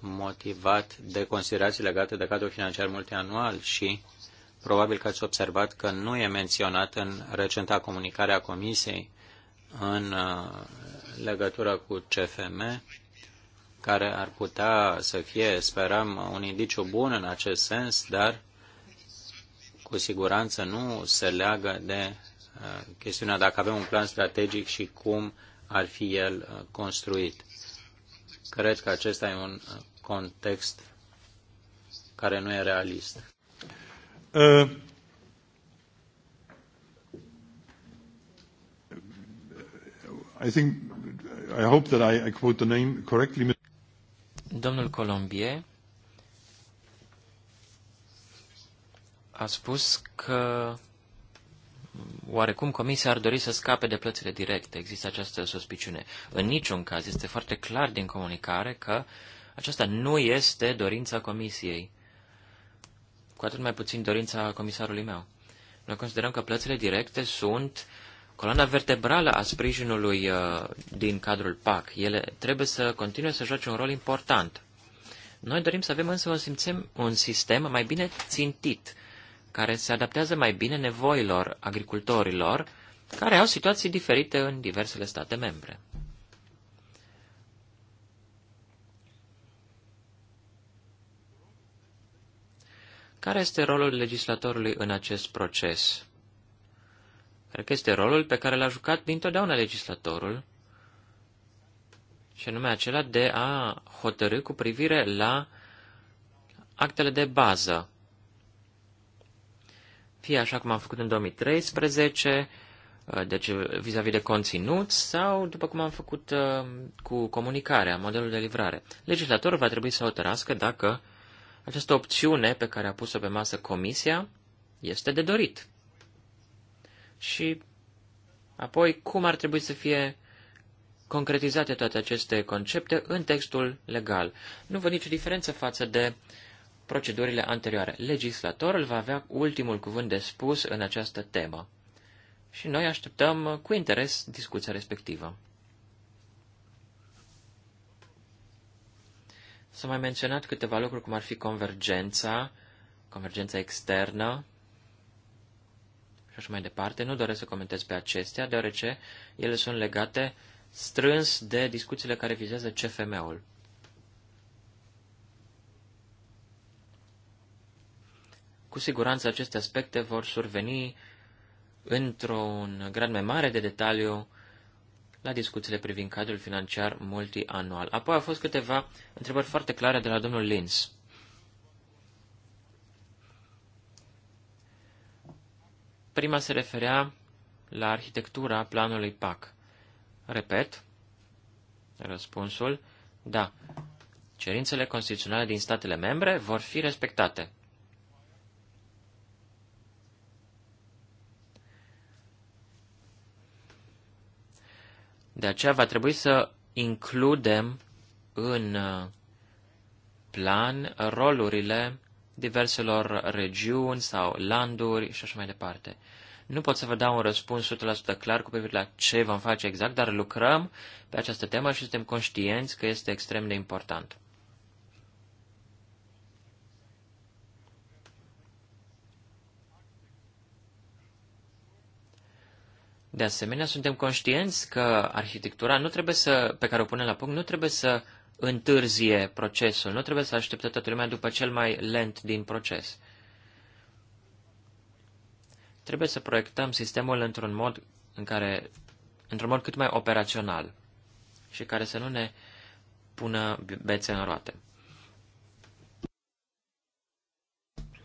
motivat de considerații legate de cadrul financiar multianual și probabil că ați observat că nu e menționat în recenta comunicare a Comisiei în uh, legătură cu CFM, care ar putea să fie, sperăm, un indiciu bun în acest sens, dar cu siguranță nu se leagă de uh, chestiunea dacă avem un plan strategic și cum ar fi el uh, construit. Cred că acesta e un context care nu e realist. Uh, I think I hope that I, I quote the name correctly. Domnul Colombier a spus că oarecum comisia ar dori să scape de plățile directe. Există această suspiciune. În niciun caz este foarte clar din comunicare că uh, aceasta nu este dorința comisiei, cu atât mai puțin dorința comisarului meu. Noi considerăm că plățile directe sunt coloana vertebrală a sprijinului uh, din cadrul PAC. Ele trebuie să continue să joace un rol important. Noi dorim să avem însă un, simțem, un sistem mai bine țintit, care se adaptează mai bine nevoilor agricultorilor, care au situații diferite în diversele state membre. Care este rolul legislatorului în acest proces? Cred că este rolul pe care l-a jucat dintotdeauna legislatorul, și anume acela de a hotărâ cu privire la actele de bază. Fie așa cum am făcut în 2013, uh, deci vis-a-vis -vis de conținut, sau după cum am făcut uh, cu comunicarea, modelul de livrare. Legislatorul va trebui să hotărască dacă această opțiune pe care a pus-o pe masă comisia este de dorit. Și apoi, cum ar trebui să fie concretizate toate aceste concepte în textul legal? Nu văd nicio diferență față de procedurile anterioare. Legislatorul va avea ultimul cuvânt de spus în această temă. Și noi așteptăm cu interes discuția respectivă. S-au mai menționat câteva lucruri, cum ar fi convergența, convergența externă și așa mai departe. Nu doresc să comentez pe acestea, deoarece ele sunt legate strâns de discuțiile care vizează CFM-ul. Cu siguranță aceste aspecte vor surveni într-un grad mai mare de detaliu la discuțiile privind cadrul financiar multianual. Apoi au fost câteva întrebări foarte clare de la domnul Linz. Prima se referea la arhitectura planului PAC. Repet, răspunsul, da, cerințele constituționale din statele membre vor fi respectate. De aceea va trebui să includem în uh, plan rolurile diverselor regiuni sau landuri și așa mai departe. Nu pot să vă dau un răspuns 100% clar cu privire la ce vom face exact, dar lucrăm pe această temă și suntem conștienți că este extrem de important. De asemenea, suntem conștienți că arhitectura nu trebuie să, pe care o punem la punct nu trebuie să întârzie procesul, nu trebuie să aștepte toată lumea după cel mai lent din proces. Trebuie să proiectăm sistemul într-un mod în care, într-un mod cât mai operațional și care să nu ne pună bețe în roate.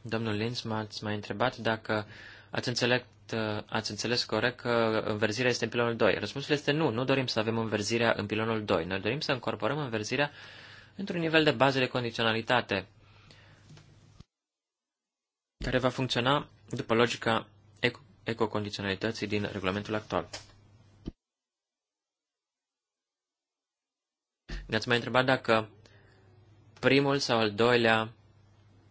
Domnul Linz m-ați mai întrebat dacă ați înțeles Uh, ați înțeles corect că înverzirea este în pilonul 2. Răspunsul este nu, nu dorim să avem înverzirea în pilonul 2. Noi dorim să încorporăm înverzirea într-un nivel de bază de condiționalitate care va funcționa după logica ecocondiționalității din regulamentul actual. Ne-ați mai întrebat dacă primul sau al doilea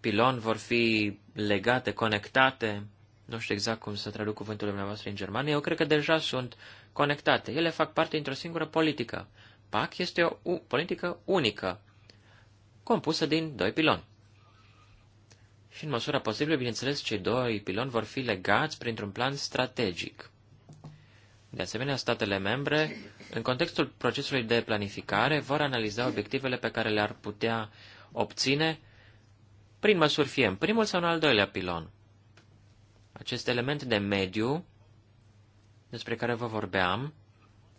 pilon vor fi legate, conectate. Nu știu exact cum să traduc cuvântul dumneavoastră în germană. Eu cred că deja sunt conectate. Ele fac parte dintr-o singură politică. PAC este o politică unică, compusă din doi piloni. Și în măsura posibilă, bineînțeles, cei doi piloni vor fi legați printr-un plan strategic. De asemenea, statele membre, în contextul procesului de planificare, vor analiza obiectivele pe care le-ar putea obține prin măsuri fie în primul sau în al doilea pilon. Acest element de mediu despre care vă vorbeam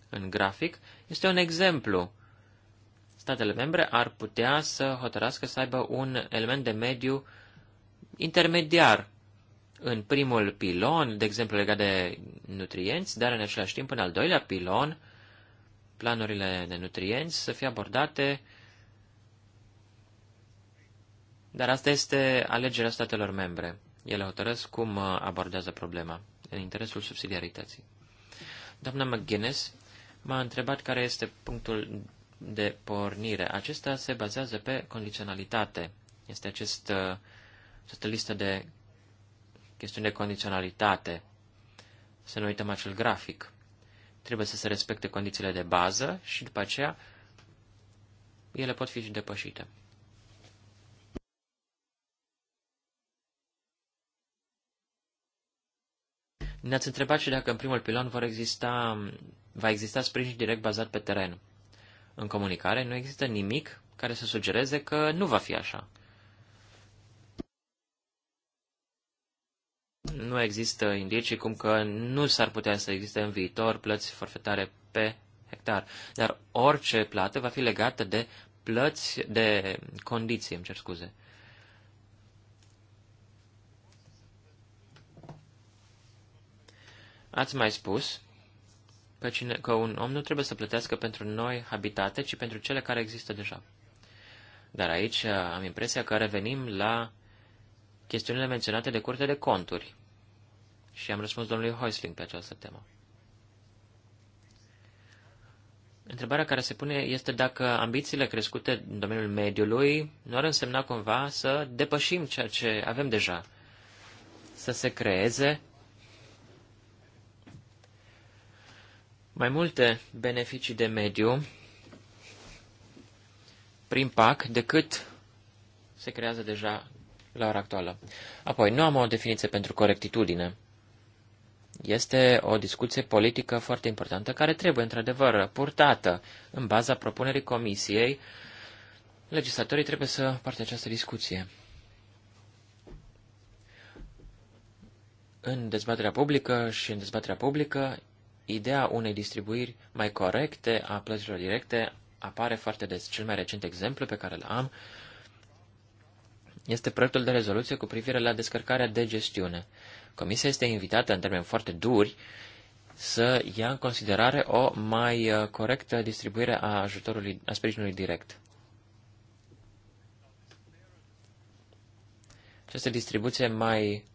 în grafic este un exemplu. Statele membre ar putea să hotărască să aibă un element de mediu intermediar în primul pilon, de exemplu legat de nutrienți, dar în același timp în al doilea pilon, planurile de nutrienți să fie abordate dar asta este alegerea statelor membre. Ele hotărăsc cum uh, abordează problema, în interesul subsidiarității. Doamna McGuinness m-a întrebat care este punctul de pornire. Acesta se bazează pe condiționalitate. Este acest, uh, această listă de chestiuni de condiționalitate. Să nu uităm acel grafic. Trebuie să se respecte condițiile de bază și după aceea ele pot fi și depășite. Ne-ați întrebat și dacă în primul pilon vor exista, va exista sprijin direct bazat pe teren. În comunicare nu există nimic care să sugereze că nu va fi așa. Nu există indicii cum că nu s-ar putea să existe în viitor plăți forfetare pe hectar, dar orice plată va fi legată de plăți, de condiții, îmi cer scuze. Ați mai spus că, cine, că un om nu trebuie să plătească pentru noi habitate, ci pentru cele care există deja. Dar aici uh, am impresia că revenim la chestiunile menționate de curte de Conturi. Și am răspuns domnului Heusling pe această temă. Întrebarea care se pune este dacă ambițiile crescute în domeniul mediului nu ar însemna cumva să depășim ceea ce avem deja, să se creeze mai multe beneficii de mediu prin PAC decât se creează deja la ora actuală. Apoi, nu am o definiție pentru corectitudine. Este o discuție politică foarte importantă care trebuie, într-adevăr, purtată în baza propunerii comisiei. Legislatorii trebuie să parte această discuție. În dezbaterea publică și în dezbaterea publică ideea unei distribuiri mai corecte a plăților directe apare foarte des. Cel mai recent exemplu pe care îl am este proiectul de rezoluție cu privire la descărcarea de gestiune. Comisia este invitată, în termeni foarte duri, să ia în considerare o mai uh, corectă distribuire a ajutorului, a sprijinului direct. Această distribuție mai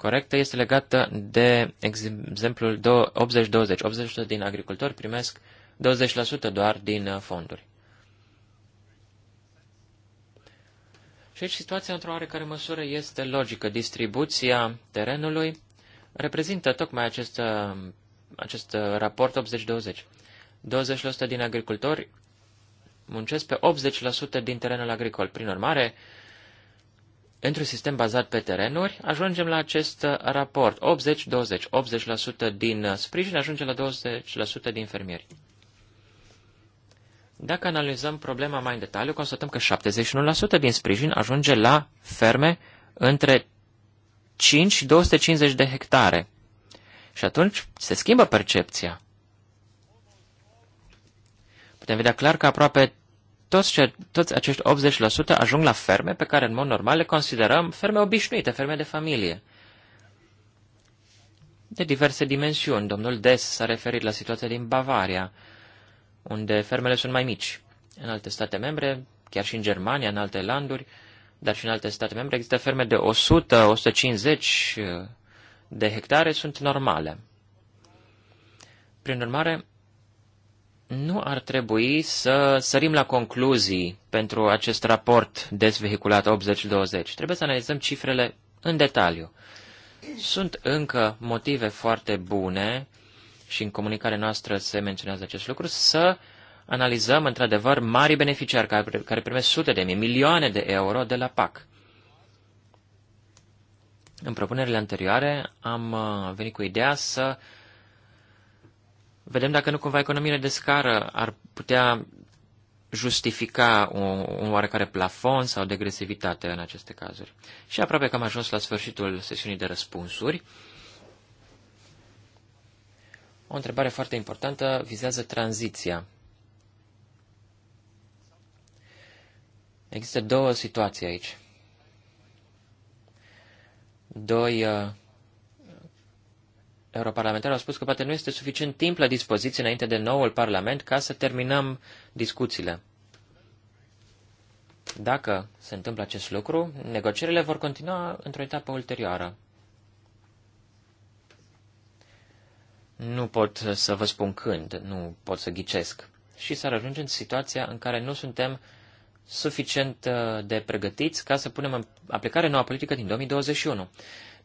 corectă este legată de exemplul 80-20. 80% din agricultori primesc 20% doar din uh, fonduri. Și aici situația într-o oarecare măsură este logică. Distribuția terenului reprezintă tocmai acest, uh, acest uh, raport 80-20. 20% din agricultori muncesc pe 80% din terenul agricol. Prin urmare, Într-un sistem bazat pe terenuri, ajungem la acest uh, raport, 80-20, 80% din uh, sprijin ajunge la 20% din fermieri. Dacă analizăm problema mai în detaliu, constatăm că 71% din sprijin ajunge la ferme între 5 și 250 de hectare. Și atunci se schimbă percepția. Putem vedea clar că aproape toți, ce, toți acești 80% ajung la ferme pe care în mod normal le considerăm ferme obișnuite, ferme de familie. De diverse dimensiuni. Domnul Des s-a referit la situația din Bavaria, unde fermele sunt mai mici. În alte state membre, chiar și în Germania, în alte landuri, dar și în alte state membre, există ferme de 100-150 eh, de hectare, sunt normale. Prin urmare, nu ar trebui să sărim la concluzii pentru acest raport desvehiculat 80-20. Trebuie să analizăm cifrele în detaliu. Sunt încă motive foarte bune și în comunicarea noastră se menționează acest lucru, să analizăm într-adevăr mari beneficiari care, care primesc sute de mii, milioane de euro de la PAC. În propunerile anterioare am uh, venit cu ideea să uh, Vedem dacă nu cumva economiile de scară ar putea justifica un, un oarecare plafon sau degresivitate în aceste cazuri. Și aproape că am ajuns la sfârșitul sesiunii de răspunsuri. O întrebare foarte importantă vizează tranziția. Există două situații aici. Doi uh, Europarlamentarul a spus că poate nu este suficient timp la dispoziție înainte de noul Parlament ca să terminăm discuțiile. Dacă se întâmplă acest lucru, negocierile vor continua într-o etapă ulterioară. Nu pot să vă spun când, nu pot să ghicesc. Și să ajungem în situația în care nu suntem suficient uh, de pregătiți ca să punem în aplicare noua politică din 2021.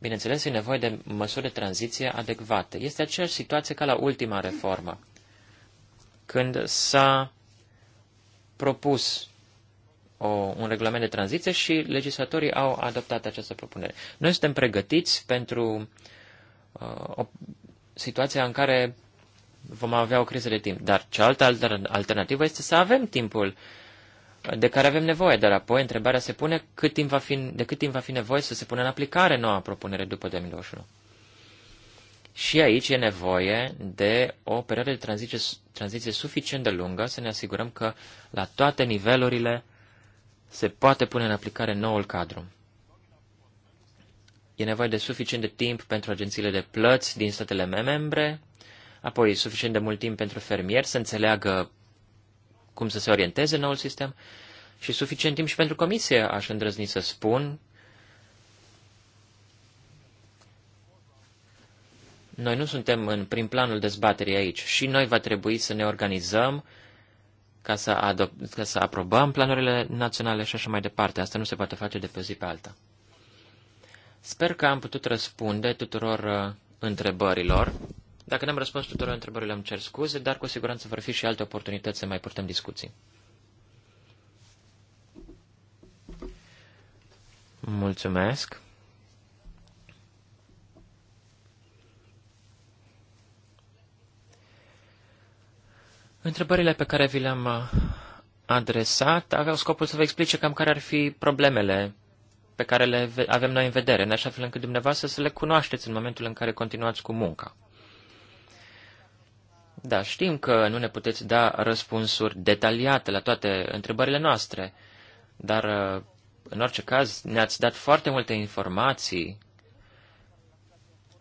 Bineînțeles, e nevoie de măsuri de tranziție adecvate. Este aceeași situație ca la ultima reformă, când s-a propus o, un regulament de tranziție și legislatorii au adoptat această propunere. Noi suntem pregătiți pentru uh, o situația în care vom avea o criză de timp. Dar cealaltă alternativă este să avem timpul de care avem nevoie, dar apoi întrebarea se pune cât timp va fi, de cât timp va fi nevoie să se pună în aplicare noua propunere după 2021. Și aici e nevoie de o perioadă de tranziție, tranziție suficient de lungă să ne asigurăm că la toate nivelurile se poate pune în aplicare noul cadru. E nevoie de suficient de timp pentru agențiile de plăți din statele membre, apoi suficient de mult timp pentru fermieri să înțeleagă cum să se orienteze noul sistem și suficient timp și pentru comisie, aș îndrăzni să spun. Noi nu suntem în prim planul dezbaterii aici și noi va trebui să ne organizăm ca să, adop- ca să aprobăm planurile naționale și așa mai departe. Asta nu se poate face de pe zi pe alta. Sper că am putut răspunde tuturor uh, întrebărilor. Dacă n-am răspuns tuturor întrebărilor, îmi cer scuze, dar cu siguranță vor fi și alte oportunități să mai purtăm discuții. Mulțumesc. Întrebările pe care vi le-am uh, adresat aveau scopul să vă explice cam care ar fi problemele pe care le avem noi în vedere, în așa fel încât dumneavoastră să le cunoașteți în momentul în care continuați cu munca. Da, știm că nu ne puteți da răspunsuri detaliate la toate întrebările noastre, dar uh, în orice caz ne-ați dat foarte multe informații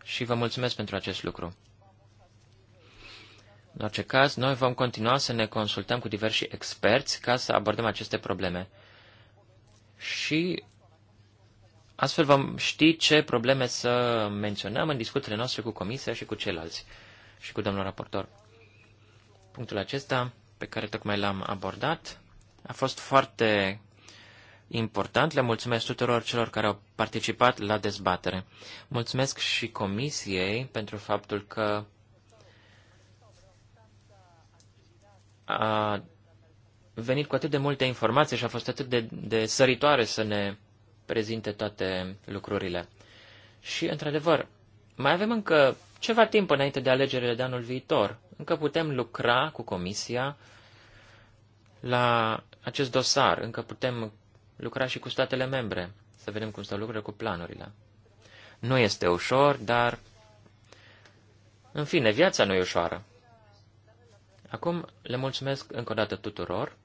și vă mulțumesc pentru acest lucru. În orice caz, noi vom continua să ne consultăm cu diversi experți ca să abordăm aceste probleme. Și astfel vom ști ce probleme să menționăm în discuțiile noastre cu comisia și cu ceilalți și cu domnul raportor. Punctul acesta, pe care tocmai l-am abordat, a fost foarte important. Le mulțumesc tuturor celor care au participat la dezbatere. Mulțumesc și comisiei pentru faptul că a venit cu atât de multe informații și a fost atât de, de săritoare să ne prezinte toate lucrurile. Și, într-adevăr, mai avem încă ceva timp înainte de alegerile de anul viitor. Încă putem lucra cu Comisia la acest dosar, încă putem lucra și cu statele membre, să vedem cum stau lucrurile cu planurile. Nu este ușor, dar, în fine, viața nu e ușoară. Acum le mulțumesc încă o dată tuturor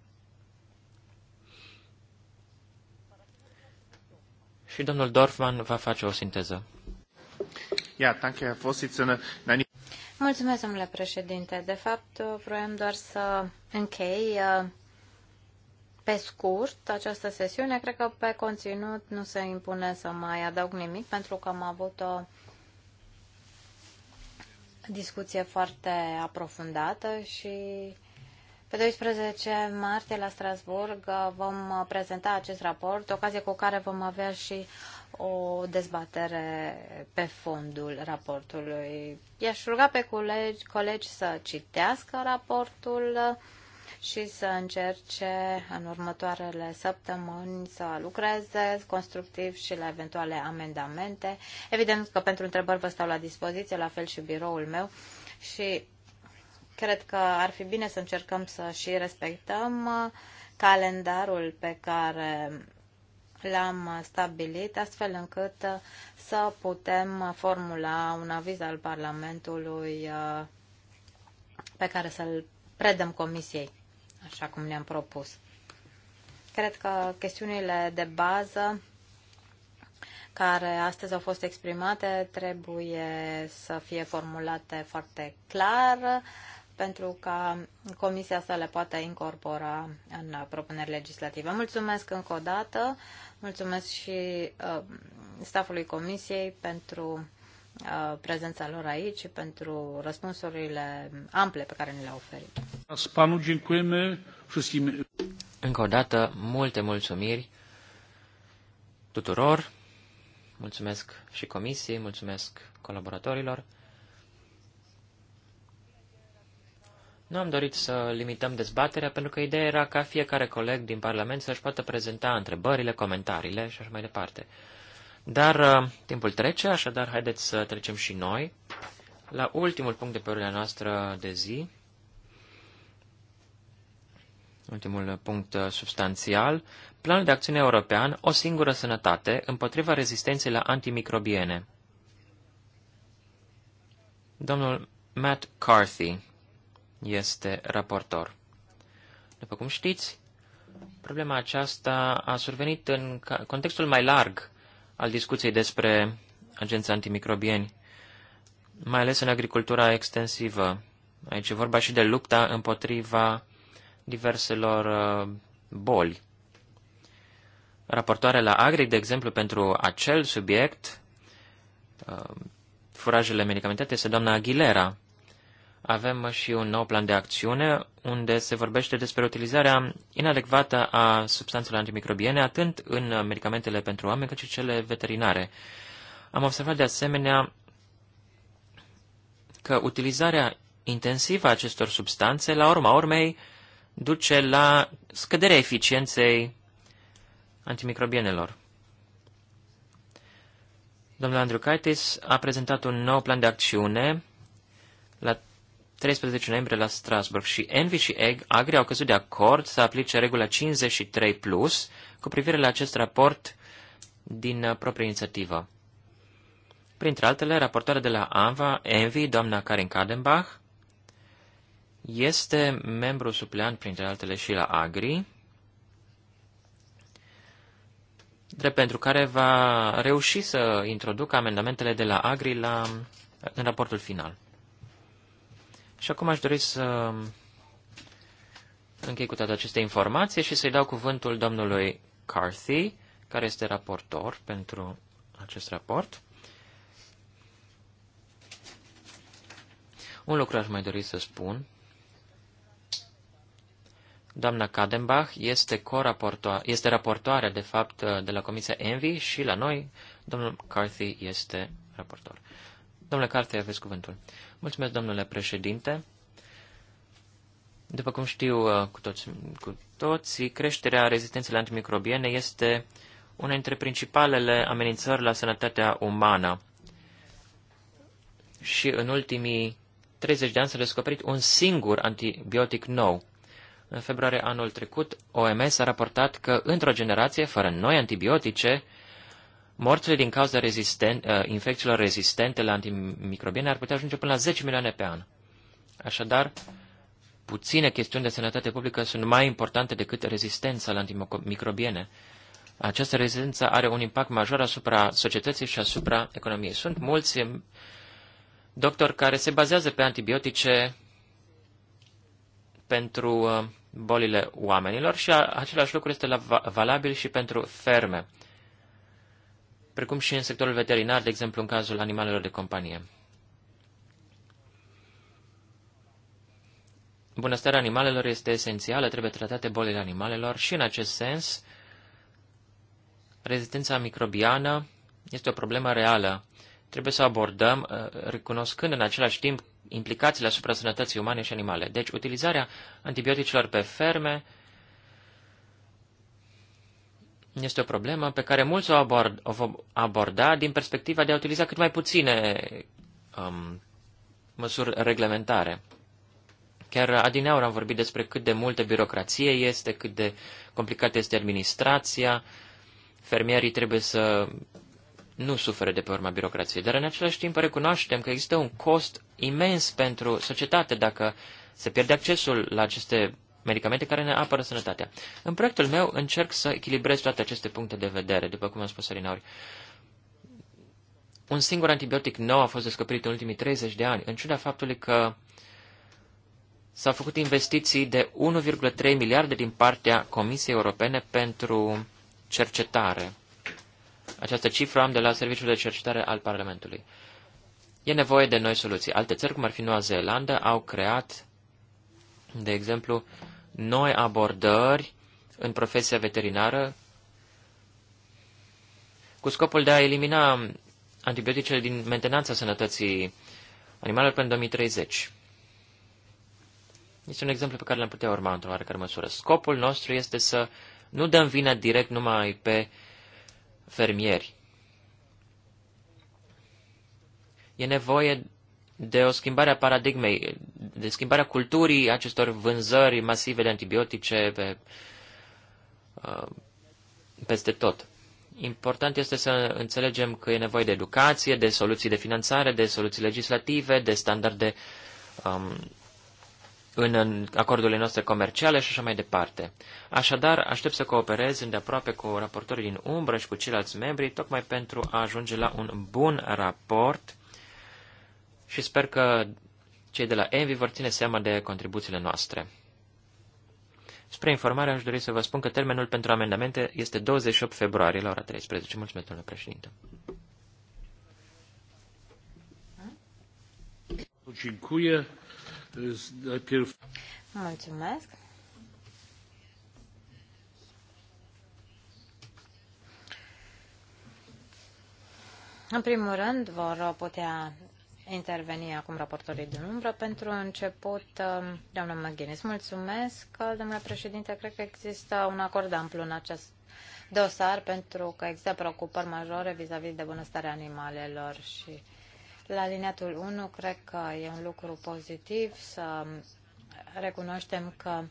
și domnul Dorfman va face o sinteză. Ja, danke, Herr Vorsitzender. Nein, Mulțumesc, domnule președinte. De fapt, vroiam doar să închei uh, pe scurt această sesiune. Cred că pe conținut nu se impune să mai adaug nimic, pentru că am avut o discuție foarte aprofundată și pe 12 martie la Strasburg uh, vom prezenta acest raport, ocazie cu care vom avea și o dezbatere pe fondul raportului. I-aș ruga pe colegi, colegi să citească raportul și să încerce în următoarele săptămâni să lucreze constructiv și la eventuale amendamente. Evident că pentru întrebări vă stau la dispoziție, la fel și biroul meu și cred că ar fi bine să încercăm să și respectăm calendarul pe care l-am stabilit astfel încât uh, să putem formula un aviz al Parlamentului uh, pe care să-l predăm Comisiei, așa cum ne-am propus. Cred că chestiunile de bază care astăzi au fost exprimate trebuie să fie formulate foarte clar pentru ca Comisia să le poată incorpora în propuneri legislative. Mulțumesc încă o dată, mulțumesc și uh, stafului Comisiei pentru uh, prezența lor aici și pentru răspunsurile ample pe care ni le-au oferit. Încă o dată, multe mulțumiri tuturor, mulțumesc și comisiei, mulțumesc colaboratorilor. Nu am dorit să limităm dezbaterea, pentru că ideea era ca fiecare coleg din Parlament să-și poată prezenta întrebările, comentariile și așa mai departe. Dar uh, timpul trece, așadar haideți să trecem și noi la ultimul punct de pe ordinea noastră de zi, ultimul punct uh, substanțial, planul de acțiune european, o singură sănătate, împotriva rezistenței la antimicrobiene. Domnul Matt Carthy este raportor. După cum știți, problema aceasta a survenit în contextul mai larg al discuției despre agenți antimicrobieni, mai ales în agricultura extensivă. Aici e vorba și de lupta împotriva diverselor uh, boli. Raportoarea la Agri, de exemplu, pentru acel subiect, uh, furajele medicamentate, este doamna Aguilera avem și un nou plan de acțiune unde se vorbește despre utilizarea inadecvată a substanțelor antimicrobiene atât în medicamentele pentru oameni cât și cele veterinare. Am observat de asemenea că utilizarea intensivă a acestor substanțe, la urma urmei, duce la scăderea eficienței antimicrobienelor. Domnul Andrew Kaitis a prezentat un nou plan de acțiune la 13 noiembrie la Strasburg și Envy și Egg, Agri au căzut de acord să aplice regula 53 plus cu privire la acest raport din uh, proprie inițiativă. Printre altele, raportoarea de la ANVA, Envy, doamna Karin Kadenbach, este membru supleant, printre altele, și la Agri, drept pentru care va reuși să introducă amendamentele de la Agri la, în raportul final. Și acum aș dori să închei cu toate aceste informații și să-i dau cuvântul domnului Carthy, care este raportor pentru acest raport. Un lucru aș mai dori să spun. Doamna Kadenbach este, este raportoare, de fapt, de la Comisia Envi și la noi, domnul Carthy este raportor. Domnule Carte, aveți cuvântul. Mulțumesc, domnule președinte. După cum știu uh, cu toți, cu toți creșterea rezistenței la antimicrobiene este una dintre principalele amenințări la sănătatea umană. Și în ultimii 30 de ani s-a descoperit un singur antibiotic nou. În februarie anul trecut, OMS a raportat că într-o generație, fără noi antibiotice, Morțile din cauza rezisten, uh, infecțiilor rezistente la antimicrobiene ar putea ajunge până la 10 milioane pe an. Așadar, puține chestiuni de sănătate publică sunt mai importante decât rezistența la antimicrobiene. Această rezistență are un impact major asupra societății și asupra economiei. Sunt mulți doctori care se bazează pe antibiotice pentru uh, bolile oamenilor și același lucru este valabil și pentru ferme precum și în sectorul veterinar, de exemplu în cazul animalelor de companie. Bunăstarea animalelor este esențială, trebuie tratate bolile animalelor și în acest sens rezistența microbiană este o problemă reală. Trebuie să o abordăm uh, recunoscând în același timp implicațiile asupra sănătății umane și animale. Deci utilizarea antibioticelor pe ferme este o problemă pe care mulți o, abord, o vom aborda din perspectiva de a utiliza cât mai puține um, măsuri reglementare. Chiar adineaur am vorbit despre cât de multă birocrație este, cât de complicată este administrația. Fermierii trebuie să nu sufere de pe urma birocrației, dar în același timp recunoaștem că există un cost imens pentru societate dacă se pierde accesul la aceste medicamente care ne apără sănătatea. În proiectul meu încerc să echilibrez toate aceste puncte de vedere, după cum am spus Arinauri. Un singur antibiotic nou a fost descoperit în ultimii 30 de ani, în ciuda faptului că s-au făcut investiții de 1,3 miliarde din partea Comisiei Europene pentru cercetare. Această cifră am de la Serviciul de Cercetare al Parlamentului. E nevoie de noi soluții. Alte țări, cum ar fi Noua Zeelandă, au creat, de exemplu, noi abordări în profesia veterinară cu scopul de a elimina antibioticele din mentenanța sănătății animalelor până în 2030. Este un exemplu pe care l-am putea urma într-o oarecare măsură. Scopul nostru este să nu dăm vina direct numai pe fermieri. E nevoie de o schimbare a paradigmei, de schimbarea culturii acestor vânzări masive de antibiotice pe, uh, peste tot. Important este să înțelegem că e nevoie de educație, de soluții de finanțare, de soluții legislative, de standarde um, în, în acordurile noastre comerciale și așa mai departe. Așadar, aștept să cooperez îndeaproape cu raportorii din umbră și cu ceilalți membri, tocmai pentru a ajunge la un bun raport și sper că cei de la Envy vor ține seama de contribuțiile noastre. Spre informare, aș dori să vă spun că termenul pentru amendamente este 28 februarie la ora 13. Mulțumesc, domnule președinte. Mulțumesc. În primul rând, vor putea interveni acum raportorii din umbră. Pentru început, um, doamna McGuinness, mulțumesc, domnule președinte. Cred că există un acord amplu în acest dosar pentru că există preocupări majore vis-a-vis -vis de bunăstarea animalelor și la liniatul 1 cred că e un lucru pozitiv să recunoaștem că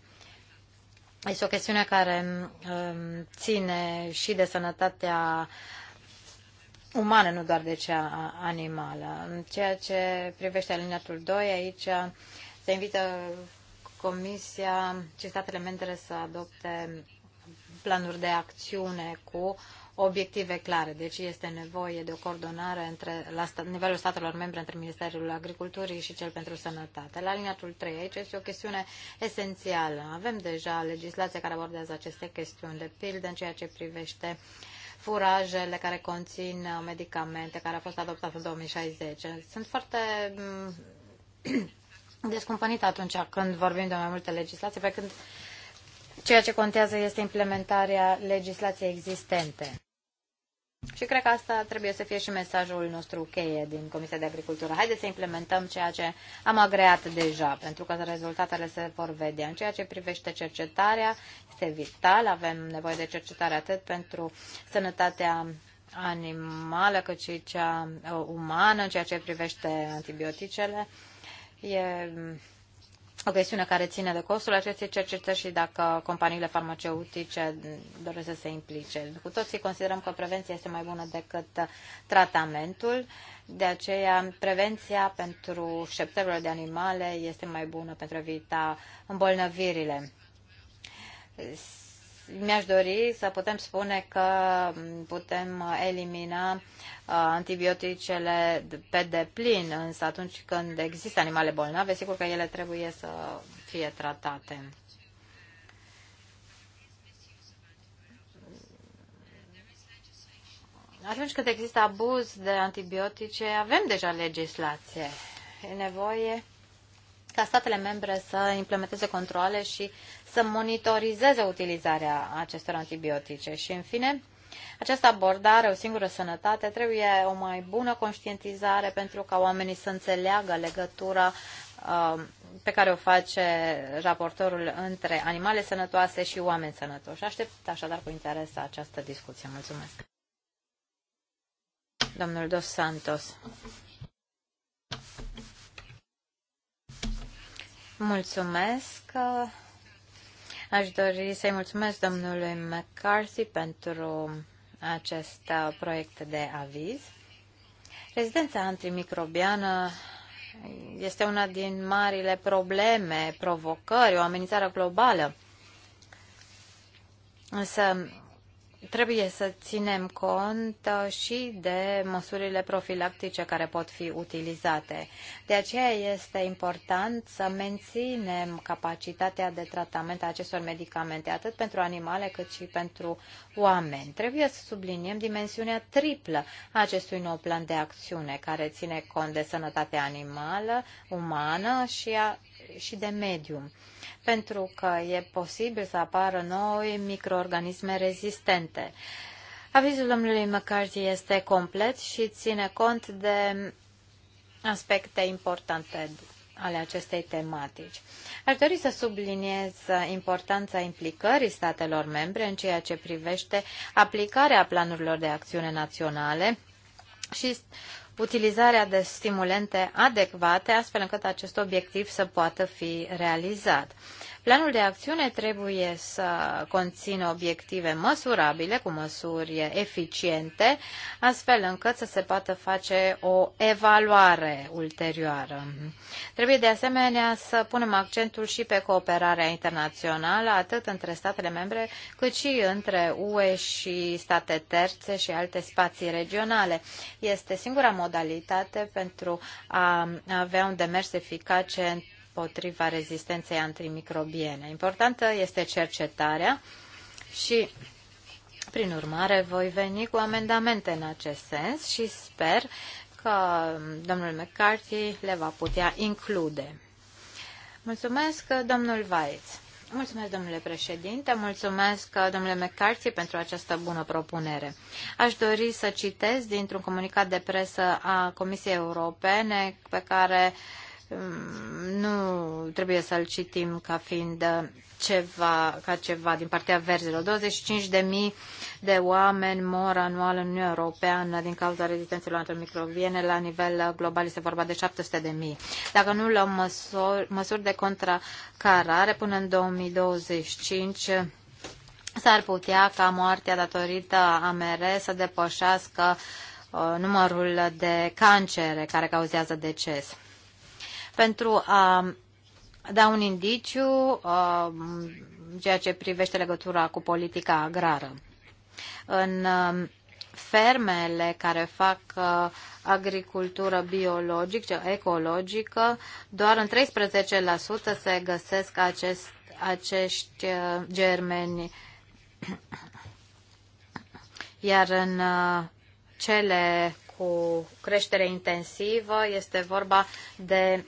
este o chestiune care um, ține și de sănătatea umană, nu doar de cea animală. În ceea ce privește alineatul 2, aici se invită Comisia și statele membre să adopte planuri de acțiune cu obiective clare. Deci este nevoie de o coordonare între, la sta, nivelul statelor membre între Ministerul Agriculturii și cel pentru Sănătate. La liniatul 3 aici este o chestiune esențială. Avem deja legislație care abordează aceste chestiuni, de pildă în ceea ce privește uh, furajele care conțin uh, medicamente, care a fost adoptat în 2060. Sunt foarte mm, <clears throat> descumpănit atunci când vorbim de mai multe legislații, pe când ceea ce contează este implementarea legislației existente. Și cred că asta trebuie să fie și mesajul nostru cheie din Comisia de Agricultură. Haideți să implementăm ceea ce am agreat deja, pentru că rezultatele se vor vedea. În ceea ce privește cercetarea, este vital. Avem nevoie de cercetare atât pentru sănătatea animală cât și cea umană, în ceea ce privește antibioticele. E o chestiune care ține de costul acestei cercetări și dacă companiile farmaceutice doresc să se implice. Cu toții considerăm că prevenția este mai bună decât tratamentul, de aceea prevenția pentru șepterurile de animale este mai bună pentru a evita îmbolnăvirile mi-aș dori să putem spune că putem elimina uh, antibioticele pe deplin, însă atunci când există animale bolnave, sigur că ele trebuie să fie tratate. Atunci când există abuz de antibiotice, avem deja legislație. E nevoie ca statele membre să implementeze controle și să monitorizeze utilizarea acestor antibiotice și, în fine, această abordare, o singură sănătate, trebuie o mai bună conștientizare pentru ca oamenii să înțeleagă legătura uh, pe care o face raportorul între animale sănătoase și oameni sănătoși. Aștept așadar cu interes această discuție. Mulțumesc. Domnul Dos Santos. Mulțumesc. Aș dori să-i mulțumesc domnului McCarthy pentru acest proiect de aviz. Rezidența antimicrobiană este una din marile probleme, provocări, o amenințare globală. Însă trebuie să ținem cont uh, și de măsurile profilactice care pot fi utilizate. De aceea este important să menținem capacitatea de tratament a acestor medicamente, atât pentru animale cât și pentru oameni. Trebuie să subliniem dimensiunea triplă a acestui nou plan de acțiune, care ține cont de sănătatea animală, umană și, a, și de mediu pentru că e posibil să apară noi microorganisme rezistente. Avizul domnului McCarthy este complet și ține cont de aspecte importante ale acestei tematici. Aș dori să subliniez importanța implicării statelor membre în ceea ce privește aplicarea planurilor de acțiune naționale și utilizarea de stimulente adecvate, astfel încât acest obiectiv să poată fi realizat. Planul de acțiune trebuie să conțină obiective măsurabile, cu măsuri eficiente, astfel încât să se poată face o evaluare ulterioară. Trebuie de asemenea să punem accentul și pe cooperarea internațională, atât între statele membre, cât și între UE și state terțe și alte spații regionale. Este singura modalitate pentru a avea un demers eficace împotriva rezistenței antimicrobiene. Importantă este cercetarea și, prin urmare, voi veni cu amendamente în acest sens și sper că domnul McCarthy le va putea include. Mulțumesc, domnul Vaiț. Mulțumesc, domnule președinte, mulțumesc, domnule McCarthy, pentru această bună propunere. Aș dori să citesc dintr-un comunicat de presă a Comisiei Europene pe care uh, Mm, nu trebuie să-l citim ca fiind ceva, ca ceva din partea verzilor. 25.000 de oameni mor anual în Uniunea Europeană din cauza rezistenților antimicrobiene. La nivel global este vorba de 700.000. Dacă nu luăm măsuri, măsuri de contracarare până în 2025, s-ar putea ca moartea datorită AMR să depășească uh, numărul de cancere care cauzează deces pentru a da un indiciu uh, ceea ce privește legătura cu politica agrară. În um, fermele care fac uh, agricultură biologică, ecologică, doar în 13% se găsesc acest, acești uh, germeni. <clears throat> Iar în cele cu creștere intensivă este vorba de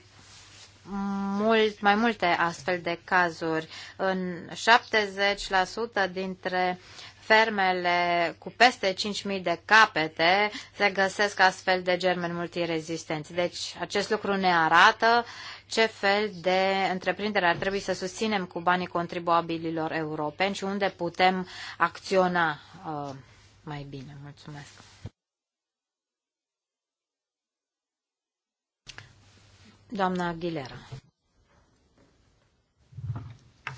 mult, mai multe astfel de cazuri. În 70% dintre fermele cu peste 5.000 de capete se găsesc astfel de germeni multirezistenți. Deci acest lucru ne arată ce fel de întreprindere ar trebui să susținem cu banii contribuabililor europeni și unde putem acționa uh, mai bine. Mulțumesc! Doamna Aguilera.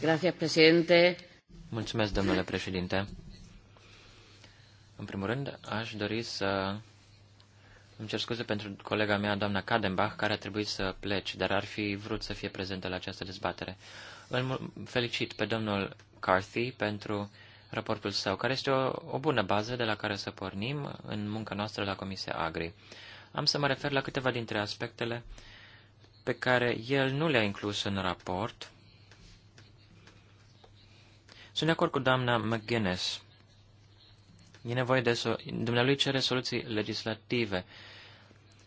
Gracias, președinte. Mulțumesc, domnule președinte. În primul rând, aș dori să îmi cer scuze pentru colega mea, doamna Kadenbach, care a trebuit să plece, dar ar fi vrut să fie prezentă la această dezbatere. Îl felicit pe domnul Carthy pentru raportul său, care este o, o bună bază de la care să pornim în munca noastră la Comisia Agri. Am să mă refer la câteva dintre aspectele uh, pe care el nu le-a inclus în raport. Sunt de acord cu doamna McGuinness. E nevoie de... So- Dumnealui cere soluții legislative.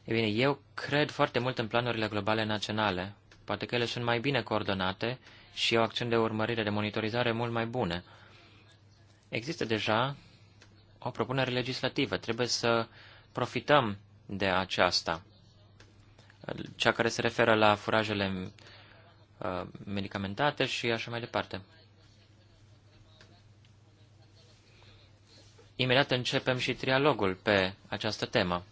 E bine, eu cred foarte mult în planurile globale naționale. Poate că ele sunt mai bine coordonate și au acțiuni de urmărire, de monitorizare mult mai bune. Există deja o propunere legislativă. Trebuie să profităm de aceasta cea care se referă la furajele uh, medicamentate și așa mai departe. Imediat începem și trialogul pe această temă.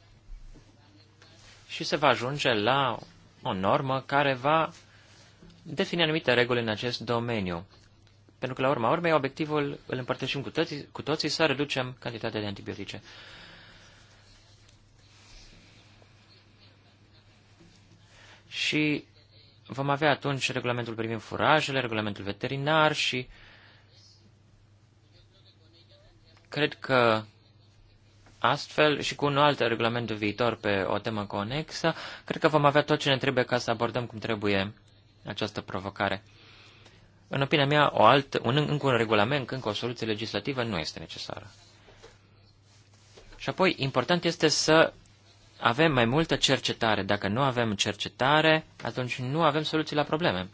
Și se va ajunge la o normă care va defini anumite reguli în acest domeniu. Pentru că, la urma urmei, obiectivul îl împărtășim cu toții, cu toții să reducem cantitatea de antibiotice. și vom avea atunci regulamentul privind furajele, regulamentul veterinar și cred că astfel și cu un alt regulament viitor pe o temă conexă, cred că vom avea tot ce ne trebuie ca să abordăm cum trebuie această provocare. În opinia mea, o alt un, încă un regulament, încă o soluție legislativă nu este necesară. Și apoi, important este să avem mai multă cercetare. Dacă nu avem cercetare, atunci nu avem soluții la probleme.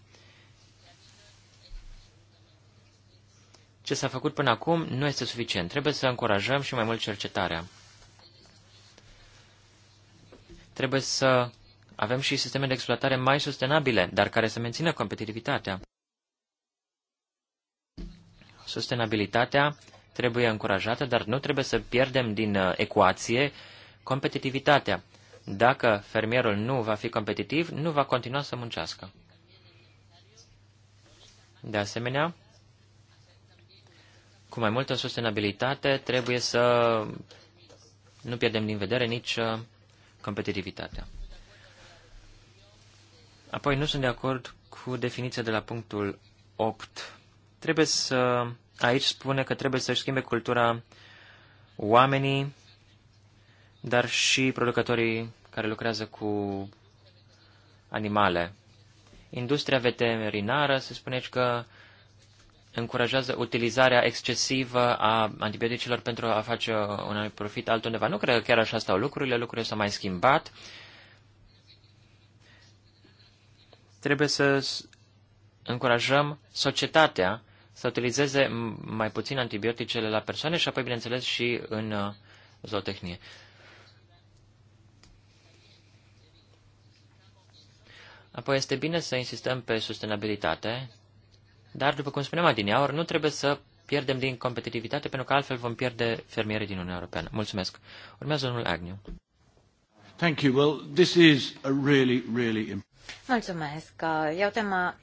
Ce s-a făcut până acum nu este suficient. Trebuie să încurajăm și mai mult cercetarea. Trebuie să avem și sisteme de exploatare mai sustenabile, dar care să mențină competitivitatea. Sustenabilitatea trebuie încurajată, dar nu trebuie să pierdem din uh, ecuație competitivitatea. Dacă fermierul nu va fi competitiv, nu va continua să muncească. De asemenea, cu mai multă sustenabilitate, trebuie să nu pierdem din vedere nici uh, competitivitatea. Apoi, nu sunt de acord cu definiția de la punctul 8. Trebuie să... Aici spune că trebuie să-și schimbe cultura oamenii dar și producătorii care lucrează cu animale. Industria veterinară, se spune că încurajează utilizarea excesivă a antibioticelor pentru a face un profit altundeva. Nu cred că chiar așa stau lucrurile, lucrurile s-au mai schimbat. Trebuie să încurajăm societatea să utilizeze mai puțin antibioticele la persoane și apoi, bineînțeles, și în uh, zootehnie. Apoi este bine să insistăm pe sustenabilitate, dar, după cum spuneam adineaori, nu trebuie să pierdem din competitivitate, pentru că altfel vom pierde fermierii din Uniunea Europeană. Mulțumesc. Urmează domnul Agniu. Thank you. Well, this is a really, really Mulțumesc. Uh, e o temă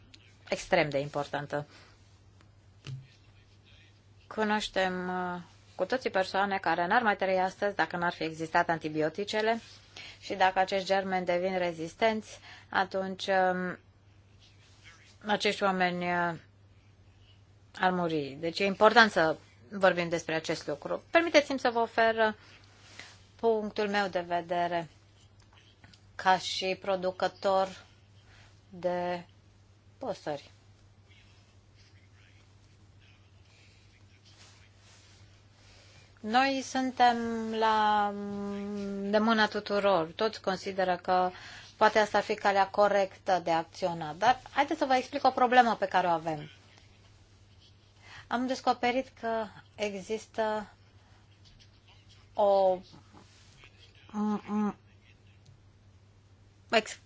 extrem de importantă. Cunoaștem uh, cu toții persoane care n-ar mai trăi astăzi dacă n-ar fi existat antibioticele și dacă acești germeni devin rezistenți, atunci um, acești oameni uh, ar muri. Deci e important să vorbim despre acest lucru. Permiteți-mi să vă ofer uh, punctul meu de vedere ca și producător de păsări. Noi suntem la de mână tuturor. Toți consideră că poate asta ar fi calea corectă de a acționa. Dar haideți să vă explic o problemă pe care o avem. Am descoperit că există o ex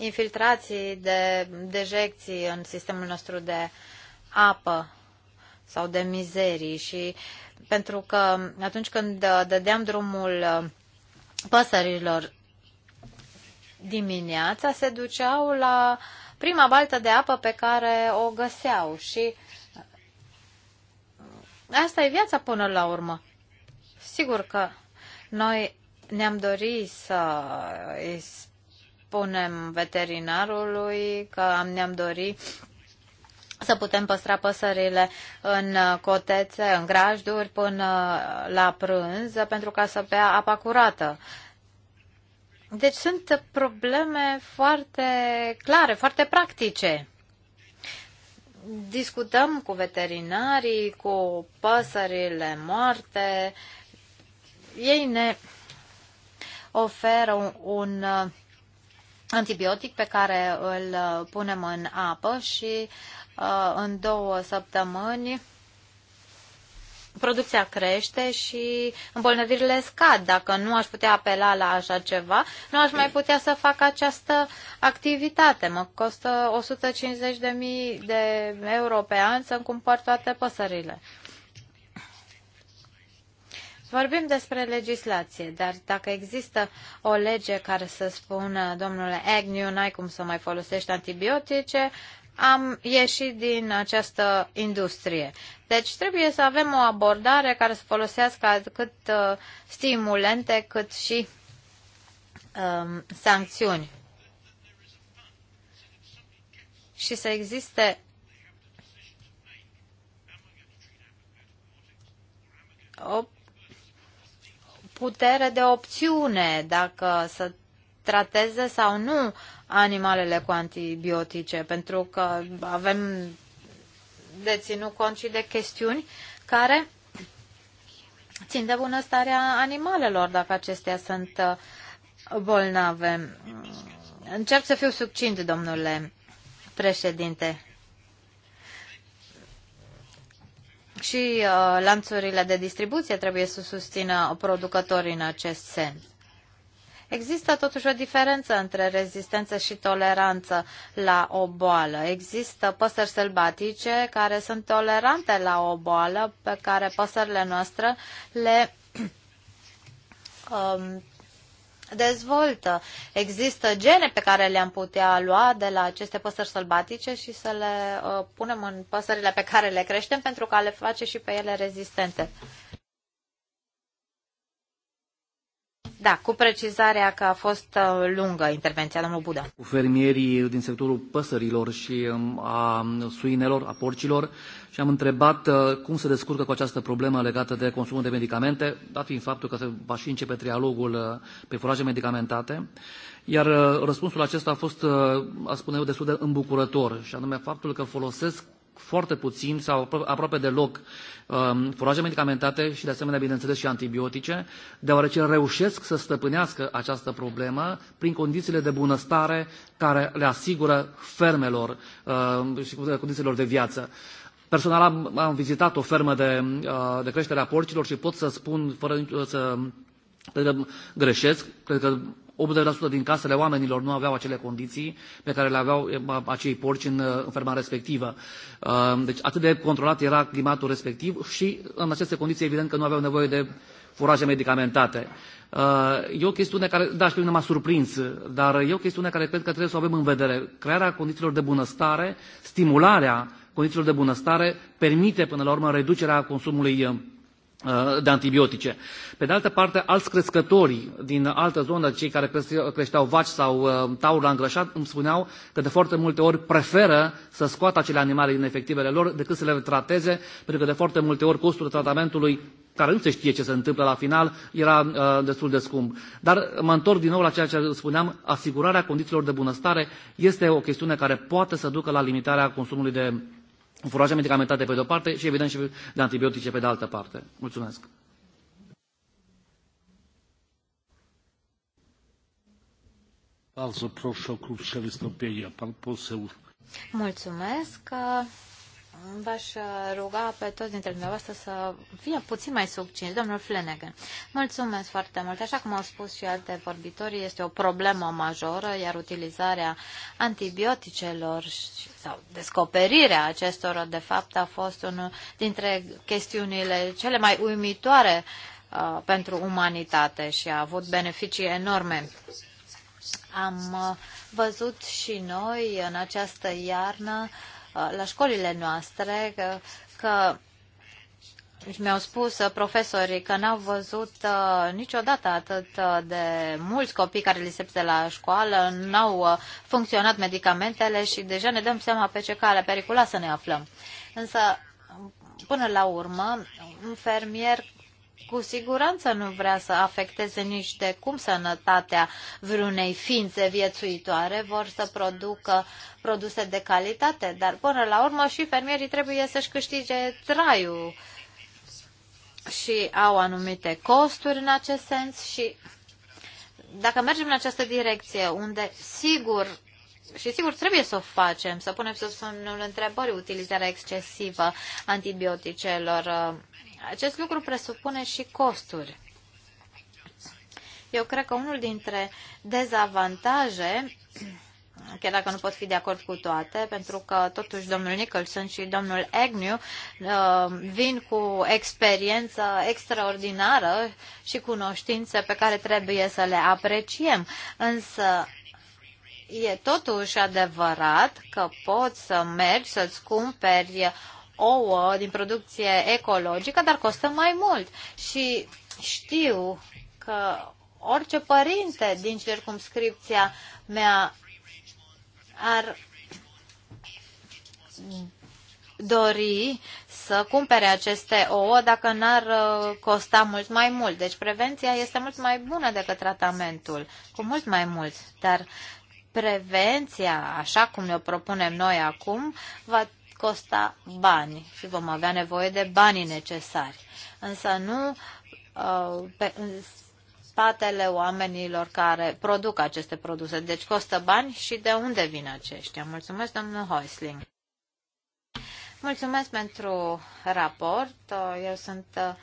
infiltrații de dejecții în sistemul nostru de apă sau de mizerii și pentru că atunci când uh, dădeam drumul uh, păsărilor dimineața, se duceau la prima baltă de apă pe care o găseau și uh, asta e viața până la urmă. Sigur că noi ne-am dorit să spunem veterinarului că am, ne-am dorit să putem păstra păsările în cotețe, în grajduri până la prânz pentru ca să bea apa curată. Deci sunt probleme foarte clare, foarte practice. Discutăm cu veterinarii, cu păsările moarte. Ei ne oferă un, un antibiotic pe care îl uh, punem în apă și uh, în două săptămâni producția crește și îmbolnăvirile scad. Dacă nu aș putea apela la așa ceva, nu aș mai putea să fac această activitate. Mă costă 150.000 de euro pe an să mi cumpăr toate păsările. Vorbim despre legislație, dar dacă există o lege care să spună, domnule Agnew, n-ai cum să mai folosești antibiotice, am ieșit din această industrie. Deci trebuie să avem o abordare care să folosească atât uh, stimulente cât și um, sancțiuni. Și să existe o putere de opțiune dacă să trateze sau nu animalele cu antibiotice, pentru că avem de ținut cont și de chestiuni care țin de bunăstarea animalelor, dacă acestea sunt uh, bolnave. Încerc să fiu succint, domnule președinte. și uh, lanțurile de distribuție trebuie să susțină producătorii în acest sens. Există totuși o diferență între rezistență și toleranță la o boală. Există păsări sălbatice care sunt tolerante la o boală pe care păsările noastre le <clears throat> um, dezvoltă. Există gene pe care le-am putea lua de la aceste păsări sălbatice și să le uh, punem în păsările pe care le creștem pentru că le face și pe ele rezistente. Da, cu precizarea că a fost uh, lungă intervenția domnului Buda. Cu fermierii din sectorul păsărilor și um, a suinelor, a porcilor și am întrebat uh, cum se descurcă cu această problemă legată de consumul de medicamente, dat fiind faptul că se va și începe trialogul uh, pe furaje medicamentate. Iar răspunsul acesta a fost, a spune eu, destul de îmbucurător, și anume faptul că folosesc foarte puțin sau aproape deloc um, furaje medicamentate și de asemenea, bineînțeles, și antibiotice, deoarece reușesc să stăpânească această problemă prin condițiile de bunăstare care le asigură fermelor um, și condițiilor de viață. Personal am, am vizitat o fermă de, uh, de creștere a porcilor și pot să spun, fără să cred că greșesc, cred că 80% din casele oamenilor nu aveau acele condiții pe care le aveau eh, acei porci în, eh, în ferma respectivă. Uh, deci atât de controlat era climatul respectiv și în aceste condiții evident că nu aveau nevoie de furaje medicamentate. Uh, e o chestiune care, da, și pe mine m-a surprins, dar e o chestiune care cred că trebuie să o avem în vedere. Crearea condițiilor de bunăstare, stimularea condițiilor de bunăstare permite până la urmă reducerea consumului eh, Uh, de antibiotice. Pe de altă parte, alți crescători din altă zonă, cei care creșteau vaci sau uh, tauri la îngrășat, îmi spuneau că de foarte multe ori preferă să scoată acele animale din efectivele lor decât să le trateze, pentru că de foarte multe ori costul tratamentului care nu se știe ce se întâmplă la final, era uh, destul de scump. Dar mă întorc din nou la ceea ce spuneam, asigurarea condițiilor de bunăstare este o chestiune care poate să ducă la limitarea consumului de furaje medicamentate pe de-o parte și evident și de antibiotice pe de altă parte. Mulțumesc! Mulțumesc. V-aș ruga pe toți dintre dumneavoastră să fie puțin mai subțin, Domnul Flanagan, mulțumesc foarte mult. Așa cum au spus și alte vorbitori, este o problemă majoră, iar utilizarea antibioticelor sau descoperirea acestor de fapt, a fost unul dintre chestiunile cele mai uimitoare uh, pentru umanitate și a avut beneficii enorme. Am uh, văzut și noi în această iarnă uh, Uh, la școlile noastre că, că mi-au spus uh, profesorii că n-au văzut uh, niciodată atât de mulți copii care li se de la școală, n-au funcționat medicamentele și deja ne dăm seama pe ce cale periculoasă ne aflăm. Însă, până la urmă, un fermier cu siguranță nu vrea să afecteze nici de cum sănătatea vreunei ființe viețuitoare, vor să producă produse de calitate, dar până la urmă și fermierii trebuie să-și câștige traiul și au anumite costuri în acest sens și dacă mergem în această direcție unde sigur și sigur trebuie să o facem, să punem sub semnul întrebării utilizarea excesivă antibioticelor uh, acest lucru presupune și costuri. Eu cred că unul dintre dezavantaje, chiar dacă nu pot fi de acord cu toate, pentru că totuși domnul Nicholson și domnul Agnew uh, vin cu experiență extraordinară și cunoștințe pe care trebuie să le apreciem. Însă e totuși adevărat că poți să mergi să-ți cumperi ouă din producție ecologică, dar costă mai mult. Și știu că orice părinte din circumscripția mea ar dori să cumpere aceste ouă dacă n-ar uh, costa mult mai mult. Deci prevenția este mult mai bună decât tratamentul, cu mult mai mult. Dar prevenția, așa cum ne-o propunem noi acum, va costa bani și vom avea nevoie de banii necesari. Însă nu uh, pe, în spatele oamenilor care produc aceste produse. Deci costă bani și de unde vin aceștia. Mulțumesc, domnul Heusling. Mulțumesc pentru raport. Uh, eu sunt uh,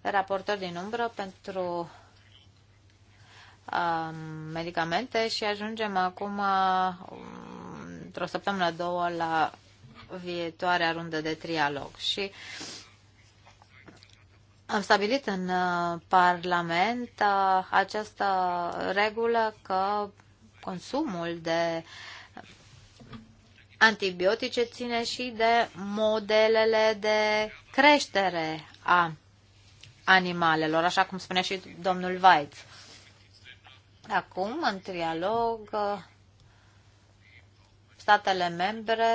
raportor din umbră pentru medicamente și ajungem acum într-o săptămână, două, la viitoarea rundă de trialog. Și am stabilit în uh, Parlament uh, această regulă că consumul de antibiotice ține și de modelele de creștere a animalelor, așa cum spunea și domnul Weitz. Acum, în trialog, uh, statele membre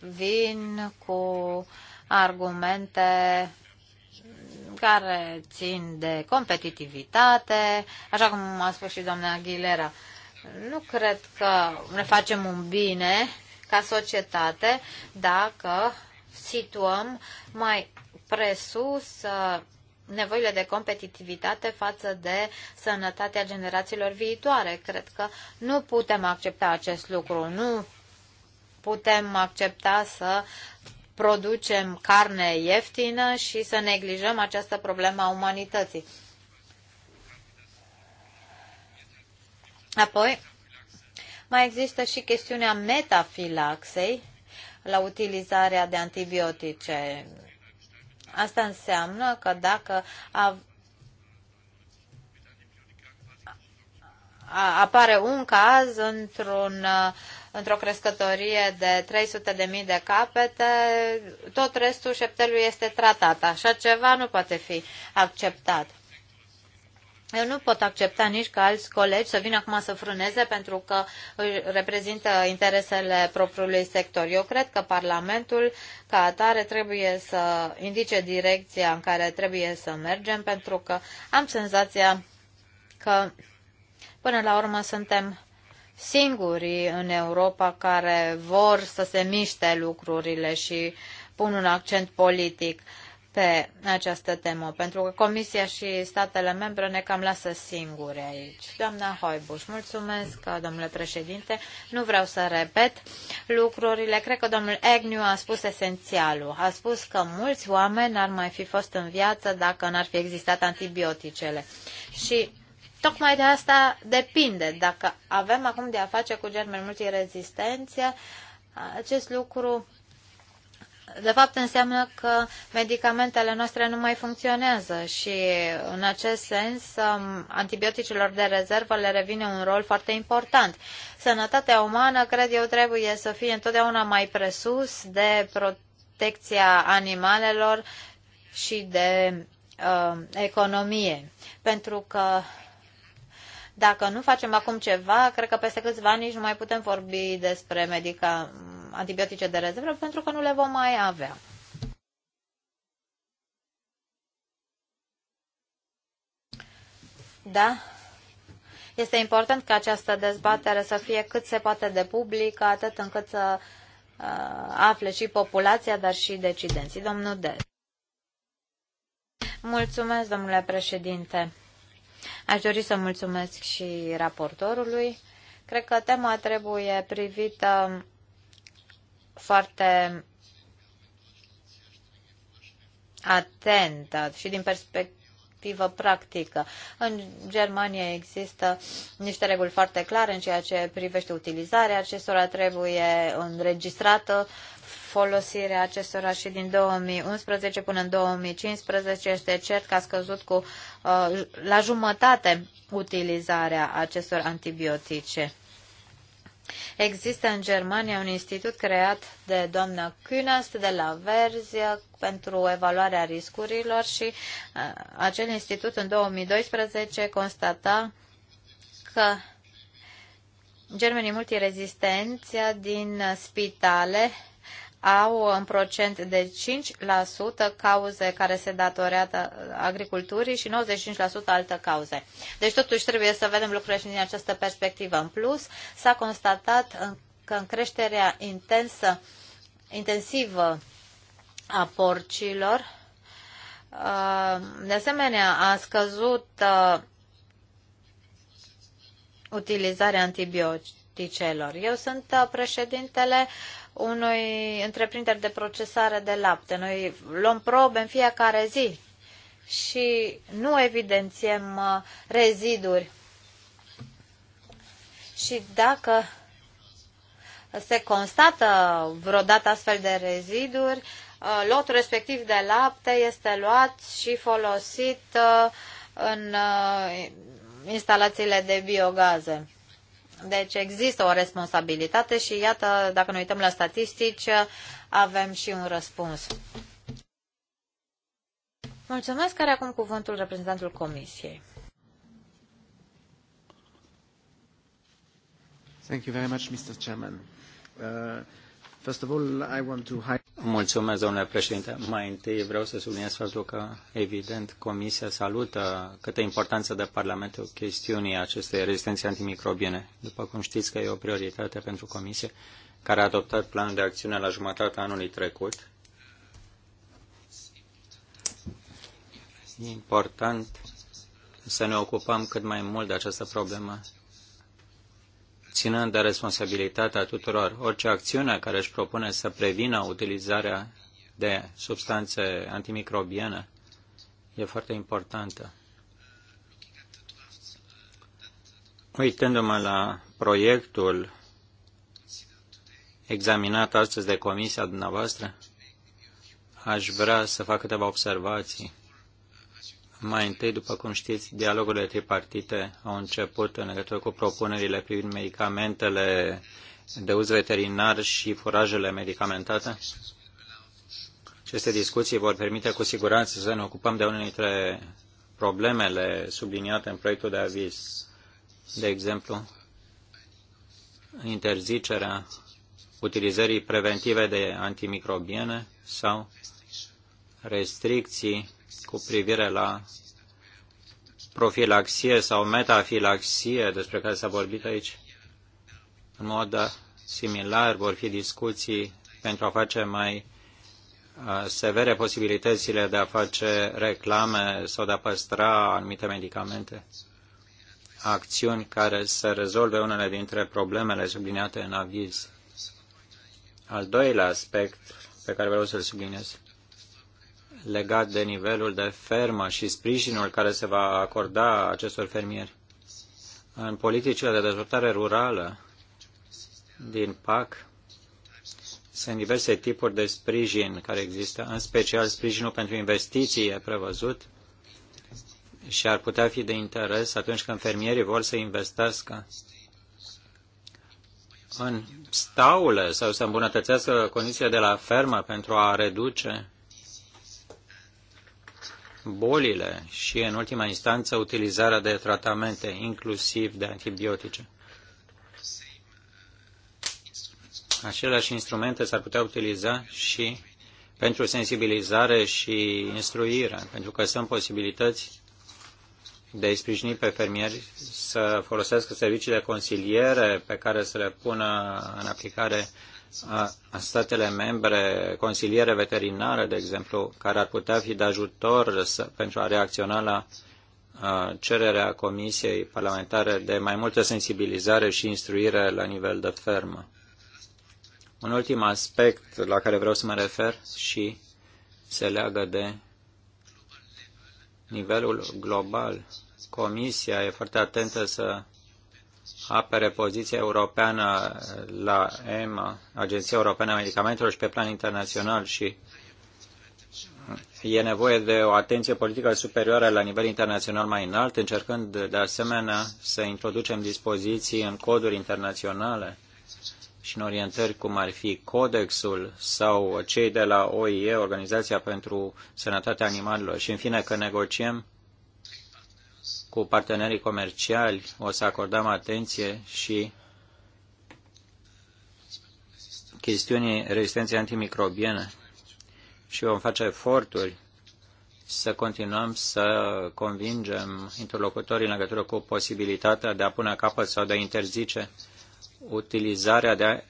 vin cu argumente care țin de competitivitate, așa cum a spus și doamna Aguilera. Nu cred că ne facem un bine ca societate dacă situăm mai presus uh, nevoile de competitivitate față de sănătatea generațiilor viitoare. Cred că nu putem accepta acest lucru. Nu putem accepta să producem carne ieftină și să neglijăm această problemă a umanității. Apoi, mai există și chestiunea metafilaxei la utilizarea de antibiotice. Asta înseamnă că dacă apare un caz într-un uh, într-o crescătorie de 300.000 de capete, tot restul șeptelului este tratat. Așa ceva nu poate fi acceptat. Eu nu pot accepta nici ca alți colegi să vină acum să frâneze pentru că reprezintă interesele propriului sector. Eu cred că Parlamentul, ca atare, trebuie să indice direcția în care trebuie să mergem pentru că am senzația că Până la urmă suntem singurii în Europa care vor să se miște lucrurile și pun un accent politic pe această temă, pentru că Comisia și statele membre ne cam lasă singure aici. Doamna Hoibuș, mulțumesc, domnule președinte. Nu vreau să repet lucrurile. Cred că domnul Agnew a spus esențialul. A spus că mulți oameni ar mai fi fost în viață dacă n-ar fi existat antibioticele. Și Tocmai de asta depinde. Dacă avem acum de a face cu germeni multirezistenți, acest lucru de fapt înseamnă că medicamentele noastre nu mai funcționează și în acest sens um, antibioticilor de rezervă le revine un rol foarte important. Sănătatea umană, cred eu, trebuie să fie întotdeauna mai presus de protecția animalelor și de uh, economie, pentru că dacă nu facem acum ceva, cred că peste câțiva ani nici nu mai putem vorbi despre medica, antibiotice de rezervă pentru că nu le vom mai avea. Da? Este important ca această dezbatere să fie cât se poate de publică, atât încât să uh, afle și populația, dar și decidenții. Domnul De. Mulțumesc, domnule președinte. Aș dori să mulțumesc și raportorului. Cred că tema trebuie privită foarte atentă, și din perspectivă respectivă practică. În Germania există niște reguli foarte clare în ceea ce privește utilizarea acestora, trebuie înregistrată folosirea acestora și din 2011 până în 2015 este cert că a scăzut cu uh, la jumătate utilizarea acestor antibiotice. Există în Germania un institut creat de doamna Künast de la Verzia pentru evaluarea riscurilor și acel institut în 2012 constata că germenii multirezistenți din spitale au în procent de 5% cauze care se datorează agriculturii și 95% alte cauze. Deci totuși trebuie să vedem lucrurile și din această perspectivă. În plus, s-a constatat că în creșterea intensă, intensivă a porcilor, uh, de asemenea, a scăzut uh, utilizarea antibioticelor. Eu sunt uh, președintele unui întreprinderi de procesare de lapte. Noi luăm probe în fiecare zi și nu evidențiem uh, reziduri. Și dacă se constată vreodată astfel de reziduri, uh, lotul respectiv de lapte este luat și folosit uh, în instalațiile de biogaze. Deci există o responsabilitate și iată, dacă ne uităm la statistici, avem și un răspuns. Mulțumesc, care acum cuvântul reprezentantul Comisiei. Thank you very much, Mr. Chairman. Uh, Mulțumesc, domnule președinte. Mai întâi vreau să subliniez faptul că, evident, Comisia salută câtă importanță de Parlamentul chestiunii acestei rezistențe antimicrobiene. După cum știți că e o prioritate pentru Comisie, care a adoptat planul de acțiune la jumătatea anului trecut. E important să ne ocupăm cât mai mult de această problemă ținând de responsabilitatea tuturor. Orice acțiune care își propune să prevină utilizarea de substanțe antimicrobiene e foarte importantă. Uitându-mă la proiectul examinat astăzi de comisia dumneavoastră, aș vrea să fac câteva observații mai întâi, după cum știți, dialogurile tripartite au început în legătură cu propunerile privind medicamentele de uz veterinar și forajele medicamentate. Aceste discuții vor permite cu siguranță să ne ocupăm de unele dintre problemele subliniate în proiectul de aviz. De exemplu, interzicerea utilizării preventive de antimicrobiene sau restricții cu privire la profilaxie sau metafilaxie despre care s-a vorbit aici. În mod similar vor fi discuții pentru a face mai uh, severe posibilitățile de a face reclame sau de a păstra anumite medicamente, acțiuni care să rezolve unele dintre problemele subliniate în aviz. Al doilea aspect pe care vreau să-l subliniez legat de nivelul de fermă și sprijinul care se va acorda acestor fermieri. În politicile de dezvoltare rurală din PAC sunt diverse tipuri de sprijin care există, în special sprijinul pentru investiții e prevăzut și ar putea fi de interes atunci când fermierii vor să investească în staule sau să îmbunătățească condițiile de la fermă pentru a reduce bolile și, în ultima instanță, utilizarea de tratamente, inclusiv de antibiotice. Aceleași instrumente s-ar putea utiliza și pentru sensibilizare și instruire, pentru că sunt posibilități de a-i sprijini pe fermieri să folosească servicii de consiliere pe care să le pună în aplicare a statele membre, consiliere veterinară, de exemplu, care ar putea fi de ajutor să, pentru a reacționa la a, cererea Comisiei Parlamentare de mai multă sensibilizare și instruire la nivel de fermă. Un ultim aspect la care vreau să mă refer și se leagă de nivelul global. Comisia e foarte atentă să apere poziția europeană la EMA, Agenția Europeană a Medicamentelor și pe plan internațional și e nevoie de o atenție politică superioară la nivel internațional mai înalt, încercând de asemenea să introducem dispoziții în coduri internaționale și în orientări cum ar fi Codexul sau cei de la OIE, Organizația pentru Sănătatea Animalelor. Și în fine că negociem cu partenerii comerciali o să acordăm atenție și chestiunii rezistenței antimicrobiene și vom face eforturi să continuăm să convingem interlocutorii în legătură cu posibilitatea de a pune capăt sau de a interzice utilizarea de eh,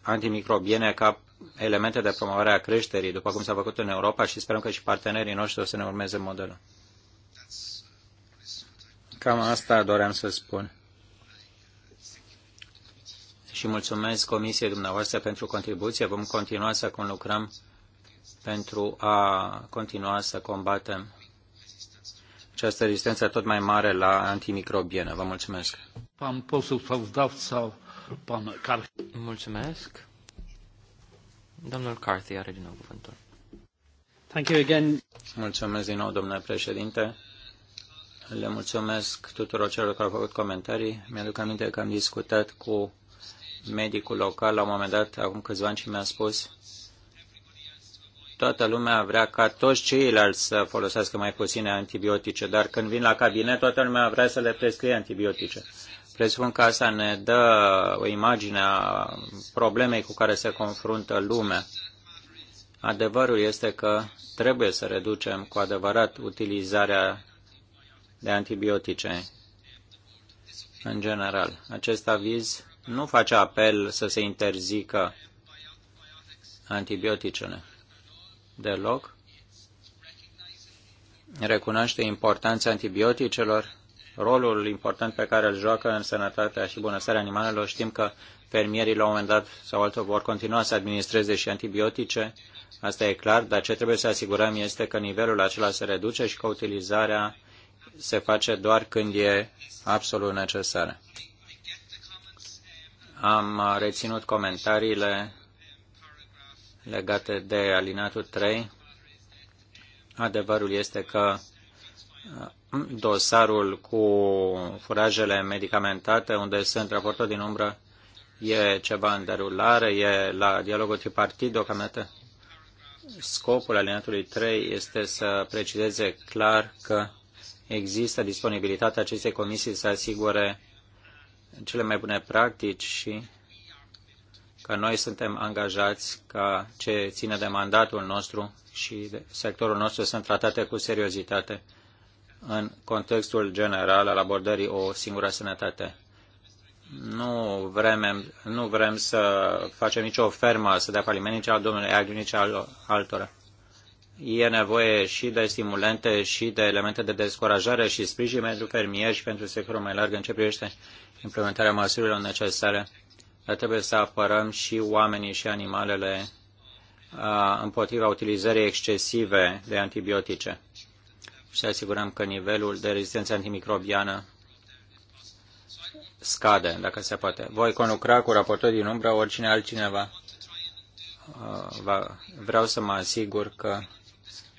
antimicrobiene ca elemente de promovare a creșterii, după cum s-a făcut în Europa și sperăm că și partenerii noștri o să ne urmeze modelul. Cam asta doream să spun. Și mulțumesc Comisiei dumneavoastră pentru contribuție. Vom continua să conlucrăm pentru a continua să combatem această rezistență tot mai mare la antimicrobienă. Vă mulțumesc. Pan sau pan Mulțumesc. Domnul Carthy are din nou cuvântul. Thank you again. Mulțumesc din nou, domnule președinte. Le mulțumesc tuturor celor care au făcut comentarii. Mi-aduc aminte că am discutat cu medicul local la un moment dat, acum câțiva ani, și mi-a spus toată lumea vrea ca toți ceilalți să folosească mai puține antibiotice, dar când vin la cabinet, toată lumea vrea să le prescrie antibiotice. Presupun că asta ne dă o imagine a problemei cu care se confruntă lumea. Adevărul este că trebuie să reducem cu adevărat utilizarea de antibiotice în general. Acest aviz nu face apel să se interzică antibioticele deloc. Recunoaște importanța antibioticelor, rolul important pe care îl joacă în sănătatea și bunăstarea animalelor. Știm că fermierii la un moment dat sau altul vor continua să administreze și antibiotice, asta e clar, dar ce trebuie să asigurăm este că nivelul acela se reduce și că utilizarea se face doar când e absolut necesară. Am reținut comentariile legate de alinatul 3. Adevărul este că uh, dosarul cu furajele medicamentate, unde sunt raportul din umbră, e ceva în derulare, e la dialogul tripartit deocamdată. Scopul alinatului 3 este să precizeze clar că există disponibilitatea acestei comisii să asigure cele mai bune practici și că noi suntem angajați ca ce ține de mandatul nostru și de sectorul nostru sunt tratate cu seriozitate în contextul general al abordării o singură sănătate. Nu vrem, nu vrem să facem nicio fermă, să dea faliment nici al domnului Agri, nici al altora e nevoie și de stimulente și de elemente de descurajare și sprijin pentru fermieri și pentru sectorul mai larg în ce privește implementarea măsurilor necesare, dar trebuie să apărăm și oamenii și animalele împotriva utilizării excesive de antibiotice și să asigurăm că nivelul de rezistență antimicrobiană scade, dacă se poate. Voi conlucra cu raportul din umbră, oricine altcineva. Vreau să mă asigur că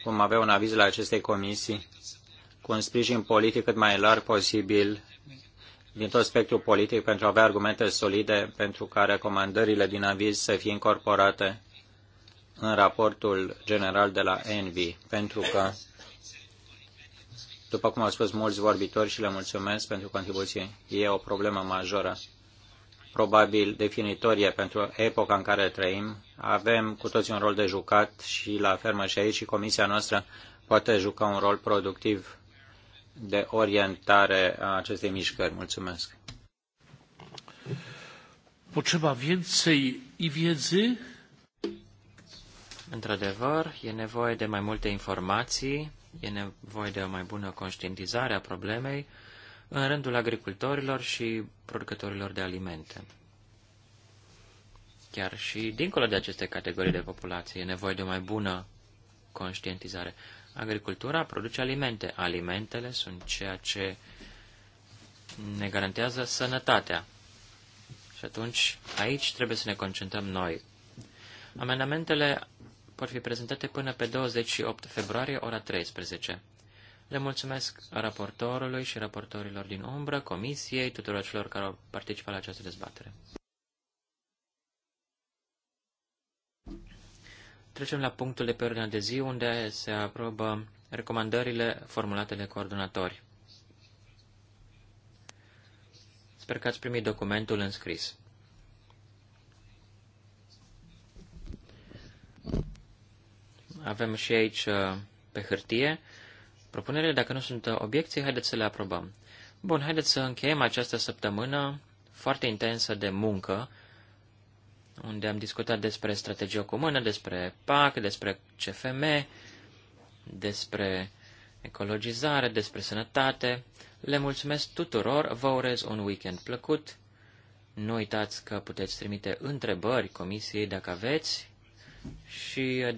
vom avea un aviz la aceste comisii cu un sprijin politic cât mai larg posibil din tot spectrul politic pentru a avea argumente solide pentru ca recomandările din aviz să fie incorporate în raportul general de la ENVI, pentru că, după cum au spus mulți vorbitori și le mulțumesc pentru contribuție, e o problemă majoră probabil definitorie pentru epoca în care trăim. Avem cu toții un rol de jucat și la fermă și aici și comisia noastră poate juca un rol productiv de orientare a acestei mișcări. Mulțumesc. Potrzeba więcej i wiedzy. Într-adevăr, e nevoie de mai multe informații, e nevoie de o mai bună conștientizare a problemei în rândul agricultorilor și producătorilor de alimente. Chiar și dincolo de aceste categorii de populație e nevoie de o mai bună conștientizare. Agricultura produce alimente. Alimentele sunt ceea ce ne garantează sănătatea. Și atunci aici trebuie să ne concentrăm noi. Amendamentele pot fi prezentate până pe 28 februarie, ora 13. Le mulțumesc raportorului și raportorilor din umbră, comisiei, tuturor celor care au participat la această dezbatere. Trecem la punctul de pe ordinea de zi, unde se aprobă recomandările formulate de coordonatori. Sper că ați primit documentul înscris. Avem și aici uh, pe hârtie propunerile, Dacă nu sunt obiecții, haideți să le aprobăm. Bun, haideți să încheiem această săptămână foarte intensă de muncă, unde am discutat despre strategie comună, despre PAC, despre CFM, despre ecologizare, despre sănătate. Le mulțumesc tuturor, vă urez un weekend plăcut. Nu uitați că puteți trimite întrebări comisiei dacă aveți și